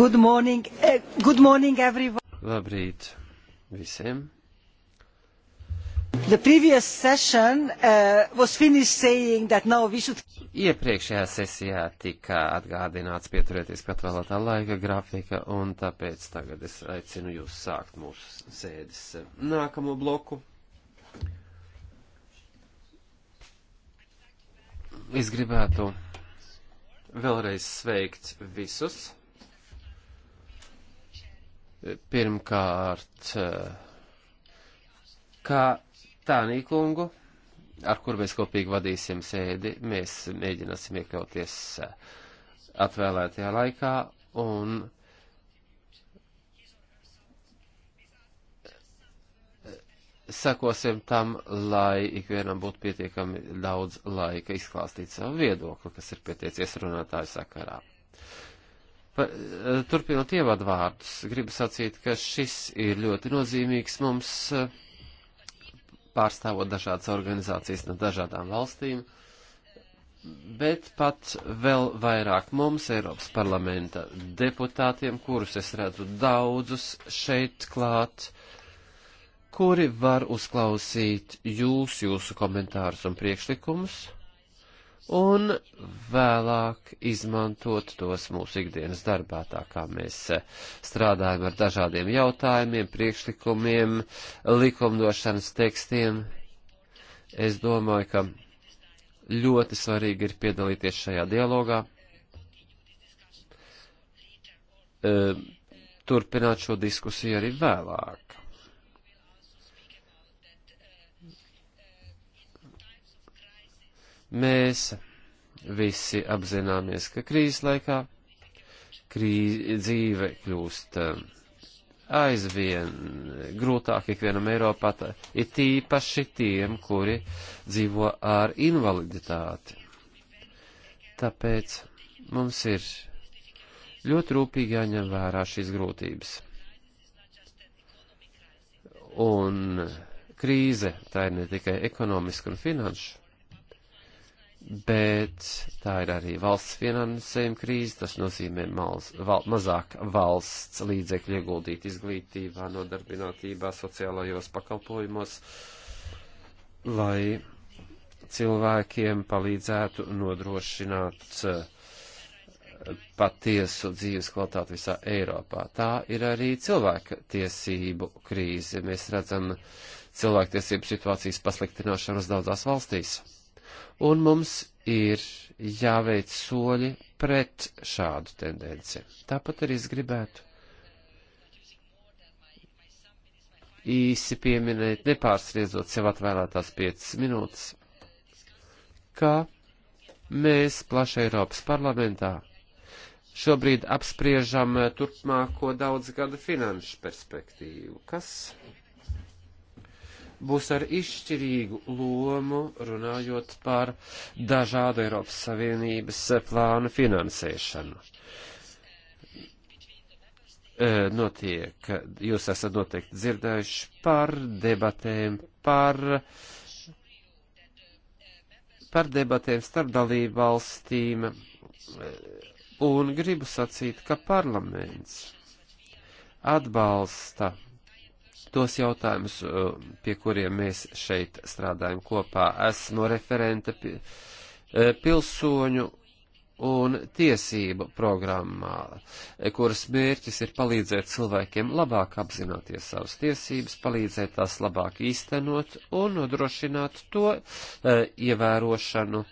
Good morning, eh, good morning everyone. Labrīt visiem. The previous session uh, was finished saying that now we should. Iepriekšējā sesijā tika atgādināts pieturēties pie atvēlētā laika grafika, un tāpēc tagad es aicinu jūs sākt mūsu sēdes nākamo bloku. Es gribētu vēlreiz sveikt visus pirmkārt, eh, kā Tānīkungu, ar kur mēs kopīgi vadīsim sēdi, mēs mēģināsim iekļauties eh, atvēlētajā laikā un eh, sekosim tam, lai ikvienam būtu pietiekami daudz laika izklāstīt savu viedokli, kas ir pieteicies runātāju sakarā. Eh, turpinot ievadvārdus, gribu sacīt, ka šis ir ļoti nozīmīgs mums eh, pārstāvot dažādas organizācijas no dažādām valstīm, bet pat vēl vairāk mums, Eiropas parlamenta deputātiem, kurus es redzu daudzus šeit klāt, kuri var uzklausīt jūs, jūsu komentārus un priekšlikumus un vēlāk izmantot tos mūsu ikdienas darbā, tā kā mēs e, strādājam ar dažādiem jautājumiem, priekšlikumiem, likumdošanas tekstiem. Es domāju, ka ļoti svarīgi ir piedalīties šajā dialogā, e, turpināt šo diskusiju arī vēlāk. Mēs visi apzināmies, ka krīzes laikā krīze, dzīve kļūst um, aizvien grūtāk ikvienam Eiropā, ir tīpaši tiem, kuri dzīvo ar invaliditāti. Tāpēc mums ir ļoti rūpīgi jāņem vērā šīs grūtības. Un krīze tā ir ne tikai ekonomiska un finanšu bet tā ir arī valsts finansējuma krīze, tas nozīmē malz, val, mazāk valsts līdzekļu ieguldīt izglītībā, nodarbinātībā, sociālajos pakalpojumos, lai cilvēkiem palīdzētu nodrošināt eh, patiesu dzīves kvalitāti visā Eiropā. Tā ir arī cilvēka tiesību krīze. Mēs redzam cilvēktiesību situācijas pasliktināšanos daudzās valstīs un mums ir jāveic soļi pret šādu tendenci. Tāpat arī es gribētu īsi pieminēt, nepārsniedzot sev atvēlētās 5 minūtes, ka mēs plaši Eiropas parlamentā šobrīd apspriežam turpmāko daudz gadu finanšu perspektīvu, kas būs ar izšķirīgu lomu runājot par dažādu Eiropas Savienības plānu finansēšanu. E, notiek, jūs esat noteikti dzirdējuši par debatēm, par, par debatēm starp dalību valstīm, e, un gribu sacīt, ka parlaments atbalsta tos jautājumus, uh, pie kuriem mēs šeit strādājam kopā. Esmu referente uh, pilsoņu un tiesību programmā, eh, kuras mērķis ir palīdzēt cilvēkiem labāk apzināties savas tiesības, palīdzēt tās labāk īstenot un nodrošināt to eh, ievērošanu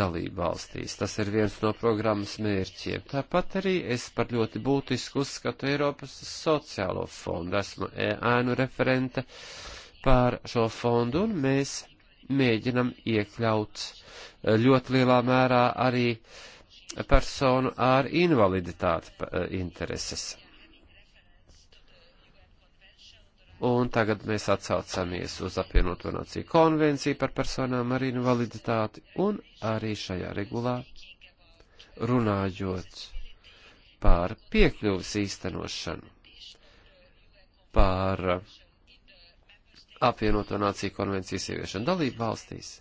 dalību valstīs. Tas ir viens no programmas mērķiem. Tāpat arī es par ļoti būtisku uzskatu Eiropas sociālo fondu. Esmu ēnu referente pār šo fondu un mēs mēģinam iekļaut eh, ļoti lielā mērā arī personu ar invaliditāti eh, intereses. Un tagad mēs atsaucamies uz apvienoto nāciju konvenciju par personām ar invaliditāti un arī šajā regulā runājot par piekļuvas īstenošanu, par apvienoto nāciju konvencijas ieviešanu dalību valstīs.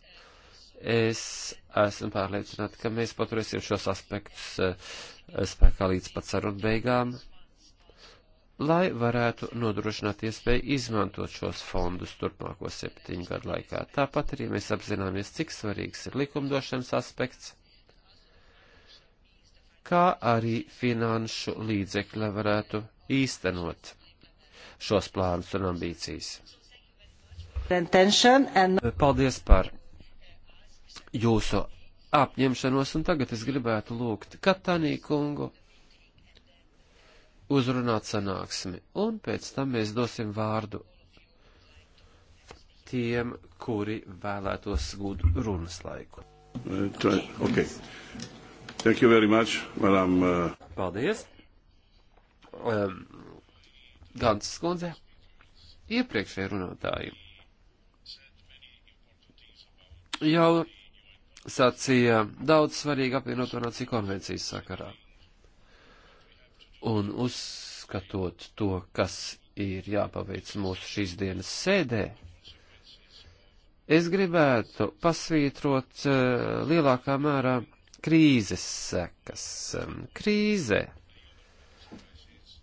Es esmu pārliecināta, ka mēs paturēsim šos aspektus eh, spēkā līdz pat sarunu beigām, lai varētu nodrošināt iespēju izmantot šos fondus turpmāko septiņu gadu laikā. Tāpat arī mēs apzināmies, cik svarīgs ir likumdošanas aspekts, kā arī finanšu līdzekļi varētu īstenot šos plānus un ambīcijas. Paldies par jūsu apņemšanos, un tagad es gribētu lūgt Katanī kungu uzrunāt sanāksmi, un pēc tam mēs dosim vārdu tiem, kuri vēlētos gūt runas laiku. Uh, okay. Thank you very much, madam. Uh... Paldies. Um, Gantas skundze, iepriekšēji runātāji jau sacīja daudz svarīgi apvienoto nāciju konvencijas sakarā un uzskatot to, kas ir jāpaveic mūsu šīs dienas sēdē, es gribētu pasvītrot eh, lielākā mērā krīzes sekas. Krīze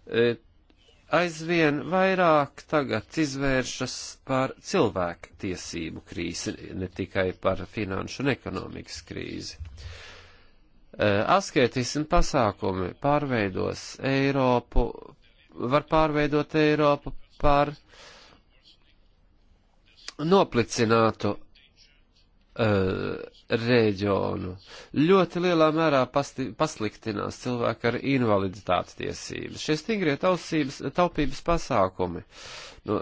eh, aizvien vairāk tagad izvēršas par cilvēku tiesību krīzi, ne tikai par finanšu un ekonomikas krīzi. Eh, asketismu pasākumi pārveidos Eiropu, var pārveidot Eiropu par noplicinātu uh, reģionu. Ļoti lielā mērā pasti, pasliktinās cilvēki ar invaliditāti tiesības. Šie stingrie tausības, taupības pasākumi nu,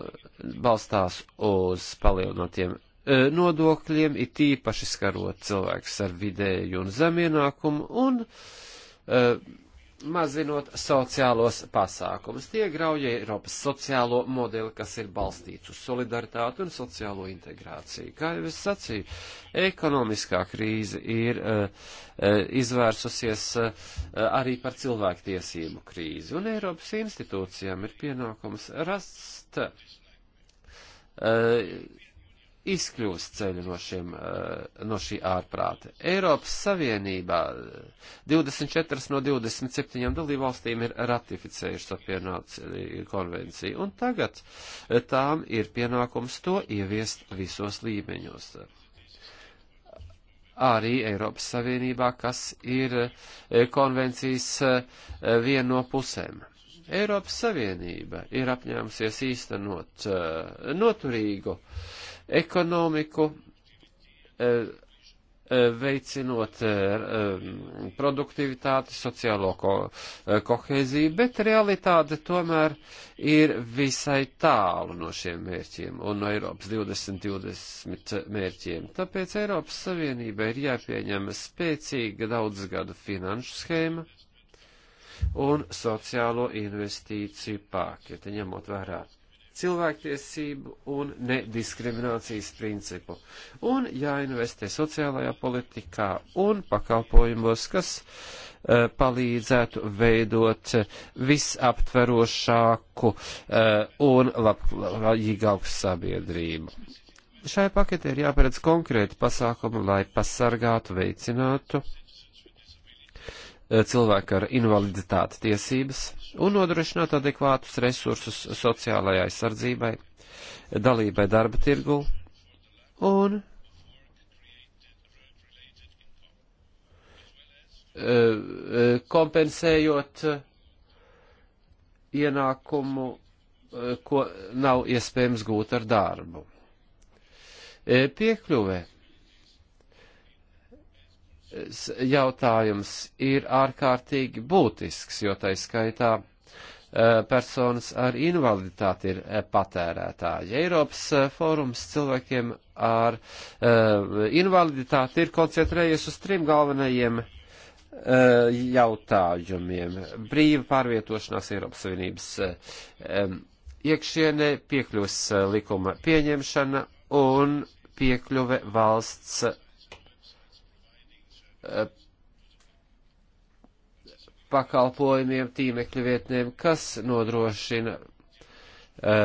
balstās uz palielinotiem E, nodokļiem, it īpaši skarot cilvēks ar vidēju un zemienākumu un uh, mazinot sociālos pasākumus. Tie grauja Eiropas sociālo modeli, kas ir balstīts uz solidaritāti un sociālo integrāciju. Kā jau es sacīju, ekonomiskā krīze ir uh, uh, izvērsusies uh, arī par cilvēktiesību krīzi, un Eiropas institūcijām ir pienākums rast uh, izkļūst ceļu no, šiem, eh, no šī ārprāta. Eiropas Savienībā 24 eh, no 27 dalībvalstīm ir ratificējušas apvienāts konvenciju, un tagad eh, tām ir pienākums to ieviest visos līmeņos. Arī Eiropas Savienībā, kas ir konvencijas viena no pusēm. Eiropas Savienība ir apņēmusies īstenot noturīgu uh, ekonomiku, e, e, veicinot e, produktivitāti, sociālo ko, kohēziju, bet realitāte tomēr ir visai tālu no šiem mērķiem un no Eiropas 2020 mērķiem. Tāpēc Eiropas Savienībai ir jāpieņem spēcīga daudzgada finanšu schēma un sociālo investīciju pakete, ņemot vērā cilvēktiesību un nediskriminācijas principu, un jāinvestē sociālajā politikā un pakalpojumos, kas uh, palīdzētu veidot visaptverošāku uh, un labklājīgāku sabiedrību. Šai paketē ir jāparedz konkrēti pasākumi, lai pasargātu, veicinātu Eh, cilvēku ar invaliditāti tiesības un nodrošināt adekvātus resursus sociālajai aizsardzībai, dalībai darba tirgu un eh, kompensējot eh, ienākumu, ko nav iespējams gūt ar darbu. Piekļuvē jautājums ir ārkārtīgi būtisks, jo tai skaitā e, personas ar invaliditāti ir e, patērētāji. Eiropas e, fórums cilvēkiem ar invaliditāti ir koncentrējies uz trim galvenajiem jautājumiem. Brīva pārvietošanās Eiropas Savienības iekšienē, piekļuvs likuma pieņemšana un piekļuve valsts pakalpojumiem, tīmekļa vietnēm, kas nodrošina e,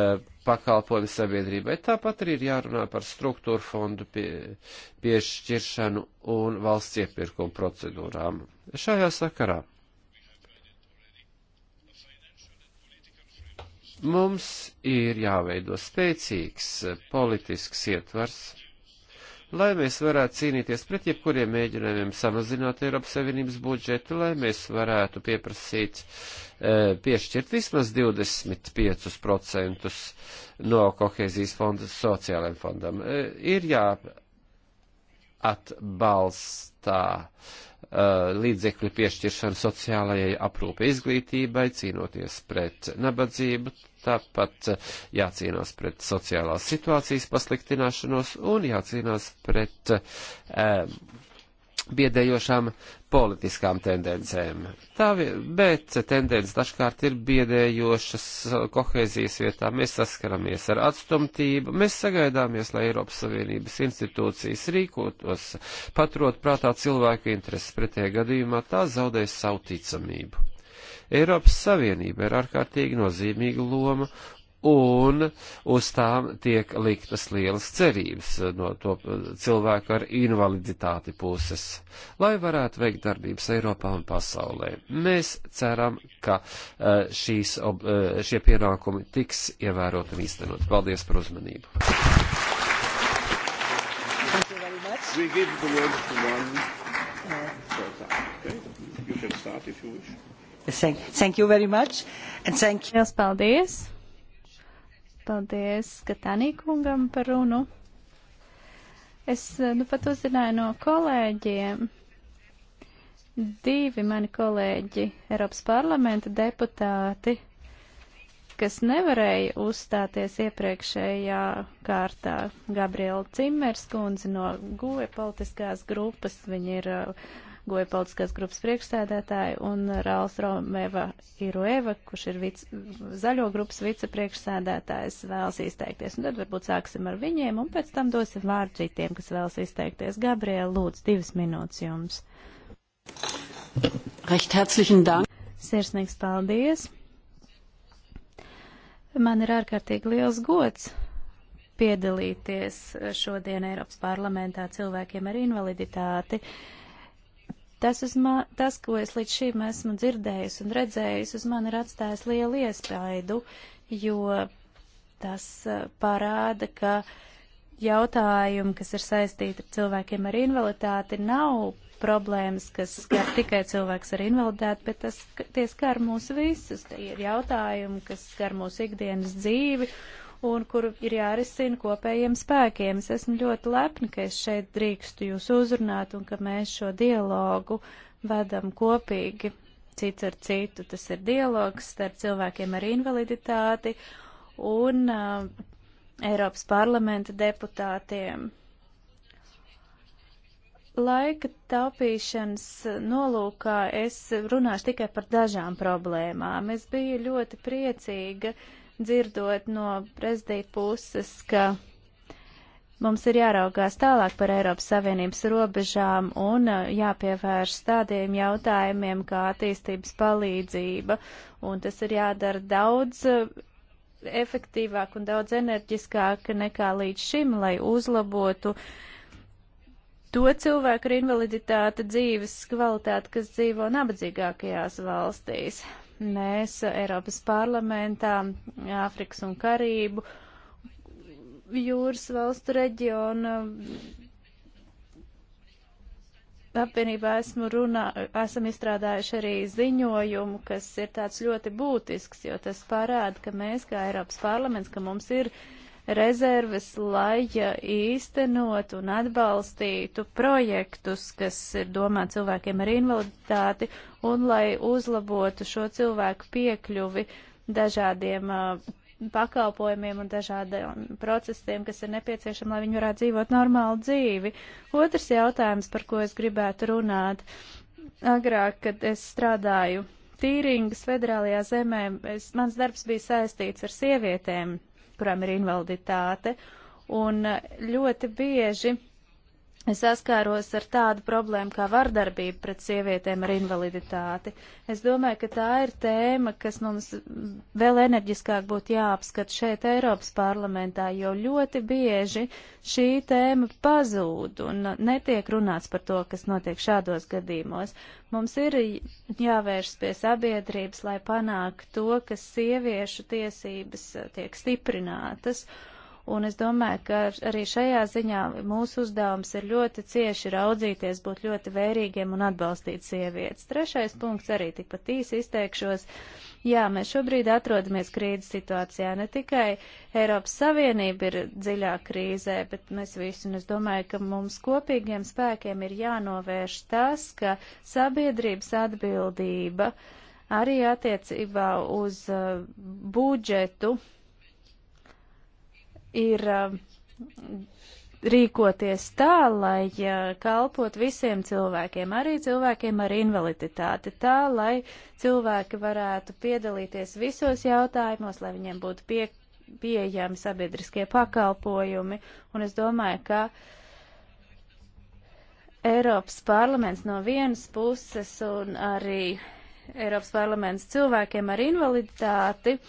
pakalpojumu sabiedrībai. Tāpat arī ir jārunā par struktūru fondu pie, piešķiršanu un valsts iepirkumu procedūrām. Šajā sakarā mums ir jāveido spēcīgs politisks ietvars lai mēs varētu cīnīties pret jebkuriem mēģinājumiem samazināt Eiropas Savienības budžetu, lai mēs varētu pieprasīt, e, piešķirt vismaz 25% no kohēzijas fonda sociālajiem fondam. E, ir jāatbalstā Uh, līdzekļu piešķiršanu sociālajai aprūpe izglītībai, cīnoties pret nabadzību, tāpat uh, jācīnās pret sociālās situācijas pasliktināšanos un jācīnās pret um, eh, biedējošām politiskām tendencēm. Tā, bet tendence dažkārt ir biedējošas kohēzijas vietā. Mēs saskaramies ar atstumtību, mēs sagaidāmies, lai Eiropas Savienības institūcijas rīkotos, paturot prātā cilvēku intereses pretējā gadījumā, tā zaudēs savu ticamību. Eiropas Savienība ir ārkārtīgi nozīmīga loma, un uz tām tiek liktas lielas cerības no to cilvēku ar invaliditāti puses, lai varētu veikt darbības Eiropā un pasaulē. Mēs ceram, ka e, šīs, e, šie pienākumi tiks ievērot un īstenot. Paldies par uzmanību! We give the word to one. Okay. Uh, you can start if you wish. Thank, thank you very much. And thank you. Paldies. Paldies Katanīkungam par runu. Es nu pat uzzināju no kolēģiem. Divi mani kolēģi, Eiropas parlamenta deputāti, kas nevarēja uzstāties iepriekšējā kārtā. Gabriela Cimmerskundze no GUE politiskās grupas, viņa ir uh, goja politiskās grupas priekšsēdētāji, un Rāls Romeva Irueva, kurš ir vic, zaļo grupas vicepriekšsēdētājs, vēlas izteikties. Un tad varbūt sāksim ar viņiem, un pēc tam dosim vārdu citiem, kas vēlas izteikties. Gabriela, lūdzu, divas minūtes jums. Recht herzlichen Dank. Sirsnīgs paldies. Man ir ārkārtīgi liels gods piedalīties šodien Eiropas parlamentā cilvēkiem ar invaliditāti. Uh, Tas, ma, tas, ko es līdz šim esmu dzirdējis un redzējis, uz mani ir atstājis lielu iespaidu, jo tas eh, parāda, ka jautājumi, kas ir saistīti ar cilvēkiem ar invaliditāti, nav problēmas, kas skar tikai cilvēks ar invaliditāti, bet tas, tie skar mūs visus. Tie ir jautājumi, kas skar mūsu ikdienas dzīvi un kuru ir jārisina kopējiem spēkiem. Es esmu ļoti lepna, ka es šeit drīkstu jūs uzrunāt un ka mēs šo dialogu vedam kopīgi cits ar citu. Tas ir dialogs starp cilvēkiem ar invaliditāti un uh, Eiropas parlamenta deputātiem laika taupīšanas nolūkā es runāšu tikai par dažām problēmām. Es biju ļoti priecīga, uh, dzirdot no prezidija puses, ka mums ir jāraugās tālāk par Eiropas Savienības robežām un uh, jāpievērš tādiem jautājumiem kā attīstības palīdzība, un tas ir jādara daudz uh, efektīvāk un daudz enerģiskāk nekā līdz šim, lai uzlabotu to cilvēku ar invaliditāti dzīves kvalitāti, kas dzīvo nabadzīgākajās valstīs mēs Eiropas parlamentā, Āfrikas un Karību, jūras valstu reģiona apvienībā esmu runā, esam izstrādājuši arī ziņojumu, kas ir tāds ļoti būtisks, jo tas parāda, ka mēs, kā Eiropas parlaments, ka mums ir uh, rezerves, lai īstenot un atbalstītu projektus, kas ir domāti cilvēkiem ar invaliditāti, un lai uzlabotu šo cilvēku piekļuvi dažādiem uh, pakalpojumiem un dažādiem procesiem, kas ir nepieciešami, lai viņi varētu dzīvot normālu dzīvi. Otrs jautājums, par ko es gribētu runāt, agrāk, kad es strādāju tīringas federālajā zemē, es, mans darbs bija saistīts ar sievietēm, kuram ir invaliditāte. Un eh, ļoti bieži Es saskāros ar tādu problēmu kā vardarbība pret sievietēm ar invaliditāti. Es domāju, ka tā ir tēma, kas mums vēl enerģiskāk būtu jāapskat šeit Eiropas parlamentā, jo ļoti bieži šī tēma pazūd un netiek runāts par to, kas notiek šādos gadījumos. Mums ir jāvēršas pie sabiedrības, lai panāktu to, ka sieviešu tiesības tiek stiprinātas. Uh, Un es domāju, ka arī šajā ziņā mūsu uzdevums ir ļoti cieši raudzīties, būt ļoti vērīgiem un atbalstīt sievietes. Trešais punkts arī tikpat īsi izteikšos. Jā, mēs šobrīd atrodamies krīzes situācijā. Ne tikai Eiropas Savienība ir dziļā krīzē, bet mēs visi, un es domāju, ka mums kopīgiem spēkiem ir jānovērš tas, ka sabiedrības atbildība arī attiecībā uz uh, budžetu ir eh, rīkoties tā, lai eh, kalpot visiem cilvēkiem, arī cilvēkiem ar invaliditāti, tā, lai cilvēki varētu piedalīties visos jautājumos, lai viņiem būtu pie, pieejami sabiedriskie pakalpojumi. Un es domāju, ka Eiropas parlaments no vienas puses un arī Eiropas parlaments cilvēkiem ar invaliditāti uh,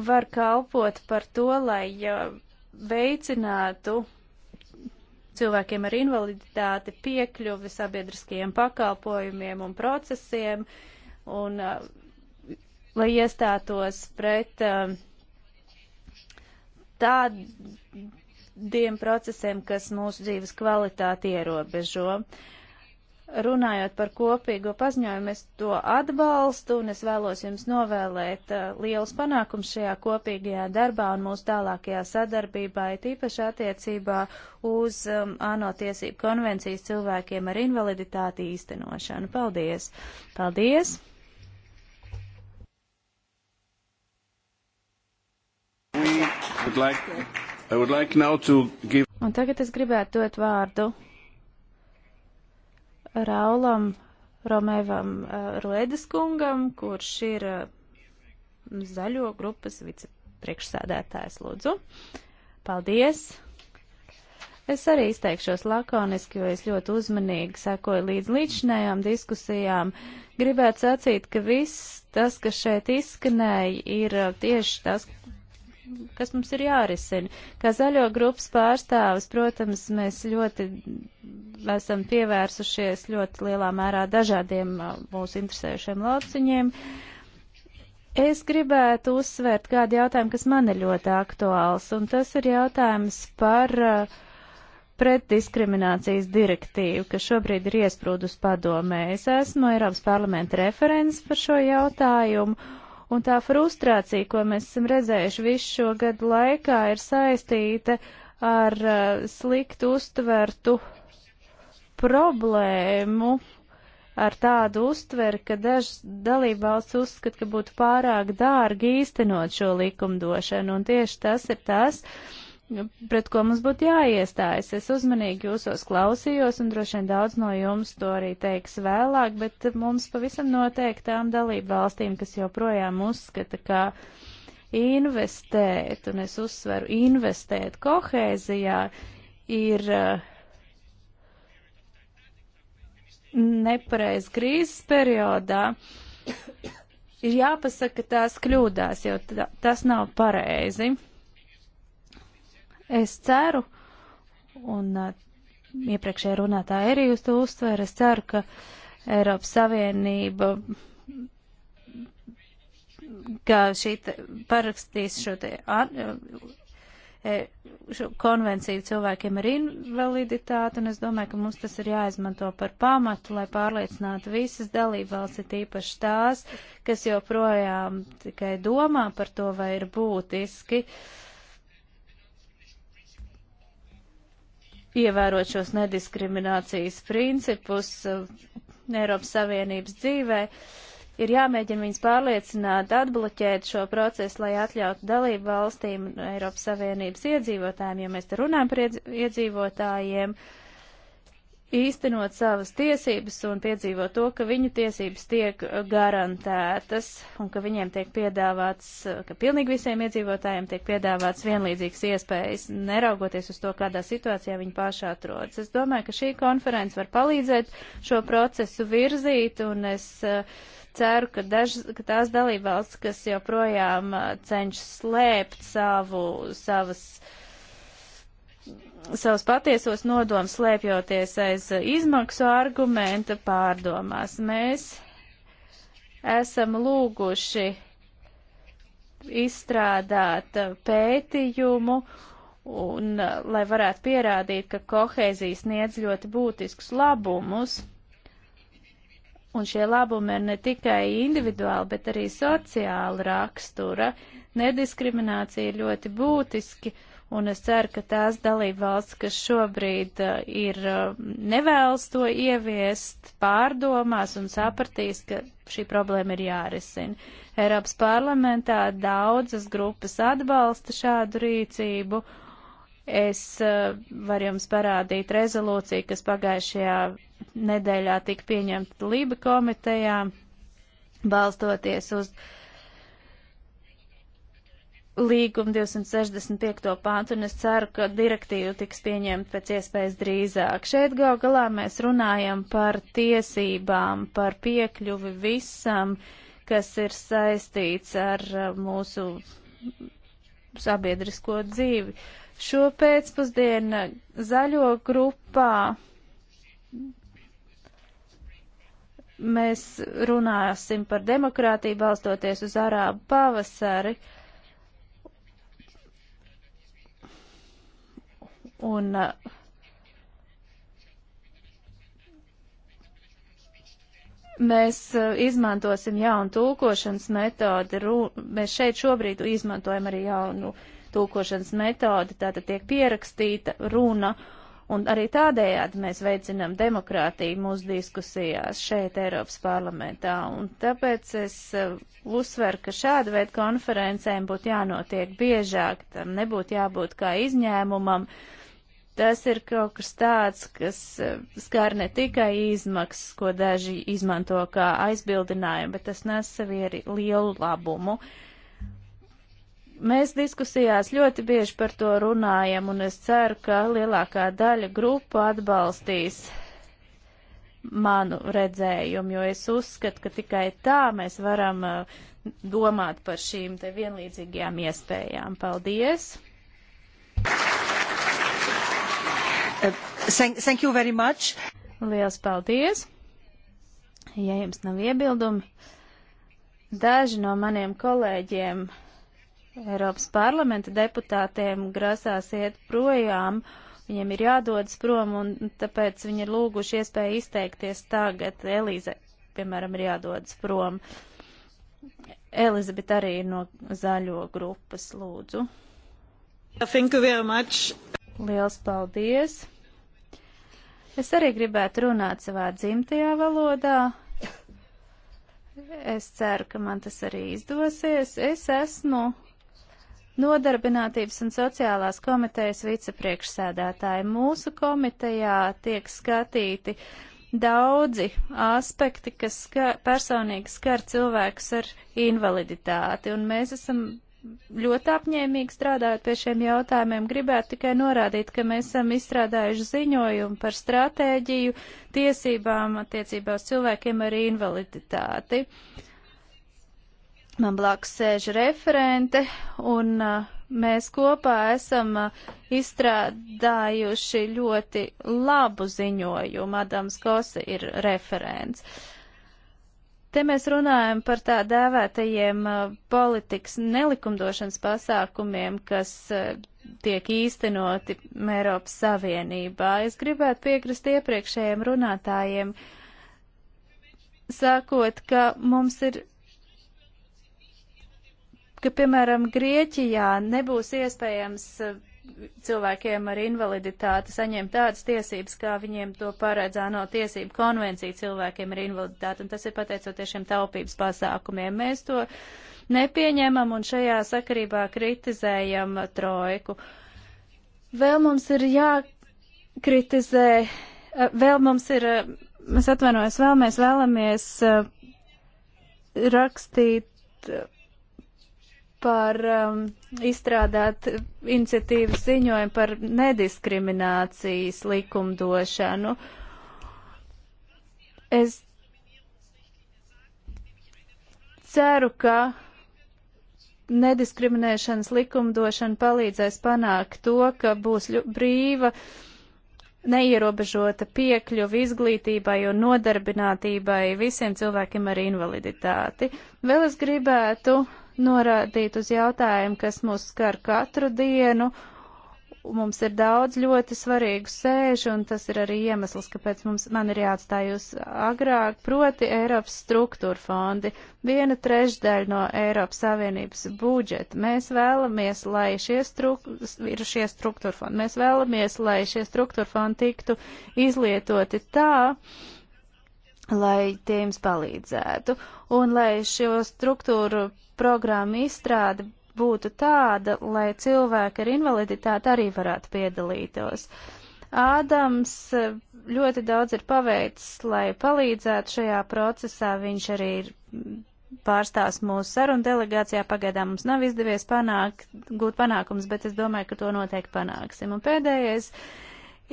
var kalpot par to, lai veicinātu cilvēkiem ar invaliditāti piekļuvi sabiedriskajiem pakalpojumiem un procesiem, un uh, lai iestātos pret uh, tādiem procesiem, kas mūsu dzīves kvalitāti ierobežo. Uh, runājot par kopīgo paziņojumu, es to atbalstu un es vēlos jums novēlēt uh, liels panākums šajā kopīgajā darbā un mūsu tālākajā sadarbībā, it īpaši attiecībā uz um, ANO tiesību konvencijas cilvēkiem ar invaliditāti īstenošanu. Paldies! Paldies! Like, like give... Un tagad es gribētu dot vārdu Raulam Romēvam eh, Ruedas kungam, kurš ir eh, zaļo grupas vicepriekšsēdētājs. Lūdzu, paldies! Es arī izteikšos lakoniski, jo es ļoti uzmanīgi sekoju līdz līdzinējām diskusijām. Gribētu sacīt, ka viss tas, kas šeit izskanēja, ir eh, tieši tas, kas mums ir jārisina. Kā zaļo grupas pārstāvis, protams, mēs ļoti esam pievērsušies ļoti lielā mērā dažādiem uh, mūsu interesējušiem lauciņiem. Es gribētu uzsvērt kādu jautājumu, kas man ir ļoti aktuāls, un tas ir jautājums par uh, pretdiskriminācijas direktīvu, kas šobrīd ir iesprūdus padomē. Es esmu Eiropas parlamenta referents par šo jautājumu, Un tā frustrācija, ko mēs esam redzējuši visu šo gadu laikā, ir saistīta ar uh, eh, sliktu uztvertu problēmu, ar tādu uztveri, ka dažas dalībvalsts uzskata, ka būtu pārāk dārgi īstenot šo likumdošanu. Un tieši tas ir tas, uh, pret ko mums būtu jāiestājas. Es uzmanīgi jūsos klausījos, un droši vien daudz no jums to arī teiks vēlāk, bet mums pavisam noteikti tām dalību valstīm, kas joprojām uzskata, ka investēt, un es uzsveru investēt kohēzijā, ir eh, nepareiz krīzes periodā. Ir jāpasaka tās kļūdās, jo tas nav pareizi. Es ceru, un uh, iepriekšējā runātā arī uz to uztvēra, es ceru, ka Eiropas Savienība ka šī parakstīs šo te e, šo konvenciju cilvēkiem ar invaliditāti, un es domāju, ka mums tas ir jāizmanto par pamatu, lai pārliecinātu visas dalībvalsts, it īpaši tās, kas joprojām tikai domā par to, vai ir būtiski. Uh, ievērot šos nediskriminācijas principus uh, Eiropas Savienības dzīvē. Ir jāmēģina viņus pārliecināt, atbloķēt šo procesu, lai atļautu dalību valstīm un Eiropas Savienības iedzīvotājiem, ja mēs te runājam par iedzīvotājiem, uh, īstenot savas tiesības un piedzīvo to, ka viņu tiesības tiek uh, garantētas un ka viņiem tiek piedāvāts, uh, ka pilnīgi visiem iedzīvotājiem tiek piedāvāts vienlīdzīgas iespējas, neraugoties uz to, kādā situācijā viņi paši atrodas. Es domāju, ka šī konference var palīdzēt šo procesu virzīt un es uh, ceru, ka, daž, ka tās dalībvalsts, kas joprojām cenšas slēpt savu, savas, uh, savus patiesos nodomus slēpjoties aiz izmaksu argumenta pārdomās. Mēs esam lūguši izstrādāt pētījumu, un, lai varētu pierādīt, ka kohēzija sniedz ļoti būtiskus labumus, un šie labumi ir ne tikai individuāli, bet arī sociāla rakstura. Nediskriminācija ir ļoti būtiski. Uh, un es ceru, ka tās dalībvalsts, kas šobrīd uh, ir uh, nevēlas to ieviest, pārdomās un sapratīs, ka šī problēma ir jārisina. Eiropas parlamentā daudzas grupas atbalsta šādu rīcību. Es uh, varu jums parādīt rezolūciju, kas pagājušajā nedēļā tika pieņemta Lība komitejā, balstoties uz uh, līguma 265. pāntu, un es ceru, ka direktīva tiks pieņemta pēc iespējas drīzāk. Šeit gal galā mēs runājam par tiesībām, par piekļuvi visam, kas ir saistīts ar uh, mūsu sabiedrisko dzīvi. Šo pēcpusdienu zaļo grupā mēs runāsim par demokrātiju balstoties uz arābu pavasari. Uh, Un uh, mēs uh, izmantosim jaunu tulkošanas metodi. Mēs šeit šobrīd izmantojam arī jaunu tulkošanas metodi. Tātad tiek pierakstīta runa. Un arī tādējādi mēs veicinām demokrātiju mūsu diskusijās šeit Eiropas parlamentā. Un tāpēc es uh, uzsveru, ka šāda veida konferencēm būtu jānotiek biežāk, tam nebūtu jābūt kā izņēmumam. Uh, tas ir kaut kas tāds, kas eh, skar ne tikai izmaksas, ko daži izmanto kā aizbildinājumu, bet tas nes sevi arī lielu labumu. Mēs diskusijās ļoti bieži par to runājam, un es ceru, ka lielākā daļa grupu atbalstīs manu redzējumu, jo es uzskatu, ka tikai tā mēs varam eh, domāt par šīm te vienlīdzīgajām iespējām. Paldies! Uh, thank, thank you very much. Lielas paldies. Ja jums nav iebildumi, daži no maniem kolēģiem Eiropas parlamenta deputātiem grasās iet projām. Viņiem ir jādodas prom, un tāpēc viņi ir lūguši iespēju izteikties tagad. Elīze, piemēram, ir jādodas prom. Elizabete arī ir no zaļo grupas, lūdzu. Thank you very much. Liels paldies! Es arī gribētu runāt savā dzimtajā valodā. Es ceru, ka man tas arī izdosies. Es esmu Nodarbinātības un sociālās komitejas vicepriekšsēdētāji. Mūsu komitejā tiek skatīti daudzi aspekti, kas ska personīgi skar cilvēkus ar invaliditāti, un mēs esam ļoti apņēmīgi strādājot pie šiem jautājumiem. Gribētu tikai norādīt, ka mēs esam izstrādājuši ziņojumu par stratēģiju tiesībām attiecībā uz cilvēkiem ar invaliditāti. Man blakus sēž referente, un mēs kopā esam izstrādājuši ļoti labu ziņojumu. Adams Kosa ir referents. Uh, Te mēs runājam par tā dēvētajiem uh, politikas nelikumdošanas pasākumiem, kas uh, tiek īstenoti Eiropas Savienībā. Es gribētu piekrist iepriekšējiem runātājiem, sākot, ka mums ir ka, piemēram, Grieķijā nebūs iespējams uh, cilvēkiem ar invaliditāti saņem tādas tiesības, kā viņiem to paredz ANO tiesību konvencija cilvēkiem ar invaliditāti, un tas ir pateicoties šiem taupības pasākumiem. Mēs to nepieņemam un šajā sakarībā kritizējam trojku. Vēl mums ir jākritizē, vēl mums ir, es atvainojos, vēl mēs vēlamies eh, rakstīt par um, izstrādāt iniciatīvas ziņojumu par nediskriminācijas likumdošanu. Es ceru, ka nediskriminēšanas likumdošana palīdzēs panākt to, ka būs brīva, neierobežota piekļuva izglītībai un nodarbinātībai visiem cilvēkiem ar invaliditāti. Vēl es gribētu norādīt uz jautājumu, kas mūs skar katru dienu. Mums ir daudz ļoti svarīgu sēžu, un tas ir arī iemesls, kāpēc mums, man ir jāatstāj jūs agrāk, proti Eiropas struktūra fondi. Viena trešdaļa no Eiropas Savienības budžeta. Mēs vēlamies, lai šie, struk, ir šie struktūra fondi. Mēs vēlamies, lai šie struktūra fondi tiktu izlietoti tā, uh, lai tie jums palīdzētu. Un lai šo struktūru programmu izstrāde būtu tāda, lai cilvēki ar invaliditāti arī varētu piedalītos. Ādams eh, ļoti daudz ir paveicis, lai palīdzētu šajā procesā. Viņš arī ir mm, pārstāvs mūsu sarunu delegācijā. Pagaidām mums nav izdevies panākt, gūt panākums, bet es domāju, ka to noteikti panāksim. Un pēdējais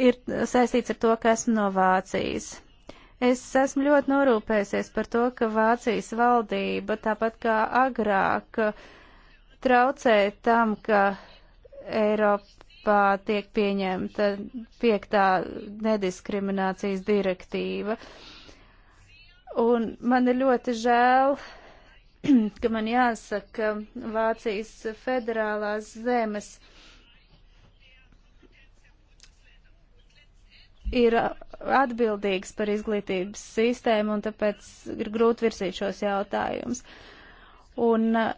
ir saistīts ar to, ka esmu no Vācijas. Es esmu ļoti norūpējusies par to, ka Vācijas valdība, tāpat kā agrāk, traucē tam, ka Eiropā tiek pieņemta piektā nediskriminācijas direktīva. Un man ir ļoti žēl, ka man jāsaka Vācijas federālās zemes ir atbildīgs par izglītības sistēmu, un tāpēc ir grūti virsīt šos jautājumus. Un uh,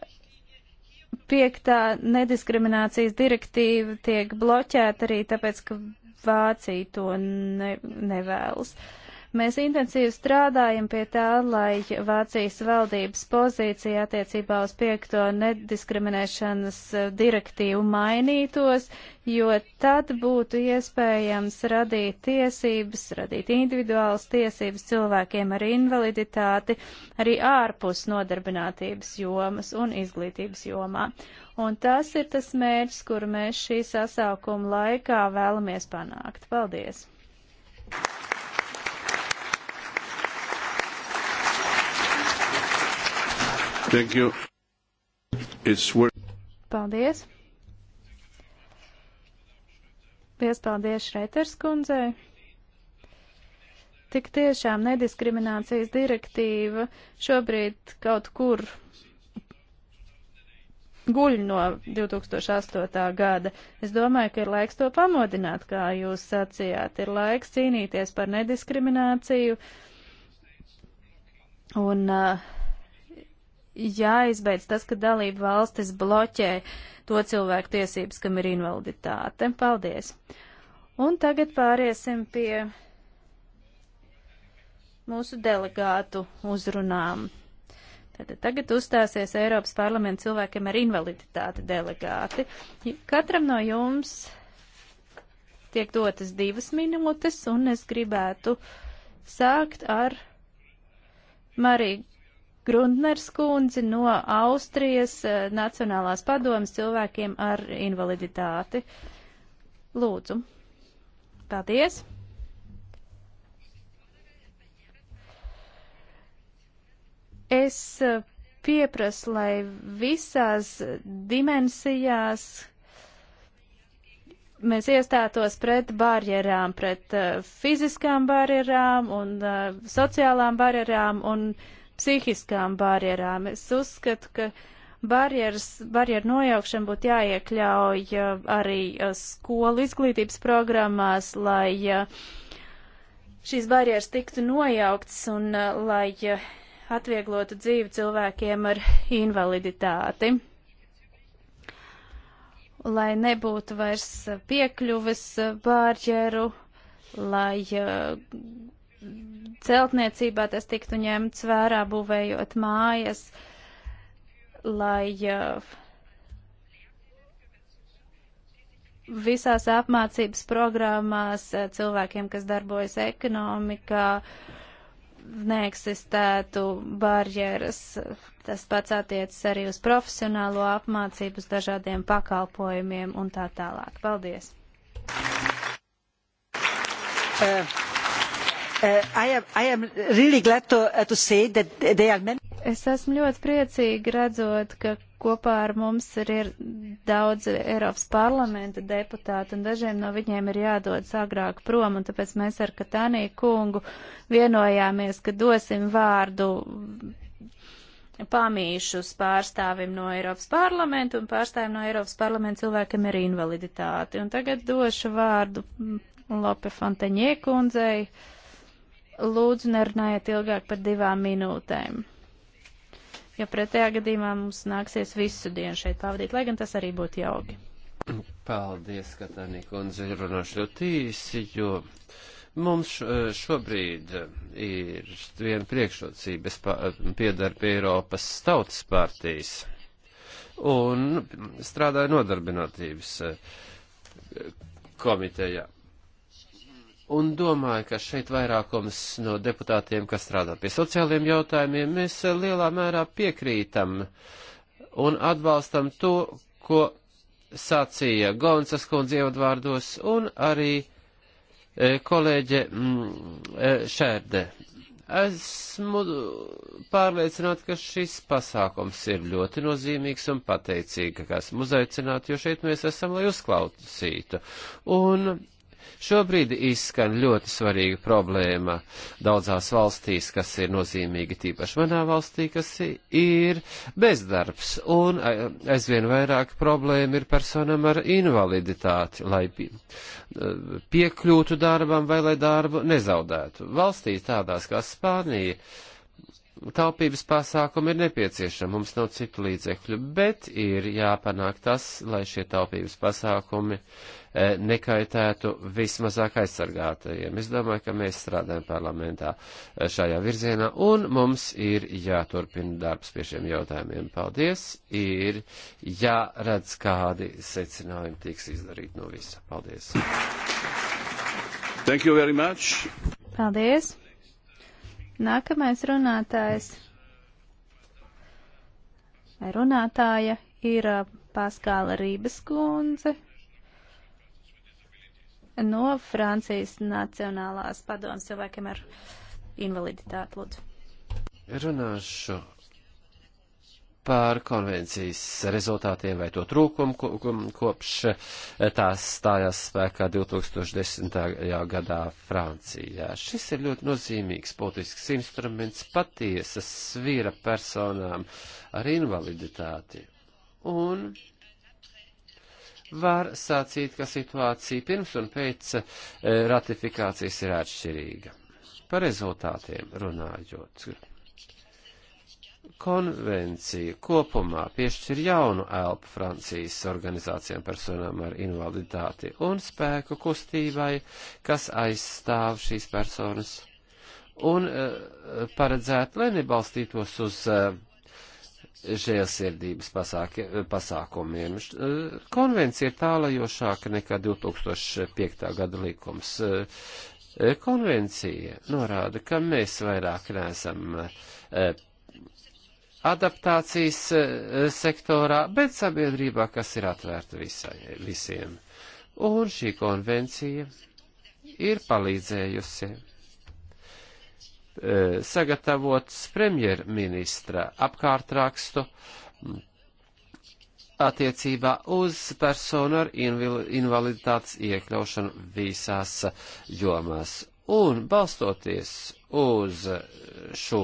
piektā nediskriminācijas direktīva tiek bloķēta arī tāpēc, ka Vācija to ne, nevēlas. Uh, Mēs intensīvi strādājam pie tā, lai Vācijas valdības pozīcija attiecībā uz piekto nediskriminēšanas eh, direktīvu mainītos, jo tad būtu iespējams radīt tiesības, radīt individuālas tiesības cilvēkiem ar invaliditāti, arī ārpus nodarbinātības jomas un izglītības jomā. Un tas ir tas mērķis, kuru mēs šī sasaukuma laikā vēlamies panākt. Paldies! Thank you. It's worth... Paldies. Liels paldies Šreiters kundzei. Tik tiešām nediskriminācijas direktīva šobrīd kaut kur guļ no 2008. gada. Es domāju, ka ir laiks to pamodināt, kā jūs sacījāt. Ir laiks cīnīties par nediskrimināciju. Un uh, jāizbeidz tas, ka dalība valstis bloķē to cilvēku tiesības, kam ir invaliditāte. Paldies! Un tagad pāriesim pie mūsu delegātu uzrunām. Tad tagad uzstāsies Eiropas parlamenta cilvēkiem ar invaliditāti delegāti. Katram no jums tiek dotas divas minūtes, un es gribētu sākt ar Mariju Grundners kundzi no Austrijas eh, Nacionālās padomas cilvēkiem ar invaliditāti. Lūdzu. Paldies. Es eh, pieprasu, lai visās dimensijās mēs iestātos pret barjerām, pret uh, fiziskām barjerām un uh, sociālām barjerām un uh, psihiskām barjerām. Es uzskatu, ka barjeras, barjeru nojaukšana būtu jāiekļauj arī skolu izglītības programmās, lai šīs barjeras tiktu nojauktas un lai atvieglotu dzīvi cilvēkiem ar invaliditāti. Lai nebūtu vairs piekļuves barjeru, lai celtniecībā tas tiktu ņemts vērā, būvējot mājas, lai visās apmācības programmās eh, cilvēkiem, kas darbojas ekonomikā, neeksistētu barjeras. Tas pats attiecas arī uz profesionālo apmācību, uz dažādiem pakalpojumiem un tā tālāk. Paldies! Uh. Uh, I am, I am really glad to, uh, to say that they are many. Es esmu ļoti priecīgi redzot, ka kopā ar mums ir, ir daudz Eiropas parlamenta deputāti, un dažiem no viņiem ir jādodas agrāk prom, un tāpēc mēs ar Katānī kungu vienojāmies, ka dosim vārdu pamīšus pārstāvim no Eiropas parlamenta, un pārstāvim no Eiropas parlamenta cilvēkam ir invaliditāte. Un tagad došu vārdu Lope Fontaņie kundzei. Uh, lūdzu nerunājiet ilgāk par divām minūtēm. Jo pretējā gadījumā mums nāksies visu dienu šeit pavadīt, lai gan tas arī būtu jauki. Paldies, Katānī kundze, runāšu ļoti īsi, jo mums šobrīd ir viena priekšrocība, es piedaru pie Eiropas tautas partijas un strādāju nodarbinātības komitejā un domāju, ka šeit vairākums no deputātiem, kas strādā pie sociāliem jautājumiem, mēs lielā mērā piekrītam un atbalstam to, ko sacīja Gonsas kundze ievadvārdos un arī e, kolēģe mm, e, Šērdē. Esmu pārliecināta, ka šis pasākums ir ļoti nozīmīgs un pateicīga, ka esmu uzaicināta, jo šeit mēs esam, lai uzklausītu. Un Šobrīd izskan ļoti svarīga problēma daudzās valstīs, kas ir nozīmīga tīpaši manā valstī, kas ir bezdarbs, un aizvien vairāk problēma ir personam ar invaliditāti, lai piekļūtu darbam vai lai darbu nezaudētu. Valstīs tādās kā Spānija, taupības pasākumi ir nepieciešami, mums nav citu līdzekļu, bet ir jāpanāk tas, lai šie taupības pasākumi e, nekaitētu vismazāk aizsargātajiem. Es domāju, ka mēs strādājam parlamentā e, šajā virzienā, un mums ir jāturpina darbs pie šiem jautājumiem. Paldies! Ir jāredz, kādi secinājumi tiks izdarīti no visa. Paldies! Thank you very much! Paldies! Nākamais runātājs vai runātāja ir Paskāla Rības kundze no Francijas Nacionālās padomas cilvēkiem ar invaliditāti. Lūdzu. Runāšu par konvencijas rezultātiem vai to trūkumu kopš tās stājās spēkā 2010. gadā Francijā. Šis ir ļoti nozīmīgs politisks instruments patiesa svīra personām ar invaliditāti. Un var sacīt, ka situācija pirms un pēc eh, ratifikācijas ir atšķirīga. Par rezultātiem runājot konvencija kopumā piešķir jaunu elpu Francijas organizācijām personām ar invaliditāti un spēku kustībai, kas aizstāv šīs personas un uh, eh, paredzētu, lai nebalstītos uz uh, eh, žēlsirdības pasākumiem. Uh, konvencija ir tālajošāka nekā 2005. gada likums. Uh, konvencija norāda, ka mēs vairāk neesam uh, adaptācijas eh, sektorā, bet sabiedrībā, kas ir atvērta visai, visiem. Un šī konvencija ir palīdzējusi eh, sagatavot premjerministra apkārtrakstu mm, attiecībā uz personu ar invaliditātes iekļaušanu visās eh, jomās. Un balstoties uz šo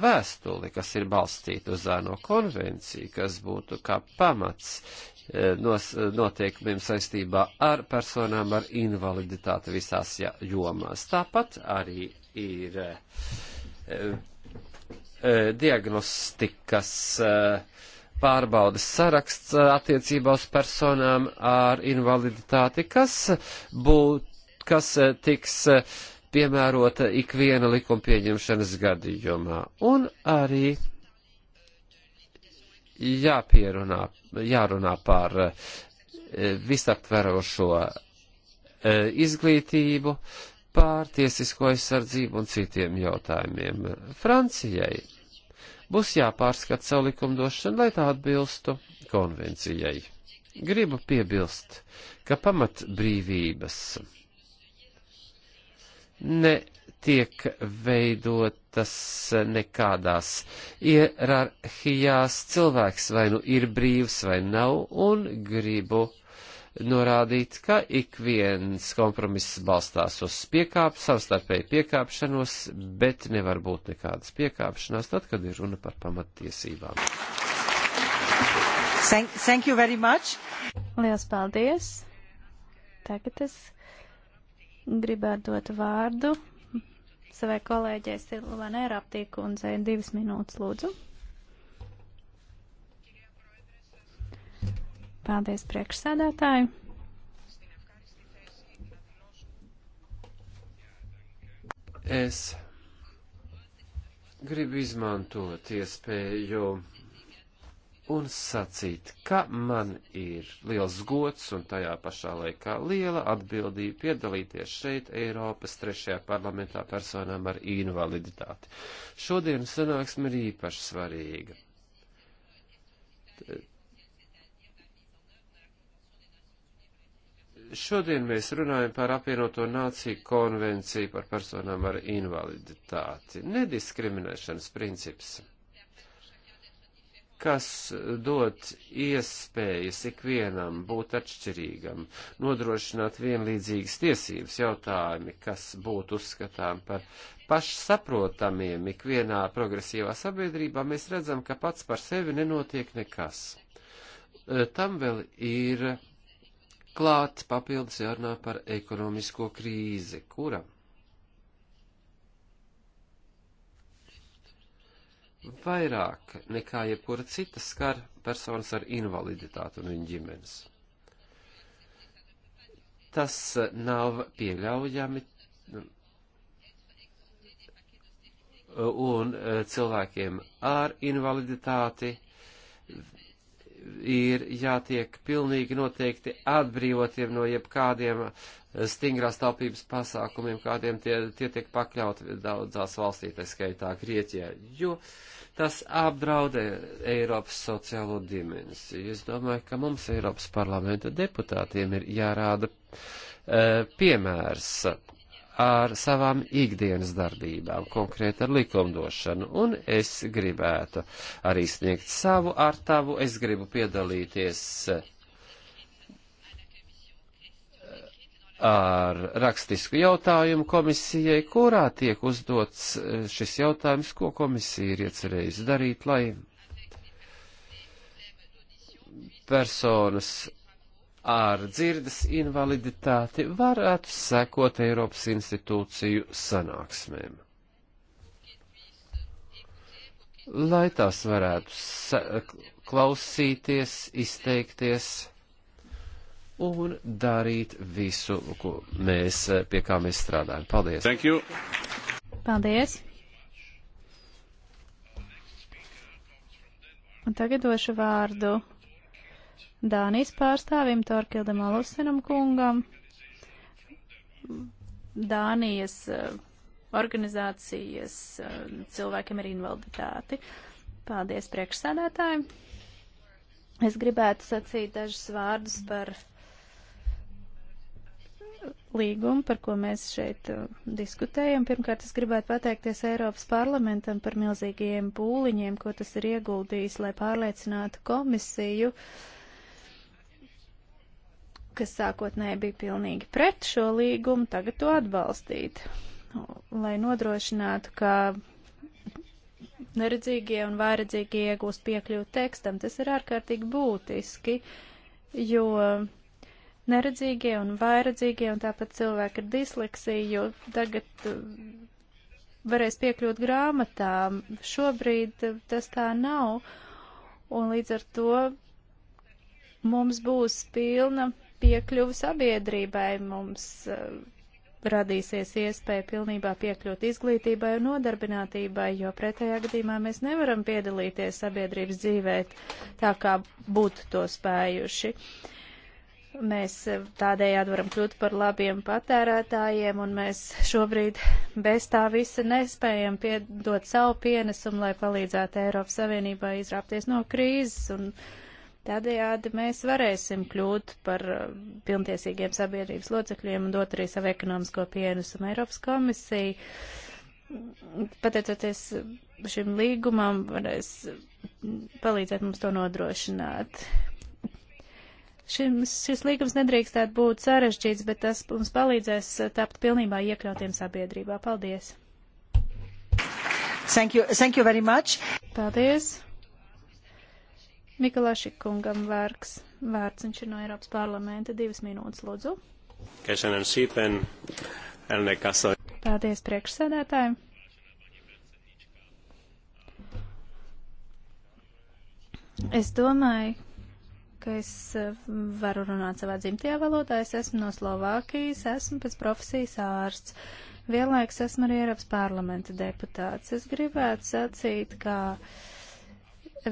vēstuli, kas ir balstīta uz ēno konvenciju, kas būtu kā pamats e, nos, notiekumiem saistībā ar personām ar invaliditāti visās jomās. Tāpat arī ir e, e diagnostikas e, pārbaudas saraksts e, attiecībā uz personām ar invaliditāti, kas būtu, kas tiks piemērota ikviena likuma pieņemšanas gadījumā. Un arī jāpierunā, jārunā par e, visaptverošo e, izglītību, pār tiesisko aizsardzību un citiem jautājumiem. Francijai būs jāpārskat savu likumdošanu, lai tā atbilstu konvencijai. Gribu piebilst, ka pamatbrīvības netiek veidotas nekādās ierarhijās. Cilvēks vai nu ir brīvs vai nav, un gribu norādīt, ka ik viens kompromiss balstās uz piekāp, savstarpēju piekāpšanos, bet nevar būt nekādas piekāpšanās tad, kad ir runa par pamattiesībām. Thank, thank you very much. Lielas paldies. Tagad es Gribētu dot vārdu savai kolēģei Silvanē Raptīkundzei divas minūtes, lūdzu. Paldies priekšsēdētāju. Es gribu izmantot iespēju un sacīt, ka man ir liels gods un tajā pašā laikā liela atbildība piedalīties šeit Eiropas trešajā parlamentā personām ar invaliditāti. Šodien sanāksme ir īpaši svarīga. Šodien mēs runājam par apvienoto nāciju konvenciju par personām ar invaliditāti. Nediskriminēšanas princips kas dot iespējas ikvienam būt atšķirīgam, nodrošināt vienlīdzīgas tiesības jautājumi, kas būtu uzskatām par pašsaprotamiem ikvienā progresīvā sabiedrībā, mēs redzam, ka pats par sevi nenotiek nekas. E, tam vēl ir klāt papildus jārunā par ekonomisko krīzi, kura vairāk nekā jebkura cita skar personas ar invaliditāti un viņu ģimenes. Tas eh, nav pieļaujami, eh, un eh, cilvēkiem ar invaliditāti ir jātiek pilnīgi noteikti atbrīvotiem no jebkādiem stingrās taupības pasākumiem, kādiem tie, tie tiek pakļauti daudzās valstī, tā skaitā Grieķijā, jo tas apdraudē Eiropas sociālo dimensiju. Es domāju, ka mums Eiropas parlamenta deputātiem ir jārāda e, piemērs ar savām ikdienas darbībām, konkrēti ar likumdošanu, un es gribētu arī sniegt savu ar tavu, es gribu piedalīties ar rakstisku jautājumu komisijai, kurā tiek uzdots e, šis jautājums, ko komisija ir iecerējusi darīt, lai personas ar dzirdes invaliditāti varētu sekot Eiropas institūciju sanāksmēm. Lai tās varētu klausīties, izteikties un darīt visu, ko mēs, eh, pie kā mēs strādājam. Paldies! Thank you! Paldies! Un tagad došu vārdu Dānijas pārstāvim Torkildam Alusenam kungam. Dānijas eh, organizācijas eh, cilvēkiem ar invaliditāti. Paldies priekšsēdētājiem. Es gribētu sacīt dažus vārdus par uh, līgumu, par ko mēs šeit uh, diskutējam. Pirmkārt, es gribētu pateikties Eiropas parlamentam par milzīgajiem pūliņiem, ko tas ir ieguldījis, lai pārliecinātu komisiju, kas sākotnēji bija pilnīgi pret šo līgumu, tagad to atbalstīt, lai nodrošinātu, ka neredzīgie un vairedzīgie iegūst piekļūt tekstam. Tas ir ārkārtīgi būtiski, jo neredzīgie un vairedzīgie, un tāpat cilvēki ar disleksiju, jo tagad eh, varēs piekļūt grāmatām. Šobrīd eh, tas tā nav, un līdz ar to mums būs pilna piekļuva sabiedrībai, mums uh, radīsies iespēja pilnībā piekļūt izglītībai un nodarbinātībai, jo pretējā gadījumā mēs nevaram piedalīties sabiedrības dzīvē tā, kā būtu to spējuši. Uh, Mēs tādējādi varam kļūt par labiem patērētājiem, un mēs šobrīd bez tā visa nespējam piedot savu pienesumu, lai palīdzētu Eiropas Savienībai izrāpties no krīzes, un tādējādi mēs varēsim kļūt par uh, pilntiesīgiem sabiedrības locekļiem un dot arī savu ekonomisko pienesumu Eiropas komisiju pateicoties šim līgumam, varēs palīdzēt mums to nodrošināt. Šim, šis līgums nedrīkstētu būt sarežģīts, bet tas mums palīdzēs uh, tapt pilnībā iekļautiem sabiedrībā. Paldies! Thank you, thank you very much. Paldies! Mikulašik kungam vārks, vārds, viņš ir no Eiropas parlamenta, divas minūtes, lūdzu. Kešanam šīpen, Elne Kaso. Paldies priekšsēdētājiem. Es domāju, ka es eh, varu runāt savā dzimtajā valodā. Es esmu no Slovākijas, esmu pēc profesijas ārsts. Vienlaiks esmu arī Eiropas parlamenta deputāts. Es gribētu sacīt, ka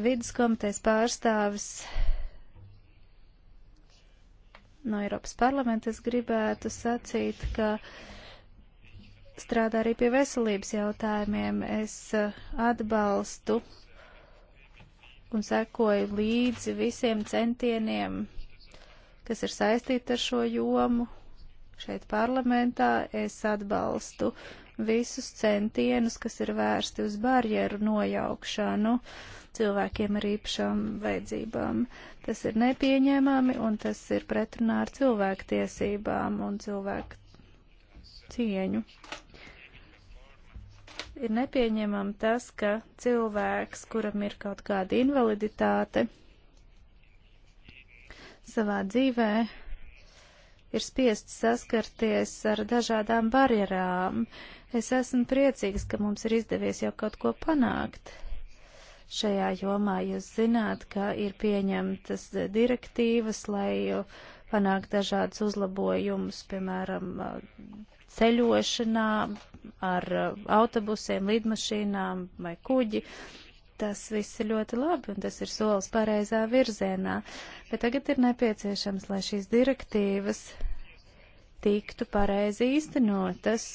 viduskomitejas pārstāvis no Eiropas parlamenta es gribētu sacīt, ka strādā arī pie veselības jautājumiem. Es eh, atbalstu un sekoju līdzi visiem centieniem, kas ir saistīti ar šo jomu. Šeit parlamentā es atbalstu visus centienus, kas ir vērsti uz barjeru nojaukšanu cilvēkiem ar īpašām vajadzībām. Tas ir nepieņēmami un tas ir pretrunā ar cilvēku tiesībām un cilvēku cieņu ir nepieņemam tas, ka cilvēks, kuram ir kaut kāda invaliditāte savā dzīvē, ir spiests saskarties ar dažādām barjerām. Es esmu priecīgs, ka mums ir izdevies jau kaut ko panākt. Šajā jomā jūs zināt, ka ir pieņemtas direktīvas, lai panāktu dažādus uzlabojumus, piemēram, ceļošanā, ar uh, autobusiem, lidmašīnām vai kuģi. Tas viss ir ļoti labi un tas ir solis pareizā virzienā, bet tagad ir nepieciešams, lai šīs direktīvas tiktu pareizi īstenotas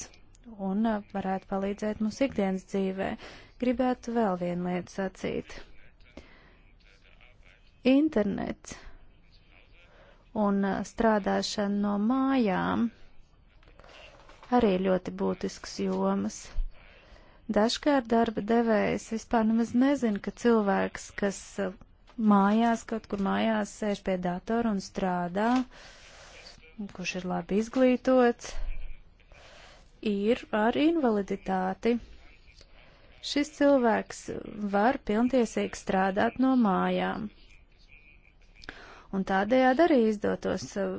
un uh, varētu palīdzēt mums ikdienas dzīvē. Gribētu vēl vienu lietu sacīt. Internets un uh, strādāšana no mājām arī ļoti būtisks jomas. Dažkārt darba devējs vispār nemaz nezina, ka cilvēks, kas uh, mājās, kaut kur mājās sēž pie datora un strādā, kurš ir labi izglītots, ir ar invaliditāti. Šis cilvēks var pilntiesīgi strādāt no mājām. Un tādējādi arī izdotos uh,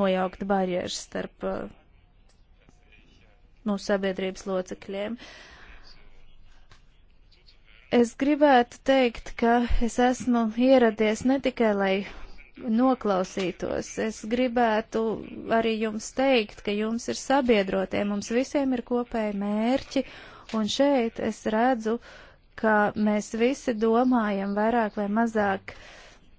nojaukt barjeras starp uh, no sabiedrības locekļiem. Es gribētu teikt, ka es esmu ieradies ne tikai, lai noklausītos. Es gribētu arī jums teikt, ka jums ir sabiedrotie, mums visiem ir kopēji mērķi, un šeit es redzu, ka mēs visi domājam vairāk vai mazāk uh,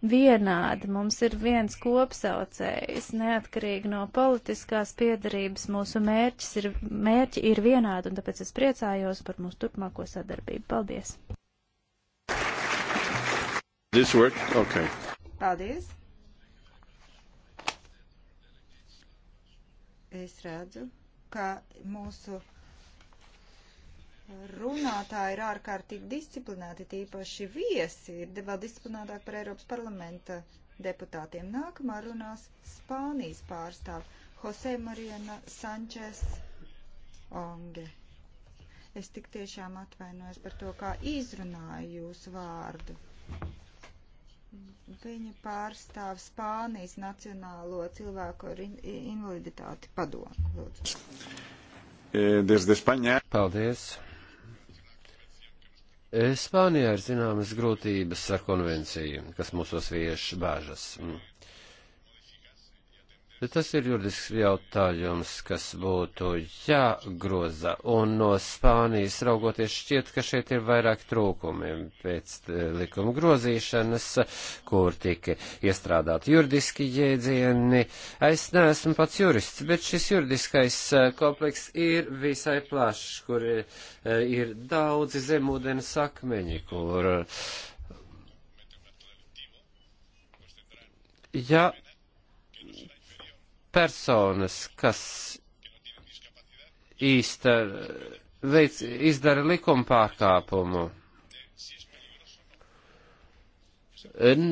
vienādi. Mums ir viens kopsaucējs, neatkarīgi no politiskās piedarības. Mūsu mērķis ir, mērķi ir vienādi, un tāpēc es priecājos par mūsu turpmāko sadarbību. Paldies! This work? Okay. Paldies! Es redzu, ka mūsu runātāji ir ārkārtīgi disciplinēti, tīpaši viesi ir vēl disciplinētāk par Eiropas parlamenta deputātiem. Nākamā runās Spānijas pārstāv Jose Mariana Sančes Onge. Es tik tiešām atvainojos par to, kā izrunāju jūsu vārdu. Viņa pārstāv Spānijas Nacionālo cilvēku ar in invaliditāti padomu. Lūdzu. Eh, desde España. Paldies. Spānijā ir zināmas grūtības ar konvenciju, kas mūsos vieš bāžas. Mm. Tas ir juridisks jautājums, kas būtu jāgroza, un no Spānijas raugoties šķiet, ka šeit ir vairāk trūkumi pēc eh, likuma grozīšanas, kur tika iestrādāti juridiski jēdzieni. Es neesmu pats jurists, bet šis juridiskais eh, kompleks ir visai plašs, kur ir, eh, ir daudzi zemūdens akmeņi, kur. Ja personas, kas īsta, veic, izdara likuma pārkāpumu. Un,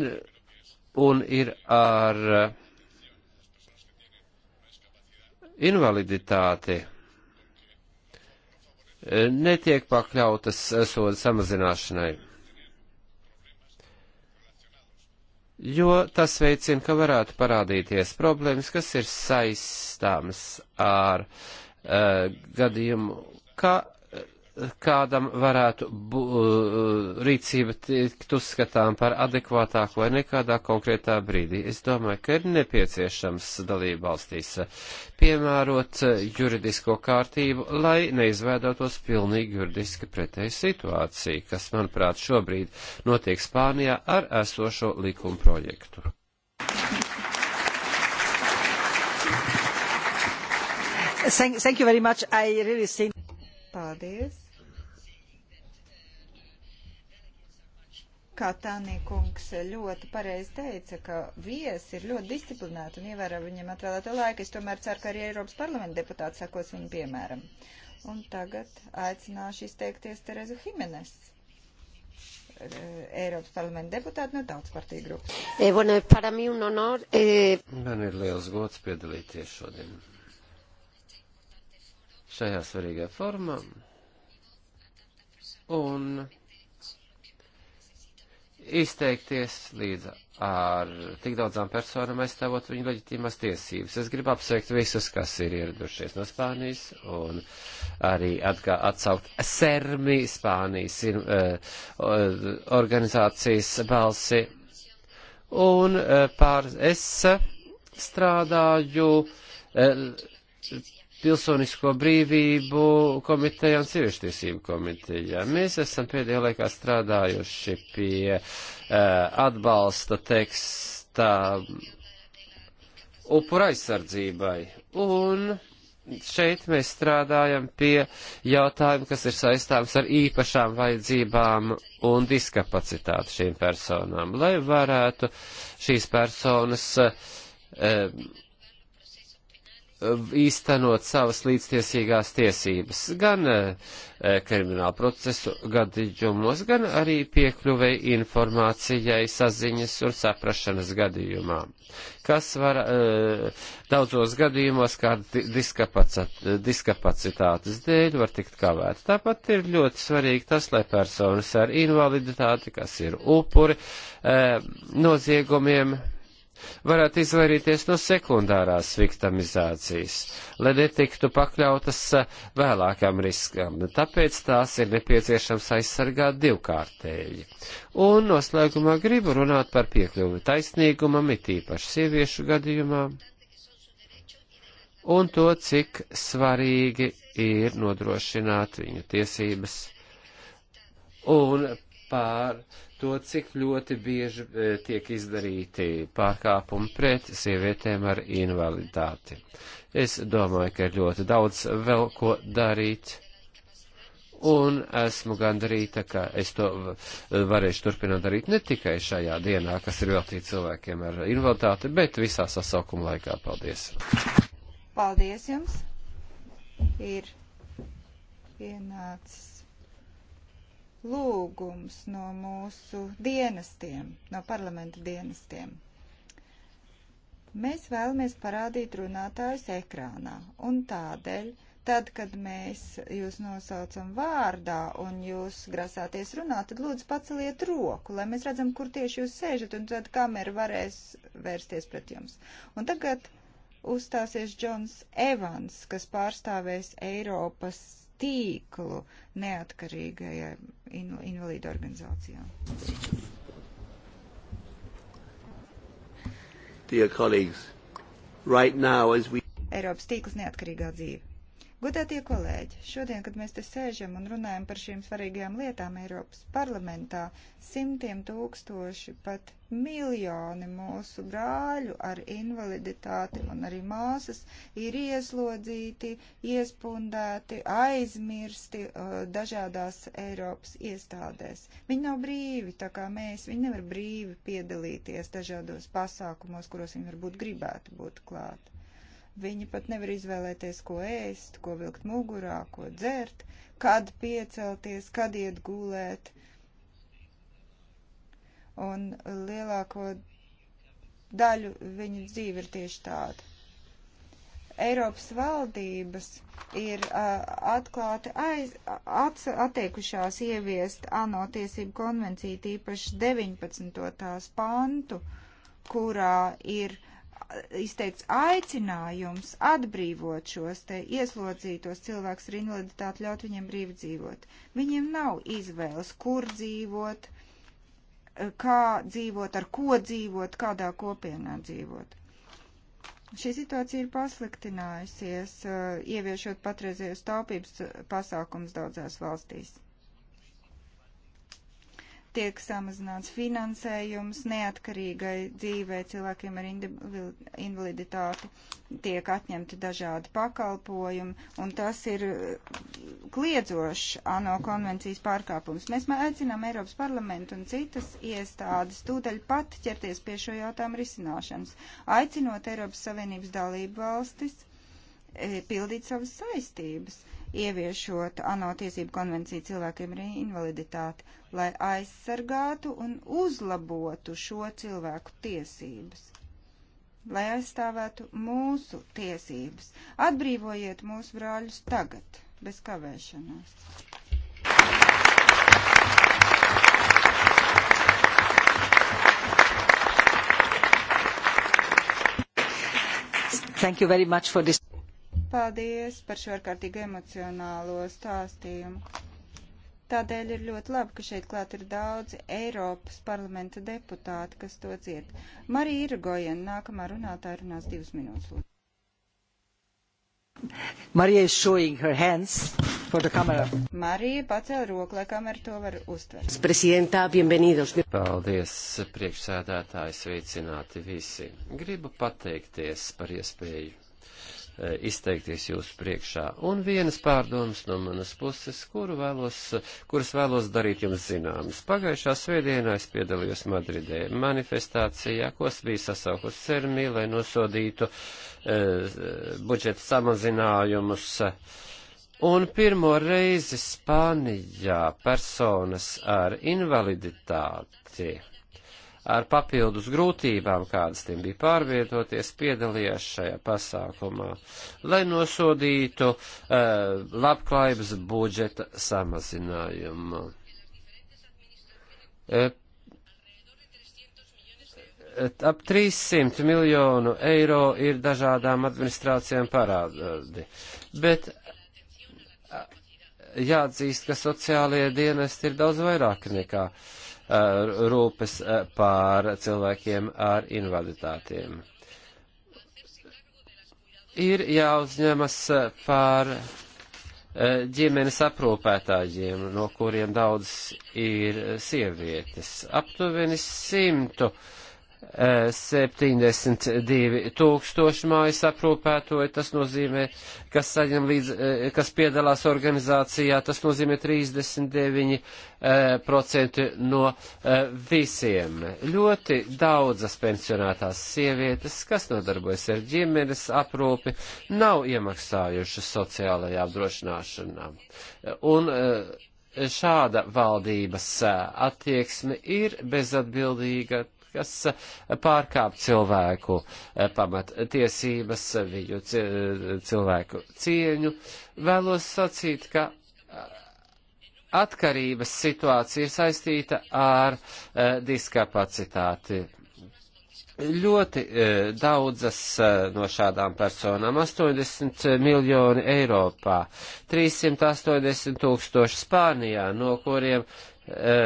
un ir ar invaliditāti netiek pakļautas soda samazināšanai. jo tas veicina, ka varētu parādīties problēmas, kas ir saistāmas ar uh, gadījumu, ka kādam varētu bu, eh, rīcība tikt uzskatām par adekvātāku vai nekādā konkrētā brīdī. Es domāju, ka ir nepieciešams dalība valstīs piemērot juridisko kārtību, lai neizveidotos pilnīgi juridiski pretēji situācija, kas, manuprāt, šobrīd notiek Spānijā ar esošo likumu projektu. Thank, thank you very much. I really think... Paldies. Kā Tānī kungs ļoti pareizi teica, ka viesi ir ļoti disciplināti un ievēro viņam atvēlēto laiku. Es tomēr ceru, ka arī Eiropas parlamenta deputāti sakos viņu piemēram. Un tagad aicināšu izteikties Terezu Himenes. Eh, Eiropas parlamenta deputāti no Tautas partija grupas. E, bueno, para mí un honor. E... Man ir liels gods piedalīties šodien. Šajā svarīgā formā. Un izteikties līdz ar tik daudzām personām aizstāvot viņu leģitīmās tiesības. Es gribu apsveikt visus, kas ir ieradušies no Spānijas un arī atkā, atsaukt Sermi, Spānijas ir, uh, eh, organizācijas balsi. Un uh, pār es strādāju uh, pilsonisko brīvību komiteja un sieviešu tiesību komiteja. Mēs esam pēdējā laikā strādājuši pie uh, atbalsta teksta upura aizsardzībai. Un šeit mēs strādājam pie jautājuma, kas ir saistāms ar īpašām vajadzībām un diskapacitāti šīm personām, lai varētu šīs personas uh, īstenot savas līdztiesīgās tiesības gan eh, kriminālu procesu gadījumos, gan arī piekļuvei informācijai, saziņas un saprašanas gadījumā, kas var eh, daudzos gadījumos kā diskapacitātes dēļ var tikt kavēt. Tāpat ir ļoti svarīgi tas, lai personas ar invaliditāti, kas ir upuri eh, noziegumiem, varētu izvairīties no sekundārās viktimizācijas, lai netiktu pakļautas eh, vēlākam riskam. Tāpēc tās ir nepieciešams aizsargāt divkārtēji. Un noslēgumā gribu runāt par piekļuvi taisnīgumam, it īpaši sieviešu gadījumā, un to, cik svarīgi ir nodrošināt viņu tiesības. Un pār to, cik ļoti bieži e, tiek izdarīti pārkāpumi pret sievietēm ar invaliditāti. Es domāju, ka ir ļoti daudz vēl ko darīt. Un esmu gandrīta, ka es to varēšu turpināt darīt ne tikai šajā dienā, kas ir veltīta cilvēkiem ar invaliditāti, bet visā sasaukuma laikā. Paldies! Paldies jums! Ir pienācis lūgums no mūsu dienestiem, no parlamenta dienestiem. Mēs vēlamies parādīt runātājus ekrānā, un tādēļ, tad, kad mēs jūs nosaucam vārdā un jūs grasāties runāt, tad lūdzu paceliet roku, lai mēs redzam, kur tieši jūs sēžat, un tad kamera varēs vērsties pret jums. Un tagad uzstāsies Džons Evans, kas pārstāvēs Eiropas tīklu neatkarīgajai invalīdu organizācijām. Right we... Eiropas tīkls neatkarīgā dzīve. Godātie kolēģi, šodien, kad mēs te sēžam un runājam par šīm svarīgajām lietām Eiropas parlamentā, simtiem tūkstoši, pat miljoni mūsu brāļu ar invaliditāti un arī māsas ir ieslodzīti, iespundēti, aizmirsti uh, dažādās Eiropas iestādēs. Viņi nav brīvi, tā kā mēs, viņi nevar brīvi piedalīties dažādos pasākumos, kuros viņi varbūt gribētu būt klāt. Viņi pat nevar izvēlēties, ko ēst, ko vilkt mugurā, ko dzert, kad piecelties, kad iet gulēt. Un lielāko daļu viņa dzīve ir tieši tāda. Eiropas valdības ir uh, atklāti aiz, ats, atteikušās ieviest ANO tiesību konvenciju, tīpaši 19. tās pantu, kurā ir uh, izteikts aicinājums atbrīvot šos te ieslodzītos cilvēkus ar invaliditāti, ļaut viņiem brīvi dzīvot. Viņiem nav izvēles, kur dzīvot, kā dzīvot, ar ko dzīvot, kādā kopienā dzīvot. Šī situācija ir pasliktinājusies, ieviešot patreizējos taupības pasākums daudzās valstīs tiek samazināts finansējums neatkarīgai dzīvē cilvēkiem ar invaliditāti, tiek atņemti dažādi pakalpojumi, un tas ir uh, kliedzošs ANO konvencijas pārkāpums. Mēs aicinām Eiropas parlamentu un citas iestādes tūdaļ pat ķerties pie šo jautājumu risināšanas, aicinot Eiropas Savienības dalību valstis eh, pildīt savas saistības ieviešot ANO tiesību konvenciju cilvēkiem ar invaliditāti, lai aizsargātu un uzlabotu šo cilvēku tiesības, lai aizstāvētu mūsu tiesības. Atbrīvojiet mūsu brāļus tagad, bez kavēšanās. Thank you very much for this. Paldies par šo ārkārtīgi emocionālo stāstījumu. Tādēļ ir ļoti labi, ka šeit klāt ir daudzi Eiropas parlamenta deputāti, kas to dzird. Marija Irgojena, nākamā runātāja runās divas minūtes. Marija is showing her hands for the camera. Marija pacēla roku, lai kamera to var uztvert. Presidentā, bienvenidos. Paldies, priekšsēdētāji, sveicināti visi. Gribu pateikties par iespēju E, izteikties jūsu priekšā. Un vienas pārdomas no manas puses, kuru vēlos, kuras vēlos darīt jums zināmas. Pagājušā svētdienā es piedalījos Madridē manifestācijā, ko bija sasaukus CERMI, lai nosodītu eh, budžeta samazinājumus. Un pirmo reizi Spānijā personas ar invaliditāti ar papildus grūtībām, kādas tiem bija pārvietoties, piedalījās šajā pasākumā, lai nosodītu uh, labklājības budžeta samazinājumu. Uh, ap 300 miljonu eiro ir dažādām administrācijām parādi, bet jāatzīst, ka sociālie dienesti ir daudz vairāk nekā uh, Eh, rūpes eh, pār cilvēkiem ar invaliditātiem. Ir jāuzņemas eh, pār ģimenes aprūpētājiem, no kuriem daudz ir sievietes. Aptuveni simtu uh, 72 tūkstoši mājas aprūpētoji, tas nozīmē, kas saņem līdz, e, kas piedalās organizācijā, tas nozīmē 39% e, no e, visiem. Ļoti daudzas pensionētās sievietes, kas nodarbojas ar ģimenes aprūpi, nav iemaksājušas sociālajā apdrošināšanā. Un, šāda valdības attieksme ir bezatbildīga kas pārkāp cilvēku eh, pamattiesības, viņu cilvēku cieņu. Vēlos sacīt, ka eh, atkarības situācija ir saistīta ar eh, diskapacitāti. Ļoti e, daudzas e, no šādām personām - 80 miljoni Eiropā, 380 tūkstoši Spānijā, no kuriem e,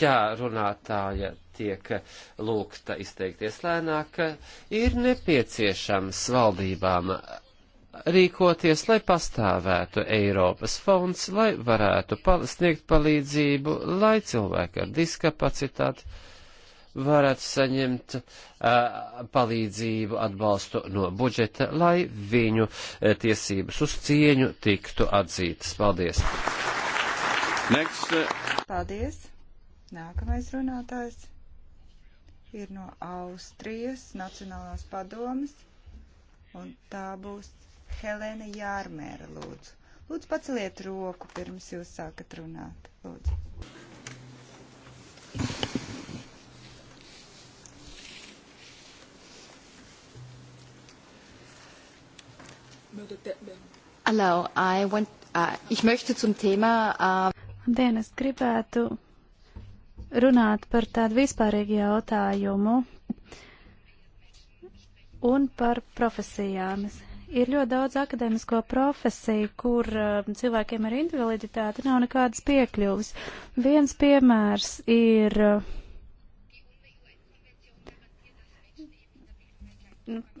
jā, runātāja tiek lūgta izteikties lēnāk, ir nepieciešams valdībām rīkoties, lai pastāvētu Eiropas fonds, lai varētu sniegt palīdzību, lai cilvēki ar diskapacitāti varētu saņemt uh, palīdzību, atbalstu no budžeta, lai viņu uh, tiesības uz cieņu tiktu atzītas. Paldies! Next. Uh, Paldies. Nākamais runātājs ir no Austrijas Nacionālās padomas, un tā būs Helēna Jārmēra, lūdzu. Lūdzu, paceliet roku, pirms jūs sākat runāt. Lūdzu. Hello, I want, uh, ich möchte zum Thema uh, Labdien, es gribētu runāt par tādu vispārīgu jautājumu un par profesijām. Ir ļoti daudz akadēmisko profesiju, kur uh, cilvēkiem ar invaliditāti nav nekādas piekļuvas. Viens piemērs ir uh,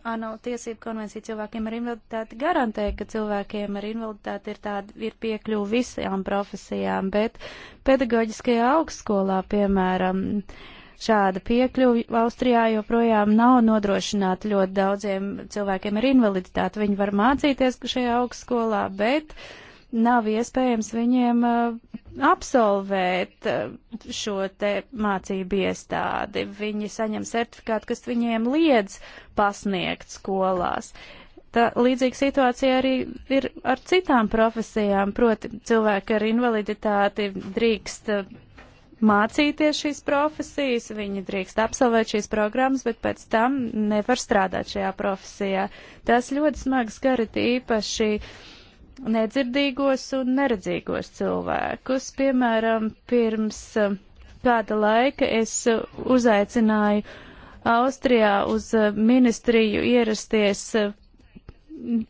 ANO tiesību konvencija cilvēkiem ar invaliditāti garantē, ka cilvēkiem ar invaliditāti ir tāda, ir piekļuva visām profesijām, bet pedagoģiskajā augstskolā, piemēram, šāda piekļuva Austrijā joprojām nav nodrošināta ļoti daudziem cilvēkiem ar invaliditāti. Viņi var mācīties šajā augstskolā, bet uh, nav iespējams viņiem uh, absolvēt uh, šo te mācību iestādi. Viņi saņem certifikātu, kas viņiem liedz pasniegt skolās. Tā līdzīga situācija arī ir ar citām profesijām, proti cilvēki ar invaliditāti drīkst uh, mācīties šīs profesijas, viņi drīkst absolvēt šīs programmas, bet pēc tam nevar strādāt šajā profesijā. Tas ļoti smags gara tīpaši. Uh, nedzirdīgos un neredzīgos cilvēkus. Piemēram, pirms eh, kāda laika es eh, uzaicināju Austrijā uz eh, ministriju ierasties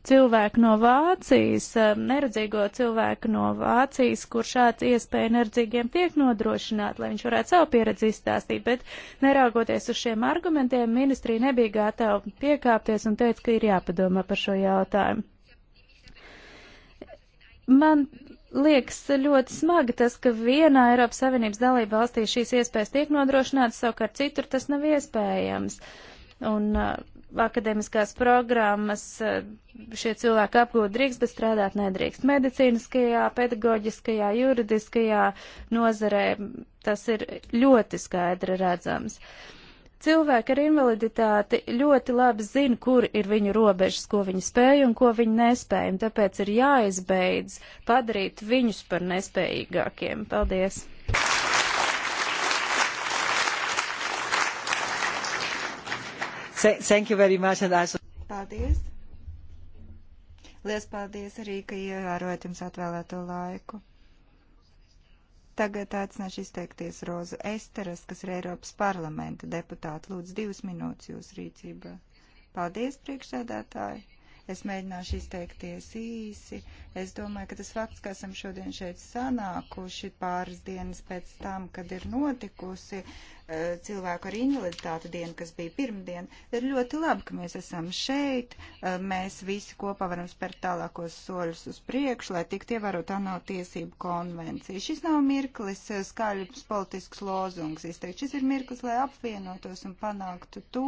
cilvēku no Vācijas, neredzīgo cilvēku no Vācijas, kur šāds iespēja neredzīgiem tiek nodrošināt, lai viņš varētu savu pieredzi izstāstīt, bet neraugoties uz šiem argumentiem, ministrija nebija gatava piekāpties un teica, ka ir jāpadomā par šo jautājumu man liekas ļoti smagi tas, ka vienā Eiropas Savienības dalība valstī šīs iespējas tiek nodrošinātas, savukārt citur tas nav iespējams. Un uh, akadēmiskās programmas uh, šie cilvēki apgūt drīkst, bet strādāt nedrīkst. Medicīniskajā, pedagoģiskajā, juridiskajā nozarē tas ir ļoti skaidri redzams. Uh, Cilvēki ar invaliditāti ļoti labi zina, kur ir viņu robežas, ko viņi spēj un ko viņi nespēj, un tāpēc ir jāizbeidz padarīt viņus par nespējīgākiem. Paldies! Thank you very much. And also... Paldies! Lielas paldies arī, ka ievērojat jums atvēlēto laiku. Tagad aicināšu izteikties Rozu Esteras, kas ir Eiropas parlamenta deputāta. Lūdzu, divas minūtes jūsu rīcībā. Paldies, priekšsēdētāji! Es mēģināšu izteikties īsi. Es domāju, ka tas fakts, ka esam šodien šeit sanākuši pāris dienas pēc tam, kad ir notikusi Eh, cilvēku ar invaliditāti dienu, kas bija pirmdien. Ir ļoti labi, ka mēs esam šeit, eh, mēs visi kopā varam spērt tālākos soļus uz priekšu, lai tiktu ievērot ANO tiesību konvenciju. Šis nav mirklis eh, skaļums politisks lozungs izteikt, šis ir mirklis, lai apvienotos un panāktu to,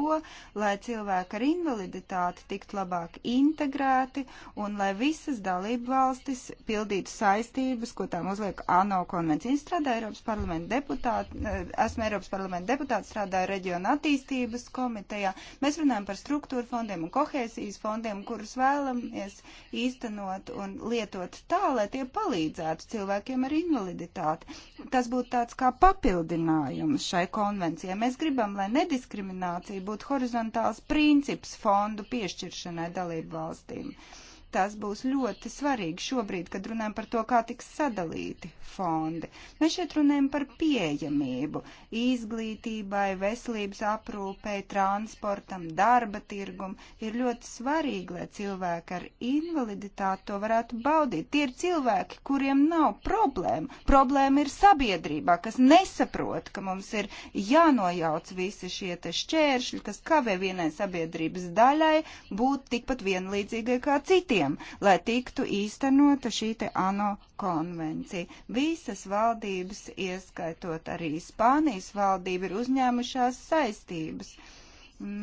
lai cilvēki ar invaliditāti tiktu labāk integrēti un lai visas dalību valstis pildītu saistības, ko tām uzliek ANO konvencija. Strādā Eiropas parlamenta deputāti, esmu Eiropas parlamenta parlamenta deputāti, strādāju reģiona attīstības komitejā. Mēs runājam par struktūra fondiem un kohēsijas fondiem, kurus vēlamies īstenot un lietot tā, lai tie palīdzētu cilvēkiem ar invaliditāti. Tas būtu tāds kā papildinājums šai konvencijai. Mēs gribam, lai nediskriminācija būtu horizontāls princips fondu piešķiršanai dalību valstīm. Thank you Tas būs ļoti svarīgi šobrīd, kad runājam par to, kā tiks sadalīti fondi. Mēs šeit runājam par pieejamību izglītībai, veselības aprūpei, transportam, darba tirgum. Ir ļoti svarīgi, lai cilvēki ar invaliditāti to varētu baudīt. Tie ir cilvēki, kuriem nav problēma. Problēma ir sabiedrībā, kas nesaprot, ka mums ir jānojauc visi šie šķēršļi, kas kavē vienai sabiedrības daļai būt tikpat vienlīdzīgai kā citiem gadiem, lai tiktu īstenota šī te ANO konvencija. Visas valdības, ieskaitot arī Spānijas valdību, ir uzņēmušās saistības.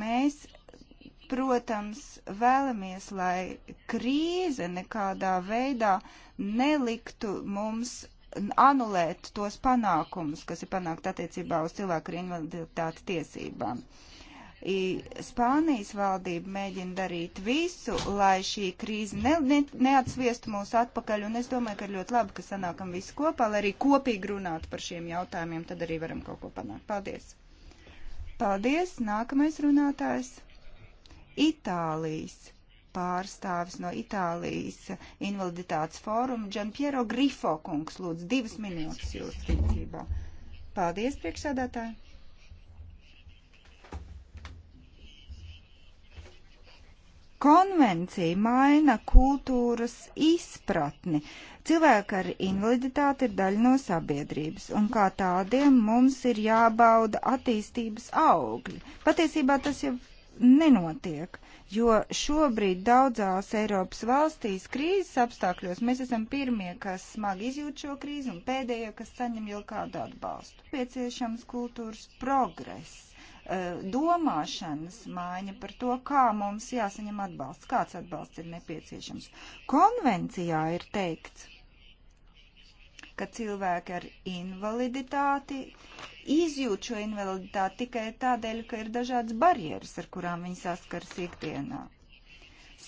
Mēs, protams, vēlamies, lai krīze nekādā veidā neliktu mums anulēt tos panākumus, kas ir panākt attiecībā uz cilvēku ar invaliditāti tiesībām. Uh, Spānijas valdība mēģina darīt visu, lai šī krīze ne, ne, neatsviestu mūs atpakaļ, un es domāju, ka ir ļoti labi, ka sanākam visi kopā, lai arī kopīgi runātu par šiem jautājumiem, tad arī varam kaut ko panākt. Paldies! Paldies! Nākamais runātājs - Itālijas pārstāvis no Itālijas invaliditātes fóruma Gianpiero Grifo kungs. Lūdzu, divas minūtes jūsu rīcībā. Paldies, priekšsādātāji! Konvencija maina kultūras izpratni. Cilvēki ar invaliditāti ir daļa no sabiedrības, un kā tādiem mums ir jābauda attīstības augļi. Patiesībā tas jau nenotiek, jo šobrīd daudzās Eiropas valstīs krīzes apstākļos mēs esam pirmie, kas smagi izjūt šo krīzi, un pēdējie, kas saņem jau kādu atbalstu. Pieciešams kultūras progress E, domāšanas maiņa par to, kā mums jāsaņem atbalsts, kāds atbalsts ir nepieciešams. Konvencijā ir teikts, ka cilvēki ar invaliditāti izjūt šo invaliditāti tikai tādēļ, ka ir dažādas barjeras, ar kurām viņi saskars ikdienā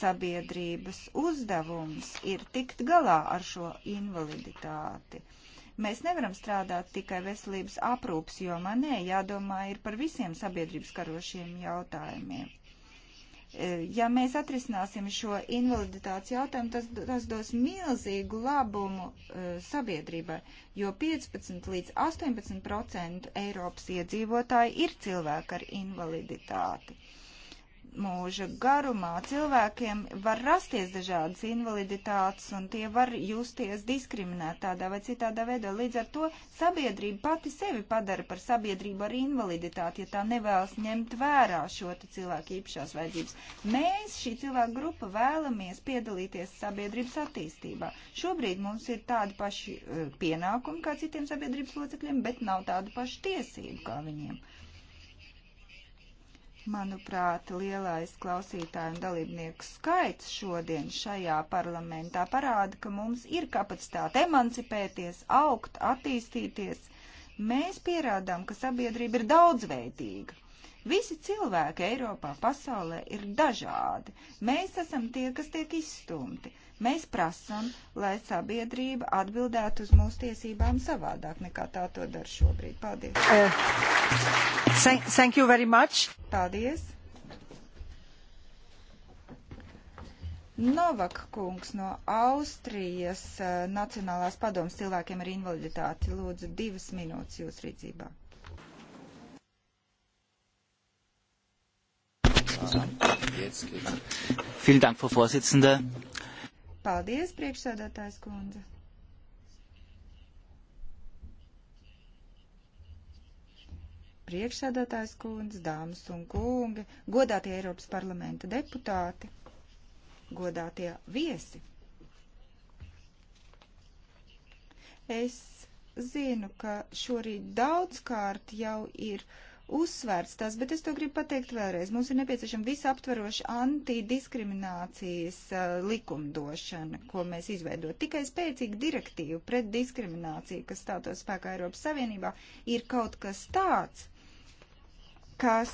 sabiedrības uzdevums ir tikt galā ar šo invaliditāti. Mēs nevaram strādāt tikai veselības aprūpas jomā, nē, jādomā ir par visiem sabiedrības karošiem jautājumiem e, ja mēs atrisināsim šo invaliditātes jautājumu, tas, tas dos milzīgu labumu uh, sabiedrībai, jo 15 līdz 18% Eiropas iedzīvotāji ir cilvēki ar invaliditāti mūža garumā cilvēkiem var rasties dažādas invaliditātes un tie var justies diskriminēt tādā vai citādā veidā. Līdz ar to sabiedrība pati sevi padara par sabiedrību ar invaliditāti, ja tā nevēlas ņemt vērā šo cilvēku īpašās vajadzības. Mēs, šī cilvēka grupa, vēlamies piedalīties sabiedrības attīstībā. Šobrīd mums ir tādi paši eh, pienākumi kā citiem sabiedrības locekļiem, bet nav tādu pašu tiesību kā viņiem. Manuprāt, lielais klausītāju un dalībnieku skaits šodien šajā parlamentā parāda, ka mums ir kapacitāte emancipēties, augt, attīstīties. Mēs pierādām, ka sabiedrība ir daudzveidīga. Visi cilvēki Eiropā, pasaulē ir dažādi. Mēs esam tie, kas tiek izstumti. Mēs prasam, lai sabiedrība atbildētu uz mūsu tiesībām savādāk nekā tā to dara šobrīd. Paldies! Uh, thank you very much! Paldies! Novak kungs no Austrijas uh, Nacionālās padomas cilvēkiem ar invaliditāti lūdzu divas minūtes jūs rīcībā. Vielen Dank, Frau Vorsitzende. Paldies, priekšsēdētājs kundze. Priekšsēdētājs kundze, dāmas un kungi, godātie Eiropas parlamenta deputāti, godātie viesi. Es zinu, ka šorīt daudzkārt jau ir uh, uzsvērts tas, bet es to gribu pateikt vēlreiz. Mums ir nepieciešama visaptveroša antidiskriminācijas uh, likumdošana, ko mēs izveidot. Tikai spēcīga direktīva pret diskrimināciju, kas stātos spēkā Eiropas Savienībā, ir kaut kas tāds, kas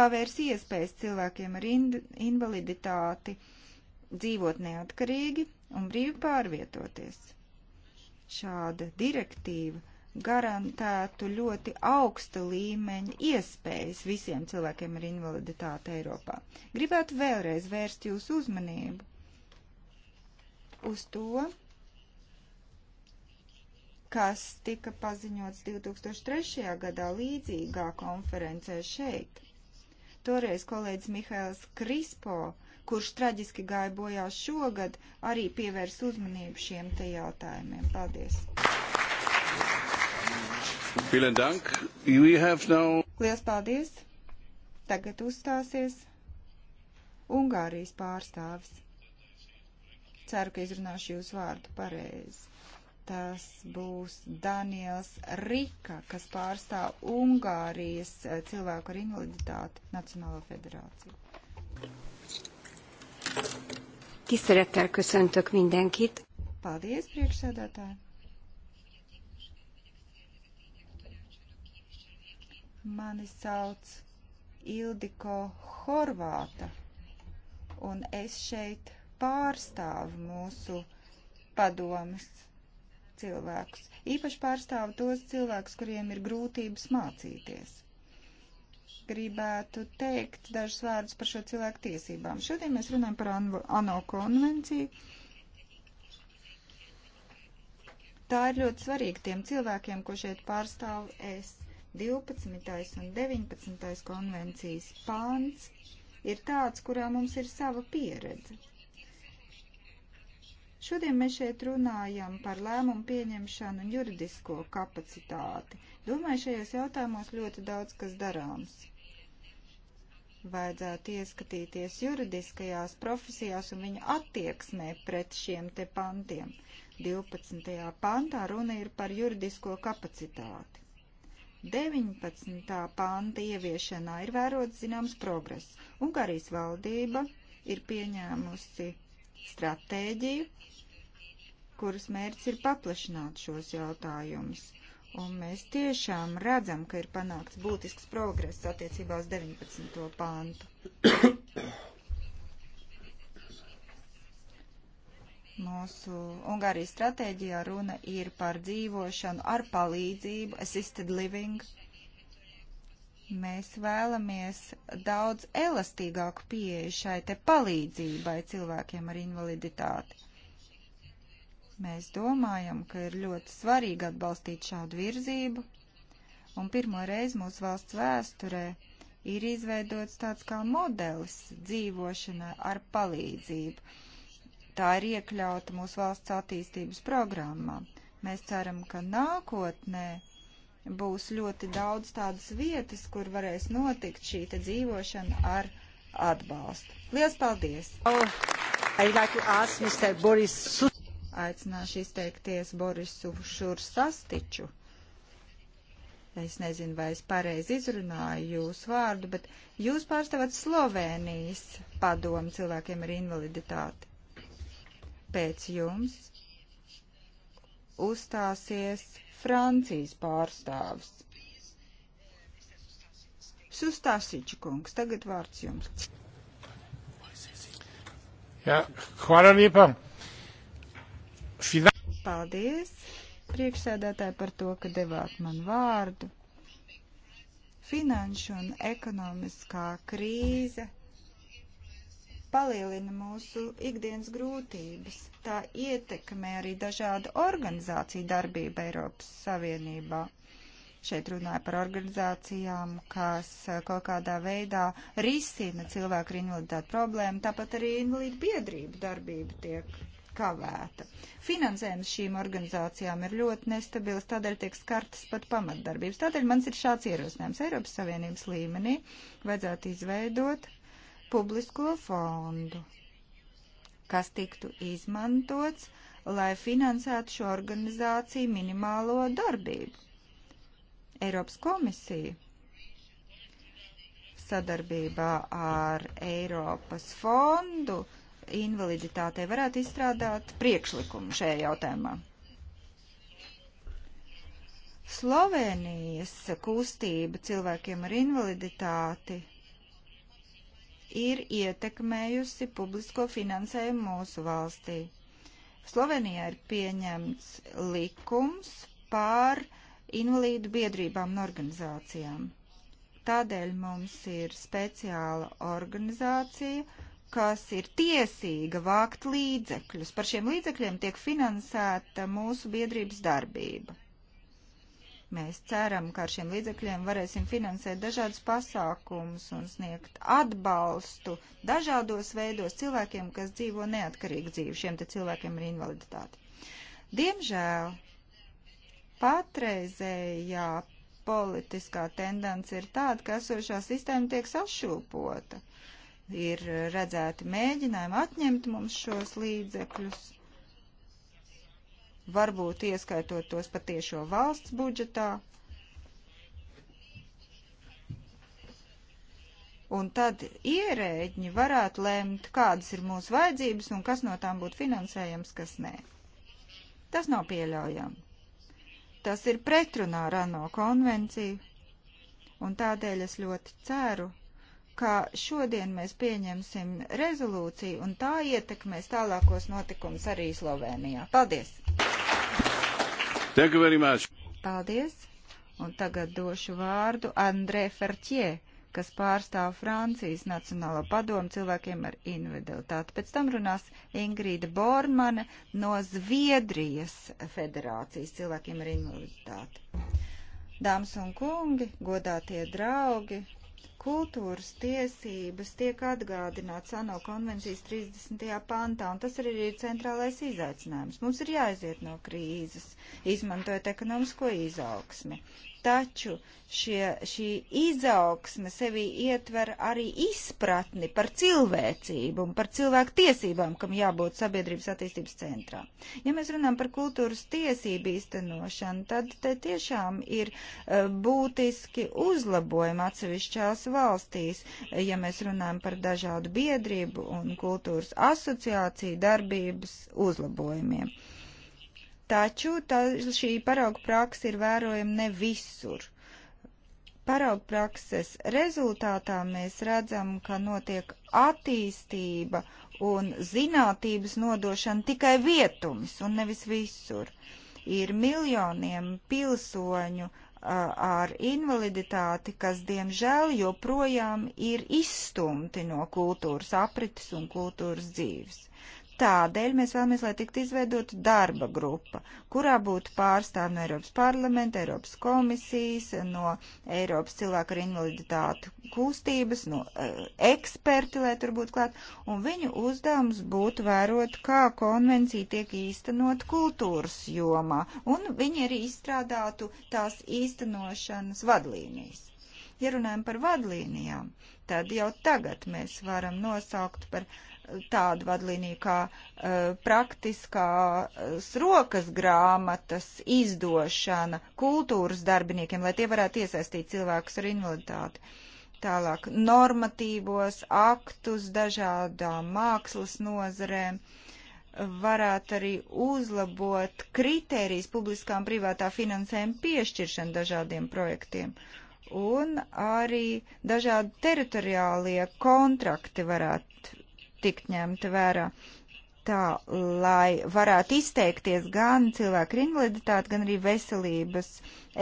pavērs iespējas cilvēkiem ar in invaliditāti dzīvot neatkarīgi un brīvi pārvietoties. Šāda direktīva garantētu ļoti augsta līmeņa iespējas visiem cilvēkiem ar invaliditāti Eiropā. Gribētu vēlreiz vērst jūsu uzmanību uz to, kas tika paziņots 2003. gadā līdzīgā konferencē šeit. Toreiz kolēģis Mihails Krispo, kurš traģiski gāja bojā šogad, arī pievērs uzmanību šiem te jautājumiem. Paldies! Vielen dank. We have now... Lielas paldies. Tagad uzstāsies Ungārijas pārstāvis. Ceru, ka izrunāšu jūsu vārdu pareizi. Tas būs Daniels Rika, kas pārstāv Ungārijas eh, cilvēku ar invaliditāti Nacionālo federāciju. Tisztelettel köszöntök mindenkit. Paldies, priekšsēdētāji! Mani sauc Ildiko Horvāta, un es šeit pārstāvu mūsu padomas cilvēkus. Īpaši pārstāvu tos cilvēkus, kuriem ir grūtības mācīties gribētu teikt dažus vārdus par šo cilvēku tiesībām. Šodien mēs runājam par ANO konvenciju. Tā ir ļoti svarīga tiem cilvēkiem, ko šeit pārstāvu es. 12. un 19. konvencijas pāns ir tāds, kurā mums ir sava pieredze. Šodien mēs šeit runājam par lēmumu pieņemšanu un juridisko kapacitāti. Domāju, šajos jautājumos ļoti daudz kas darāms. Vajadzētu ieskatīties juridiskajās profesijās un viņa attieksmē pret šiem te pantiem. 12. pantā runa ir par juridisko kapacitāti. 19. panta ieviešanā ir vērots zināms progress. Ungārijas valdība ir pieņēmusi stratēģiju, kuras mērķis ir paplašināt šos jautājumus. Un mēs tiešām redzam, ka ir panākts būtisks progress attiecībā uz 19. pāntu. Mūsu Ungārijas stratēģijā runa ir par dzīvošanu ar palīdzību, assisted living. Mēs vēlamies daudz elastīgāku pieeju šai te palīdzībai cilvēkiem ar invaliditāti. Mēs domājam, ka ir ļoti svarīgi atbalstīt šādu virzību, un pirmo reizi mūsu valsts vēsturē ir izveidots tāds kā modelis dzīvošanai ar palīdzību Tā ir iekļauta mūsu valsts attīstības programmā. Mēs ceram, ka nākotnē būs ļoti daudz tādas vietas, kur varēs notikt šī dzīvošana ar atbalstu. Lielas paldies! Oh, Aicināšu izteikties Borisu Šursastiču. Es nezinu, vai es pareizi izrunāju jūsu vārdu, bet jūs pārstāvat Slovenijas padomu cilvēkiem ar invaliditāti pēc jums uzstāsies Francijas pārstāvs. Sustāsiķi kungs, tagad vārds jums. Jā, hvala lijepa. Paldies, priekšsēdētāji, par to, ka devāt man vārdu. Finanšu un ekonomiskā krīze palielina mūsu ikdienas grūtības. Tā ietekmē arī dažādu organizāciju darbību Eiropas Savienībā. Šeit runāja par organizācijām, kas eh, kaut kādā veidā risina cilvēku ar invaliditāti problēmu, tāpat arī invalīdu biedrību darbība tiek kavēta. Finansējums šīm organizācijām ir ļoti nestabils, tādēļ tiek skartas pat pamatdarbības. Tādēļ mans ir šāds ierosinājums Eiropas Savienības līmenī vajadzētu izveidot publisko fondu, kas tiktu izmantots, lai finansētu šo organizāciju minimālo darbību. Eiropas komisija sadarbībā ar Eiropas fondu invaliditātei varētu izstrādāt priekšlikumu šajā jautājumā. Slovenijas kustība cilvēkiem ar invaliditāti ir ietekmējusi publisko finansējumu mūsu valstī. Slovenijā ir pieņemts likums pār invalīdu biedrībām un organizācijām. Tādēļ mums ir speciāla organizācija, kas ir tiesīga vākt līdzekļus. Par šiem līdzekļiem tiek finansēta mūsu biedrības darbība. Mēs ceram, ka ar šiem līdzekļiem varēsim finansēt dažādus pasākumus un sniegt atbalstu dažādos veidos cilvēkiem, kas dzīvo neatkarīgi dzīvi. Šiem te cilvēkiem ir invaliditāte. Diemžēl patreizējā politiskā tendence ir tāda, ka esošā sistēma tiek sašūpota. Ir redzēti mēģinājumi atņemt mums šos līdzekļus varbūt ieskaitot tos patiešo valsts budžetā. Un tad ierēģi varētu lemt, kādas ir mūsu vajadzības un kas no tām būtu finansējams, kas nē. Tas nav pieļaujami. Tas ir pretrunā ar ANO konvenciju, un tādēļ es ļoti ceru, ka šodien mēs pieņemsim rezolūciju, un tā ietekmēs tālākos notikums arī Slovenijā. Paldies! Thank you very much. Paldies. Un tagad došu vārdu Andrē Fertie, kas pārstāv Francijas Nacionālo padomu cilvēkiem ar invaliditāti. Pēc tam runās Ingrīda Bormane no Zviedrijas federācijas cilvēkiem ar invaliditāti. Dāmas un kungi, godātie draugi, kultūras tiesības tiek atgādināts ANO konvencijas 30. pantā, un tas arī ir centrālais izaicinājums. Mums ir jāiziet no krīzes, izmantojot ekonomisko izaugsmi. Taču šie, šī izaugsme sevī ietver arī izpratni par cilvēcību un par cilvēku tiesībām, kam jābūt sabiedrības attīstības centrā. Ja mēs runājam par kultūras tiesību īstenošanu, tad te tiešām ir uh, būtiski uzlabojumi atsevišķās valstīs. Ja mēs runājam par dažādu biedrību un kultūras asociāciju darbības uzlabojumiem. Uh, Taču tā, šī parauga praksa ir vērojama ne visur. Parauga prakses rezultātā mēs redzam, ka notiek attīstība un zinātības nodošana tikai vietums un nevis visur. Ir miljoniem pilsoņu ar invaliditāti, kas diemžēl joprojām ir izstumti no kultūras aprites un kultūras dzīves. Tādēļ mēs vēlamies, lai tiktu izveidota darba grupa, kurā būtu pārstāvi no Eiropas parlamenta, Eiropas komisijas, no Eiropas cilvēku ar invaliditātu kustības, no uh, eksperti, lai tur būtu klāt, un viņu uzdevums būtu vērot, kā konvencija tiek īstenot kultūras jomā, un viņi arī izstrādātu tās īstenošanas vadlīnijas. Ja runājam par vadlīnijām, tad jau tagad mēs varam nosaukt par uh, tādu vadlīniju kā uh, praktiskās rokas grāmatas izdošana kultūras darbiniekiem, lai tie varētu iesaistīt cilvēkus ar invaliditāti. Tālāk normatīvos aktus dažādām mākslas nozarēm varētu arī uzlabot kritērijas publiskām privātā finansējuma piešķiršana dažādiem projektiem un arī dažādi teritoriālie kontrakti varētu tikt ņemti vērā tā, lai varētu izteikties gan cilvēku invaliditāti, gan arī veselības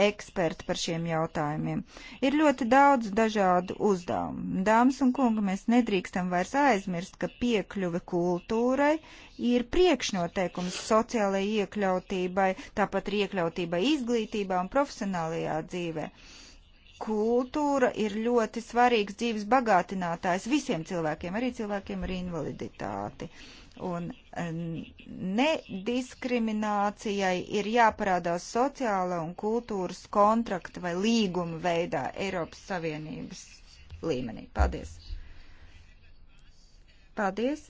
eksperti par šiem jautājumiem. Ir ļoti daudz dažādu uzdevumu. Dāmas un kungi, mēs nedrīkstam vairs aizmirst, ka piekļuve kultūrai ir priekšnoteikums sociālajai iekļautībai, tāpat arī iekļautībai izglītībā un profesionālajā dzīvē. Uh, kultūra ir ļoti svarīgs dzīves bagātinātājs visiem cilvēkiem, arī cilvēkiem ar invaliditāti. Un nediskriminācijai ir jāparādās sociāla un kultūras kontrakta vai līguma veidā Eiropas Savienības līmenī. Paldies! Paldies!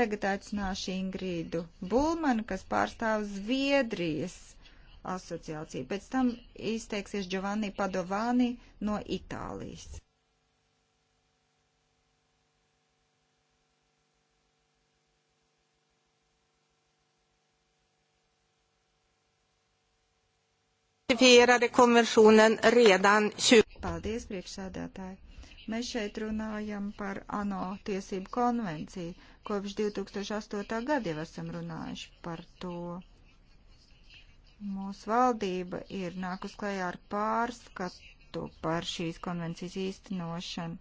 Tagad aicināšu Ingrīdu Bulmanu, kas pārstāv Zviedrijas asociāciju. Pēc tam izteiksies Giovanni Padovani no Itālijas. Paldies, priekšsēdētāji! Mēs šeit runājam par ANO tiesību konvenciju. Kopš 2008. gada jau esam runājuši par to. Mūsu valdība ir nākus klajā ar pārskatu par šīs konvencijas īstenošanu.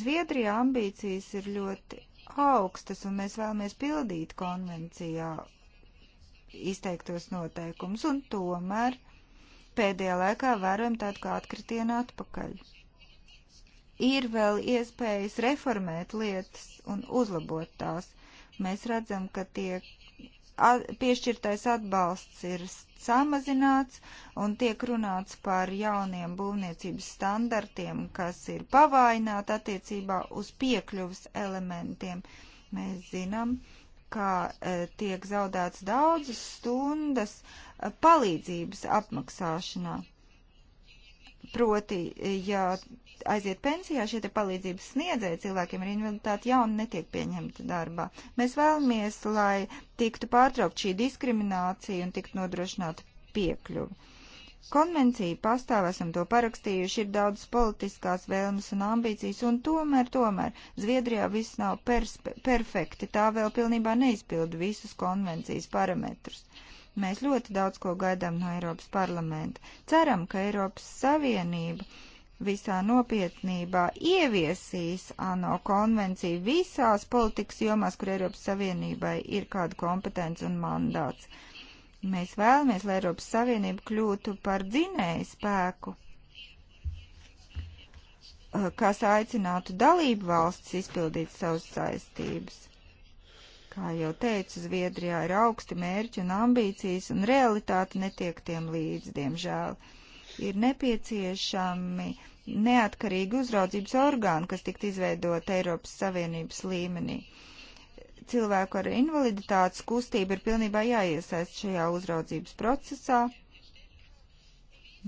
Zviedrijā ambīcijas ir ļoti augstas, un mēs vēlamies pildīt konvencijā izteiktos noteikumus, un tomēr pēdējā laikā vērojam tādu kā atkritienu atpakaļ. Ir vēl iespējas reformēt lietas un uzlabot tās. Mēs redzam, ka tiek piešķirtais atbalsts ir samazināts un tiek runāts par jauniem būvniecības standartiem, kas ir pavaināti attiecībā uz piekļuvas elementiem. Mēs zinām, ka e, tiek zaudēts daudzas stundas e, palīdzības apmaksāšanā. Proti, ja aiziet pensijā, šie te palīdzības sniedzēji cilvēkiem ar invaliditāti jauni netiek pieņemti darbā. Mēs vēlamies, lai tiktu pārtraukt šī diskriminācija un tiktu nodrošināta piekļuva. Konvencija pastāv, esam to parakstījuši, ir daudz politiskās vēlmes un ambīcijas, un tomēr, tomēr, Zviedrijā viss nav perfekti, tā vēl pilnībā neizpildu visus konvencijas parametrus. Mēs ļoti daudz ko gaidām no Eiropas parlamenta. Ceram, ka Eiropas Savienība visā nopietnībā ieviesīs ANO konvenciju visās politikas jomās, kur Eiropas Savienībai ir kāda kompetence un mandāts. Mēs vēlamies, lai Eiropas Savienība kļūtu par dzinēju spēku, eh, kas aicinātu dalību valstis izpildīt savas saistības. Kā jau teicu, Zviedrijā ir augsti mērķi un ambīcijas, un realitāte netiek tiem līdzi, diemžēl. Ir nepieciešami neatkarīgi uzraudzības orgāni, kas tikt izveidot Eiropas Savienības līmenī. Cilvēku ar invaliditātes kustību ir pilnībā jāiesaist šajā uzraudzības procesā.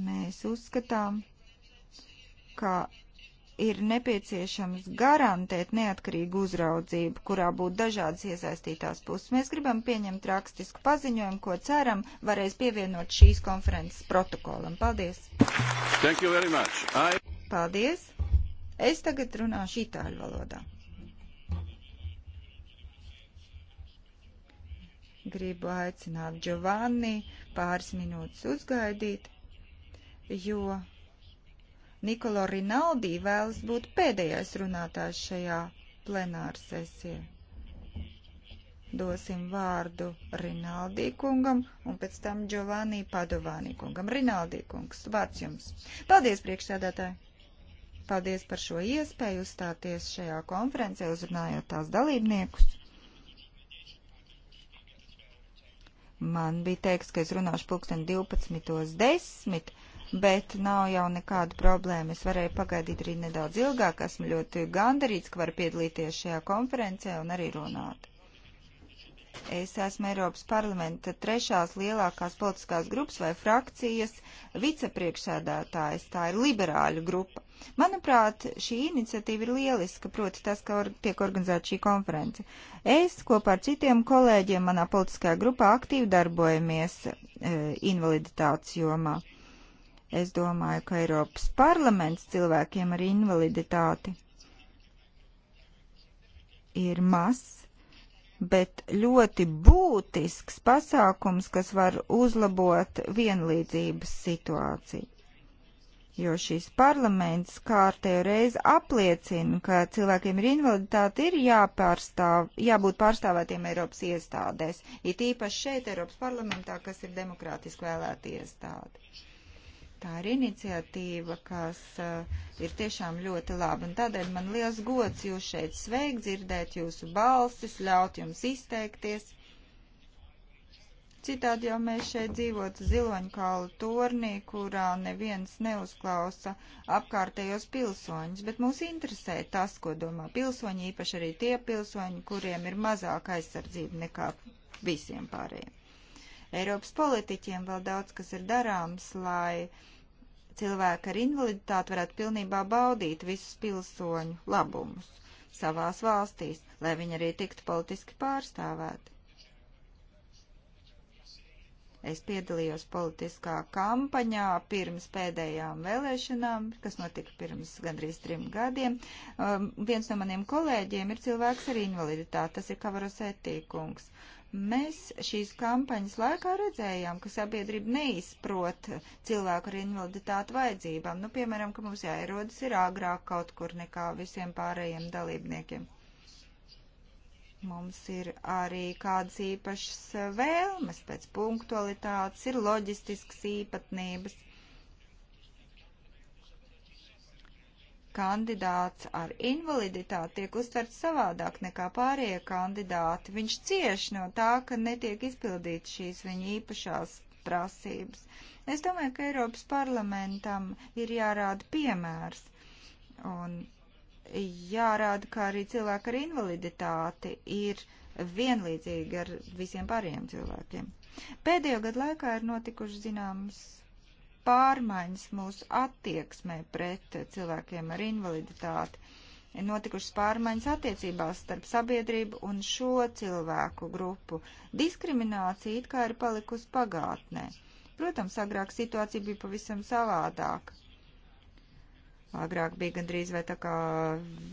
Mēs uzskatām, ka ir nepieciešams garantēt neatkarīgu uzraudzību, kurā būtu dažādas iesaistītās puses. Mēs gribam pieņemt rakstisku paziņojumu, ko ceram varēs pievienot šīs konferences protokolam. Paldies! I... Paldies! Es tagad runāšu itāļu valodā. Gribu aicināt Giovanni pāris minūtes uzgaidīt, jo Nikolo Rinaldī vēlas būt pēdējais runātājs šajā plenāra sesijā. Dosim vārdu Rinaldī kungam un pēc tam Giovanni Padovāni kungam. Rinaldī kungs, vārds jums. Paldies, priekšsēdētāji! Paldies par šo iespēju uzstāties šajā konferencē, uzrunājot tās dalībniekus. Man bija teiks, ka es runāšu pulksten 12.10, bet nav jau nekāda problēma. Es varēju pagaidīt arī nedaudz ilgāk, esmu ļoti gandarīts, ka varu piedalīties šajā konferencē un arī runāt. Es esmu Eiropas parlamenta trešās lielākās politiskās grupas vai frakcijas vicepriekšsēdētājs. Tā ir liberāļu grupa. Manuprāt, šī iniciatīva ir lieliska, proti tas, ka or tiek organizēta šī konference. Es kopā ar citiem kolēģiem manā politiskajā grupā aktīvi darbojamies e, invaliditātes jomā. Es domāju, ka Eiropas parlaments cilvēkiem ar invaliditāti ir mazs, bet ļoti būtisks pasākums, kas var uzlabot vienlīdzības situāciju. Jo šīs parlaments kārtējo reizi apliecina, ka cilvēkiem ar invaliditāti ir jāpārstāv, jābūt pārstāvētiem Eiropas iestādēs, it īpaši šeit Eiropas parlamentā, kas ir demokrātiski vēlēta iestāde. Tā ir iniciatīva, kas uh, ir tiešām ļoti laba. Un tādēļ man liels gods jūs šeit sveikt, dzirdēt jūsu balsis, ļaut jums izteikties. Citādi jau mēs šeit dzīvotu ziloņkālu tornī, kurā neviens neuzklausa apkārtējos pilsoņus, bet mūs interesē tas, ko domā pilsoņi, īpaši arī tie pilsoņi, kuriem ir mazāk aizsardzība nekā visiem pārējiem. Eiropas politiķiem vēl daudz kas ir darāms, lai uh, cilvēki ar invaliditāti varētu pilnībā baudīt visus pilsoņu labumus savās valstīs, lai viņi arī tiktu politiski pārstāvēti. Es piedalījos politiskā kampaņā pirms pēdējām vēlēšanām, kas notika pirms gandrīz trim gadiem. Um, viens no maniem kolēģiem ir cilvēks ar invaliditāti, tas ir Kavaros Etīkungs. Mēs šīs kampaņas laikā redzējām, ka sabiedrība neizprot cilvēku ar invaliditātu vajadzībām. Nu, piemēram, ka mums jāierodas ir agrāk kaut kur nekā visiem pārējiem dalībniekiem. Mums ir arī kādas īpašas vēlmes pēc punktualitātes, ir loģistiskas īpatnības. kandidāts ar invaliditāti tiek uztverts savādāk nekā pārējie kandidāti. Viņš cieši no tā, ka netiek izpildīt šīs viņa īpašās prasības. Es domāju, ka Eiropas parlamentam ir jārāda piemērs un jārāda, ka arī cilvēki ar invaliditāti ir vienlīdzīgi ar visiem pārējiem cilvēkiem. Pēdējo gadu laikā ir notikuši zināmas pārmaiņas mūsu attieksmē pret cilvēkiem ar invaliditāti. Ir notikušas pārmaiņas attiecībās starp sabiedrību un šo cilvēku grupu. Diskriminācija it kā ir palikusi pagātnē. Protams, agrāk situācija bija pavisam savādāka. Agrāk bija gandrīz vai tā kā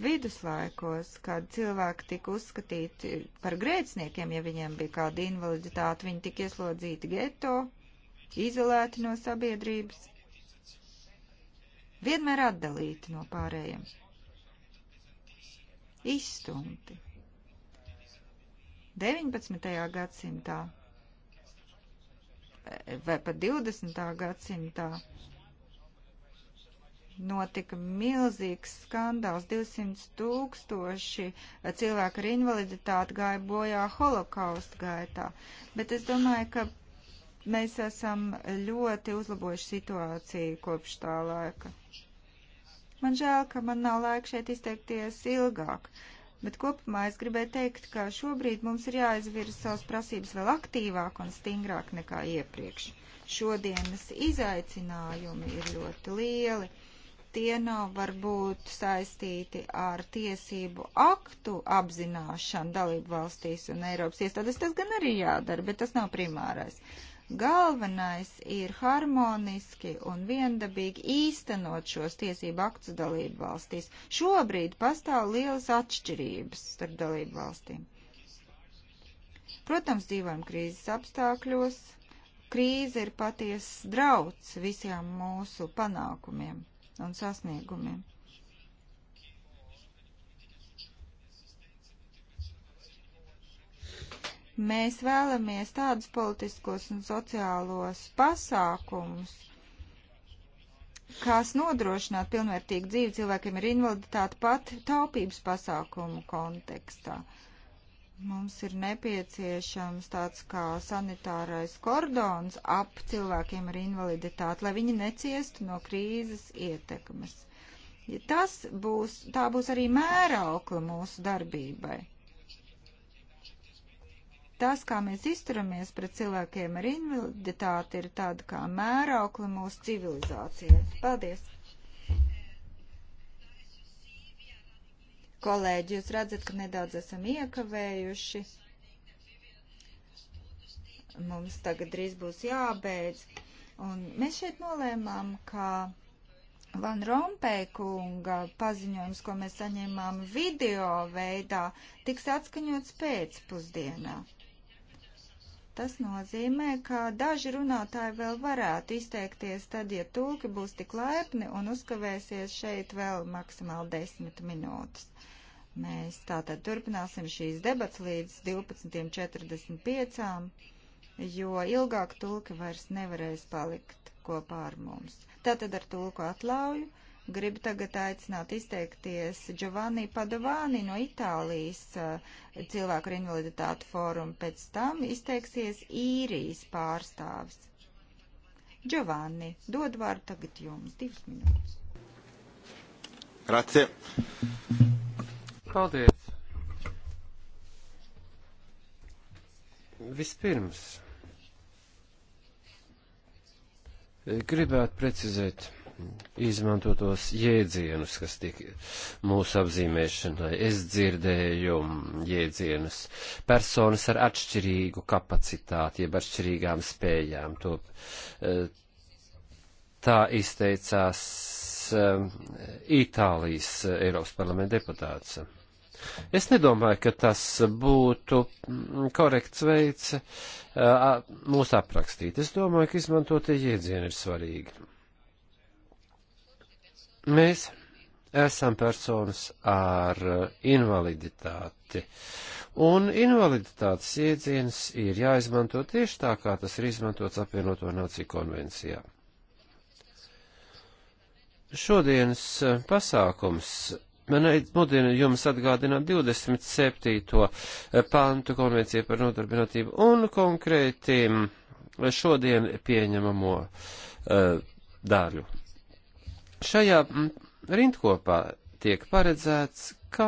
viduslaikos, kad cilvēki tika uzskatīti par grēciniekiem, ja viņiem bija kāda invaliditāte, viņi tika ieslodzīti geto izolēti no sabiedrības, vienmēr atdalīti no pārējiem, izstumti. 19. gadsimtā vai pat 20. gadsimtā notika milzīgs skandāls. 200 tūkstoši cilvēku ar invaliditāti gāja bojā holokausta gaitā. Bet es domāju, ka Mēs esam ļoti uzlabojuši situāciju kopš tā laika. Man žēl, ka man nav laika šeit izteikties ilgāk, bet kopumā es gribēju teikt, ka šobrīd mums ir jāizvirza savas prasības vēl aktīvāk un stingrāk nekā iepriekš. Šodienas izaicinājumi ir ļoti lieli tie nav varbūt saistīti ar tiesību aktu apzināšanu dalību valstīs un Eiropas iestādes. Tas gan arī jādara, bet tas nav primārais. Galvenais ir harmoniski un viendabīgi īstenot šos tiesību aktus dalību valstīs. Šobrīd pastāv lielas atšķirības starp dalību valstīm. Protams, dzīvojam krīzes apstākļos. Krīze ir patiesas drauds visiem mūsu panākumiem un sasniegumiem. Mēs vēlamies tādus politiskos un sociālos pasākumus, kas nodrošinātu pilnvērtīgu dzīvi cilvēkiem ar invaliditāti pat taupības pasākumu kontekstā. Mums ir nepieciešams tāds kā sanitārais kordons ap cilvēkiem ar invaliditāti, lai viņi neciestu no krīzes ietekmes. Ja tas būs, tā būs arī mēraukla mūsu darbībai. Tas, kā mēs izturamies pret cilvēkiem ar invaliditāti, ir tāda kā mēraukla mūsu civilizācijai. Paldies! Kolēģi, jūs redzat, ka nedaudz esam iekavējuši. Mums tagad drīz būs jābeidz. Un mēs šeit nolēmām, ka Van Rompēkunga paziņojums, ko mēs saņēmām video veidā, tiks atskaņots pēcpusdienā. Tas nozīmē, ka daži runātāji vēl varētu izteikties tad, ja tulki būs tik laipni un uzkavēsies šeit vēl maksimāli desmit minūtes. Mēs tātad turpināsim šīs debats līdz 12.45, jo ilgāk tulki vairs nevarēs palikt kopā ar mums. Tātad ar tulku atlauju. Gribu tagad aicināt izteikties Giovanni Padovāni no Itālijas eh, cilvēku ar invaliditātu fórumu. Pēc tam izteiksies īrijas pārstāvs. Giovanni, dod vārdu tagad jums. Divas minūtes. Grazie. Paldies. Vispirms eh, gribētu precizēt izmantotos jēdzienus, kas tiek mūsu apzīmēšanai. Es dzirdēju jēdzienus personas ar atšķirīgu kapacitāti, jeb atšķirīgām spējām. To, eh, tā izteicās eh, Itālijas eh, Eiropas parlamenta deputāts. Es nedomāju, ka tas būtu mm, korekts veids mūs aprakstīt. Es domāju, ka izmantotie jēdzieni ir svarīgi. Mēs esam personas ar invaliditāti, un invaliditātes iedziens ir jāizmanto tieši tā, kā tas ir izmantots apvienoto nāciju konvencijā. Šodienas pasākums Man mudina jums atgādināt 27. Eh, pantu konvencija par nodarbinātību un konkrēti mm, šodien pieņemamo uh, eh, daļu. Šajā mm, rindkopā tiek paredzēts, ka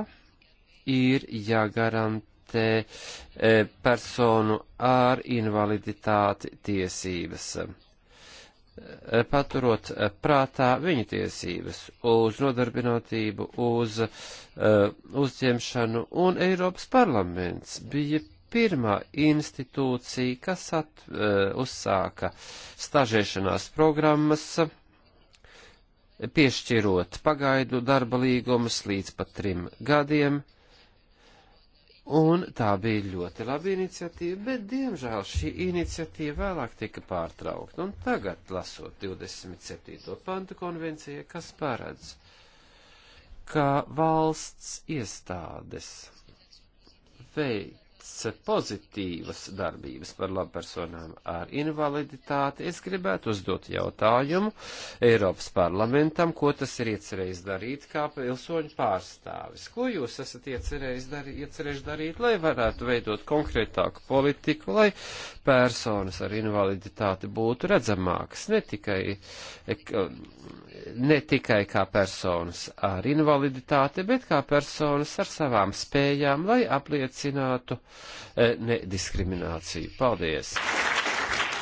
ir jāgarantē e, personu ar invaliditāti tiesības, e, paturot e, prātā viņu tiesības uz nodarbinātību, uz uzņemšanu, un Eiropas parlaments bija pirmā institūcija, kas at, uzsāka stažēšanās programmas, piešķirot pagaidu darba līgumus līdz pat trim gadiem. Un tā bija ļoti laba iniciatīva, bet diemžēl šī iniciatīva vēlāk tika pārtraukta. Un tagad, lasot 27. pantu konvencija, kas paredz, ka valsts iestādes veik veikts pozitīvas darbības par labu personām ar invaliditāti, es gribētu uzdot jautājumu Eiropas parlamentam, ko tas ir iecerējis darīt kā pilsoņu pārstāvis. Ko jūs esat iecerējis darīt, iecerējuši darīt, lai varētu veidot konkrētāku politiku, lai personas ar invaliditāti būtu redzamākas ne tikai, ne tikai kā personas ar invaliditāti, bet kā personas ar savām spējām, lai apliecinātu Eh, nediskrimināciju. Paldies!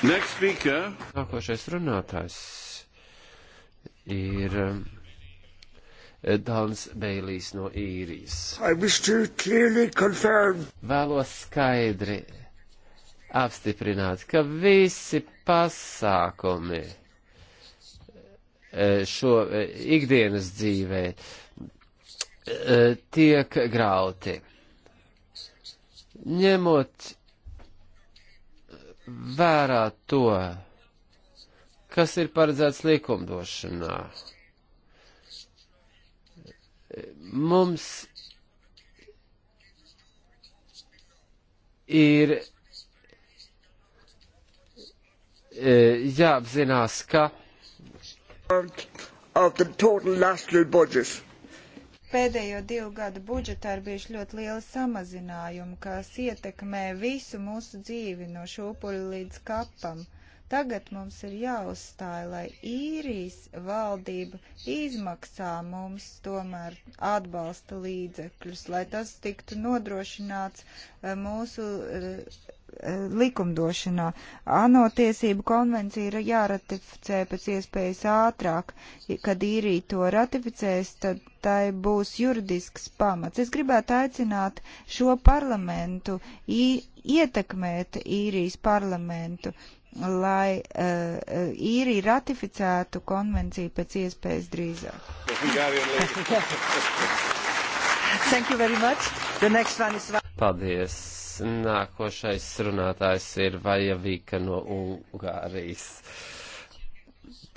Nākošais runātājs ir eh, Dāns Beilijs no īrijas. Vēlos skaidri apstiprināt, ka visi pasākumi eh, šo ikdienas dzīvē tiek grauti. Ņemot vērā to, kas ir paredzēts likumdošanā, mums ir e, jāapzinās, ka of the total national budget Pēdējo divu gadu budžetā ir bijuši ļoti lieli samazinājumi, kas ietekmē visu mūsu dzīvi no šūpuļa līdz kapam. Tagad mums ir jāuzstāj, lai īrijas valdība izmaksā mums tomēr atbalsta līdzekļus, lai tas tiktu nodrošināts eh, mūsu eh, Eh, likumdošanā. ANO tiesību konvencija ir jāratificē pēc iespējas ātrāk. Kad īrija to ratificēs, tad tai būs juridisks pamats. Es gribētu aicināt šo parlamentu ietekmēt īrijas parlamentu, lai uh, īrija ratificētu konvenciju pēc iespējas drīzāk. Thank you very much. The next one is... Paldies. Nākošais runātājs ir Vajavīka no Ungārijas.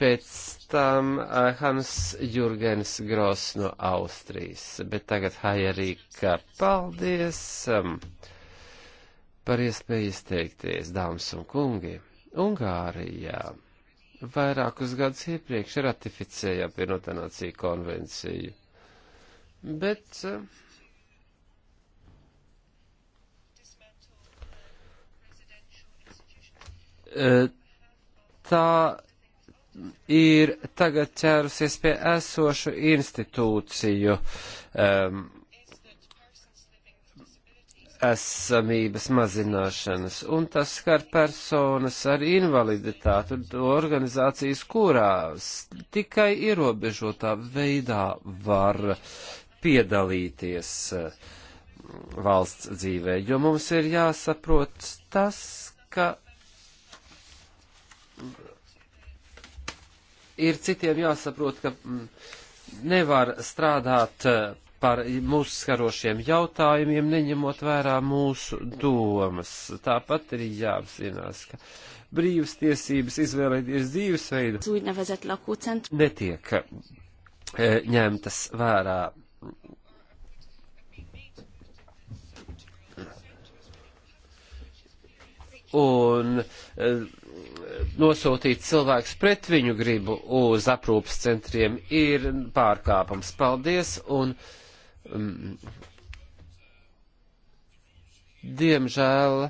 Pēc tam uh, Hans Jurgens Gros no Austrijas, bet tagad Hajarīka. Paldies um, par iespēju izteikties, dāmas un kungi. Ungārijā vairākus gadus iepriekš ratificēja apvienotā nācija konvenciju. Bet uh, E, tā ir tagad ķērusies pie esošu institūciju um, esamības mazināšanas, un tas skar personas ar invaliditāti un organizācijas, kurās tikai ierobežotā veidā var piedalīties eh, valsts dzīvē, jo mums ir jāsaprot tas, ka ir citiem jāsaprot, ka mm, nevar strādāt eh, par mūsu skarošiem jautājumiem, neņemot vērā mūsu domas. Tāpat ir jāapzinās, ka brīvas tiesības izvēlēties dzīvesveidu netiek eh, ņemtas vērā. Un eh, nosūtīt cilvēks pret viņu gribu uz aprūpas centriem ir pārkāpums. Paldies! Un, um, diemžēl,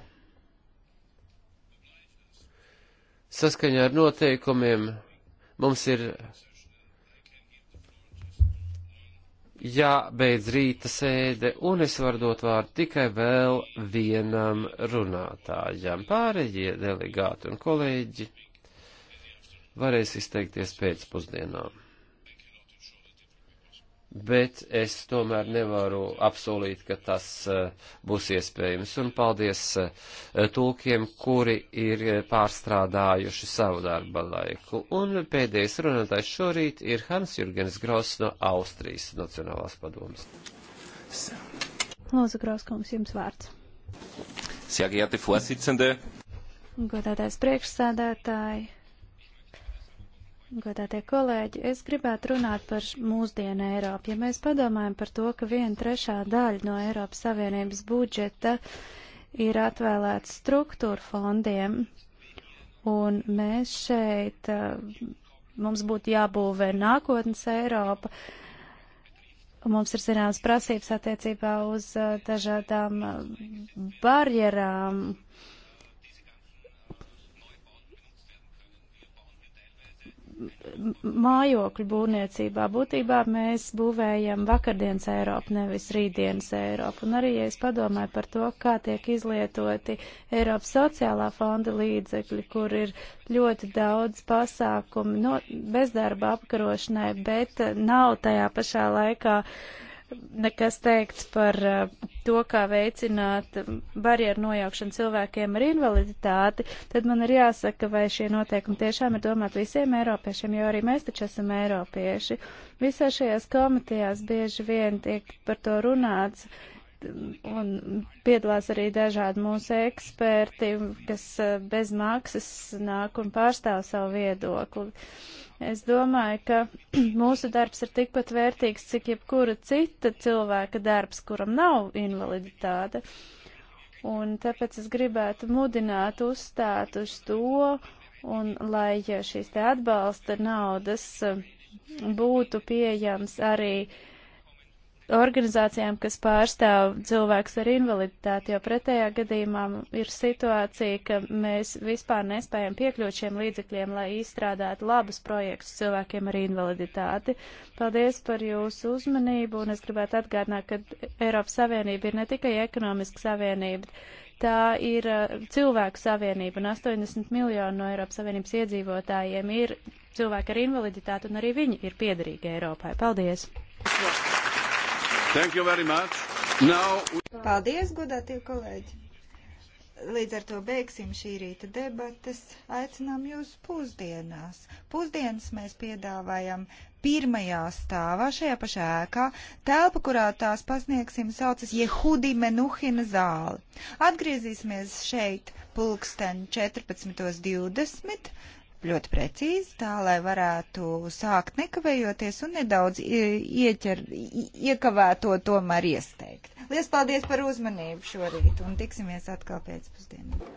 saskaņā ar noteikumiem, mums ir jābeidz rīta sēde, un es varu dot vārdu tikai vēl vienam runātājam. Pārējie delegāti un kolēģi varēs izteikties pēcpusdienām bet es tomēr nevaru apsolīt, ka tas eh, būs iespējams. Un paldies eh, tulkiem, kuri ir eh, pārstrādājuši savu darba laiku. Un pēdējais runātājs šorīt ir Hans Jurgens Gross no Austrijas Nacionālās padomas. Lūdzu, Groskums, jums vārds. Sehr geehrte Vorsitzende, godātais priekšsēdētāji, Godātie kolēģi, es gribētu runāt par mūsdienu Eiropu. Ja mēs padomājam par to, ka viena trešā daļa no Eiropas Savienības budžeta ir atvēlēta struktūra fondiem, un mēs šeit, eh, mums būtu jābūvē nākotnes Eiropa, mums ir zināmas prasības attiecībā uz eh, dažādām eh, barjerām. Uh, mājokļu būvniecībā. Būtībā mēs būvējam vakardienas Eiropu, nevis rītdienas Eiropu. Un arī, ja es padomāju par to, kā tiek izlietoti Eiropas sociālā fonda līdzekļi, kur ir ļoti daudz pasākumu no bezdarba apkarošanai, bet nav tajā pašā laikā uh, nekas teikts par eh, to, kā veicināt barjeru nojaukšanu cilvēkiem ar invaliditāti, tad man ir jāsaka, vai šie noteikumi tiešām ir domāti visiem eiropiešiem, jo arī mēs taču esam eiropieši. Visā šajās komitejās bieži vien tiek par to runāts. Un piedalās arī dažādi mūsu eksperti, kas eh, bez maksas nāk un pārstāv savu viedokli. Uh, Es domāju, ka mūsu darbs ir tikpat vērtīgs, cik jebkura cita cilvēka darbs, kuram nav invaliditāte. Un tāpēc es gribētu mudināt uzstāt uz to, un lai šīs te atbalsta naudas eh, būtu pieejams arī uh, organizācijām, kas pārstāv cilvēkus ar invaliditāti, jo pretējā gadījumā ir situācija, ka mēs vispār nespējam piekļūt šiem līdzekļiem, lai izstrādātu labus projektus cilvēkiem ar invaliditāti. Paldies par jūsu uzmanību, un es gribētu atgādināt, ka Eiropas Savienība ir ne tikai ekonomiska savienība, tā ir uh, cilvēku savienība, un 80 miljonu no Eiropas Savienības iedzīvotājiem ir cilvēki ar invaliditāti, un arī viņi ir piederīgi Eiropai. Paldies! Yes. Now... Paldies, godātie kolēģi! Līdz ar to beigsim šī rīta debates. Aicinām jūs pusdienās. Pusdienas mēs piedāvājam pirmajā stāvā šajā pašā ēkā, telpa, kurā tās pasniegsim, saucas Jehudi Menuhina zāli. Atgriezīsimies šeit pulksten 14.20 ļoti precīzi, tā lai varētu sākt nekavējoties un nedaudz ieķer, iekavēto tomēr iesteikt. Lies paldies par uzmanību šorīt un tiksimies atkal pēcpusdienā.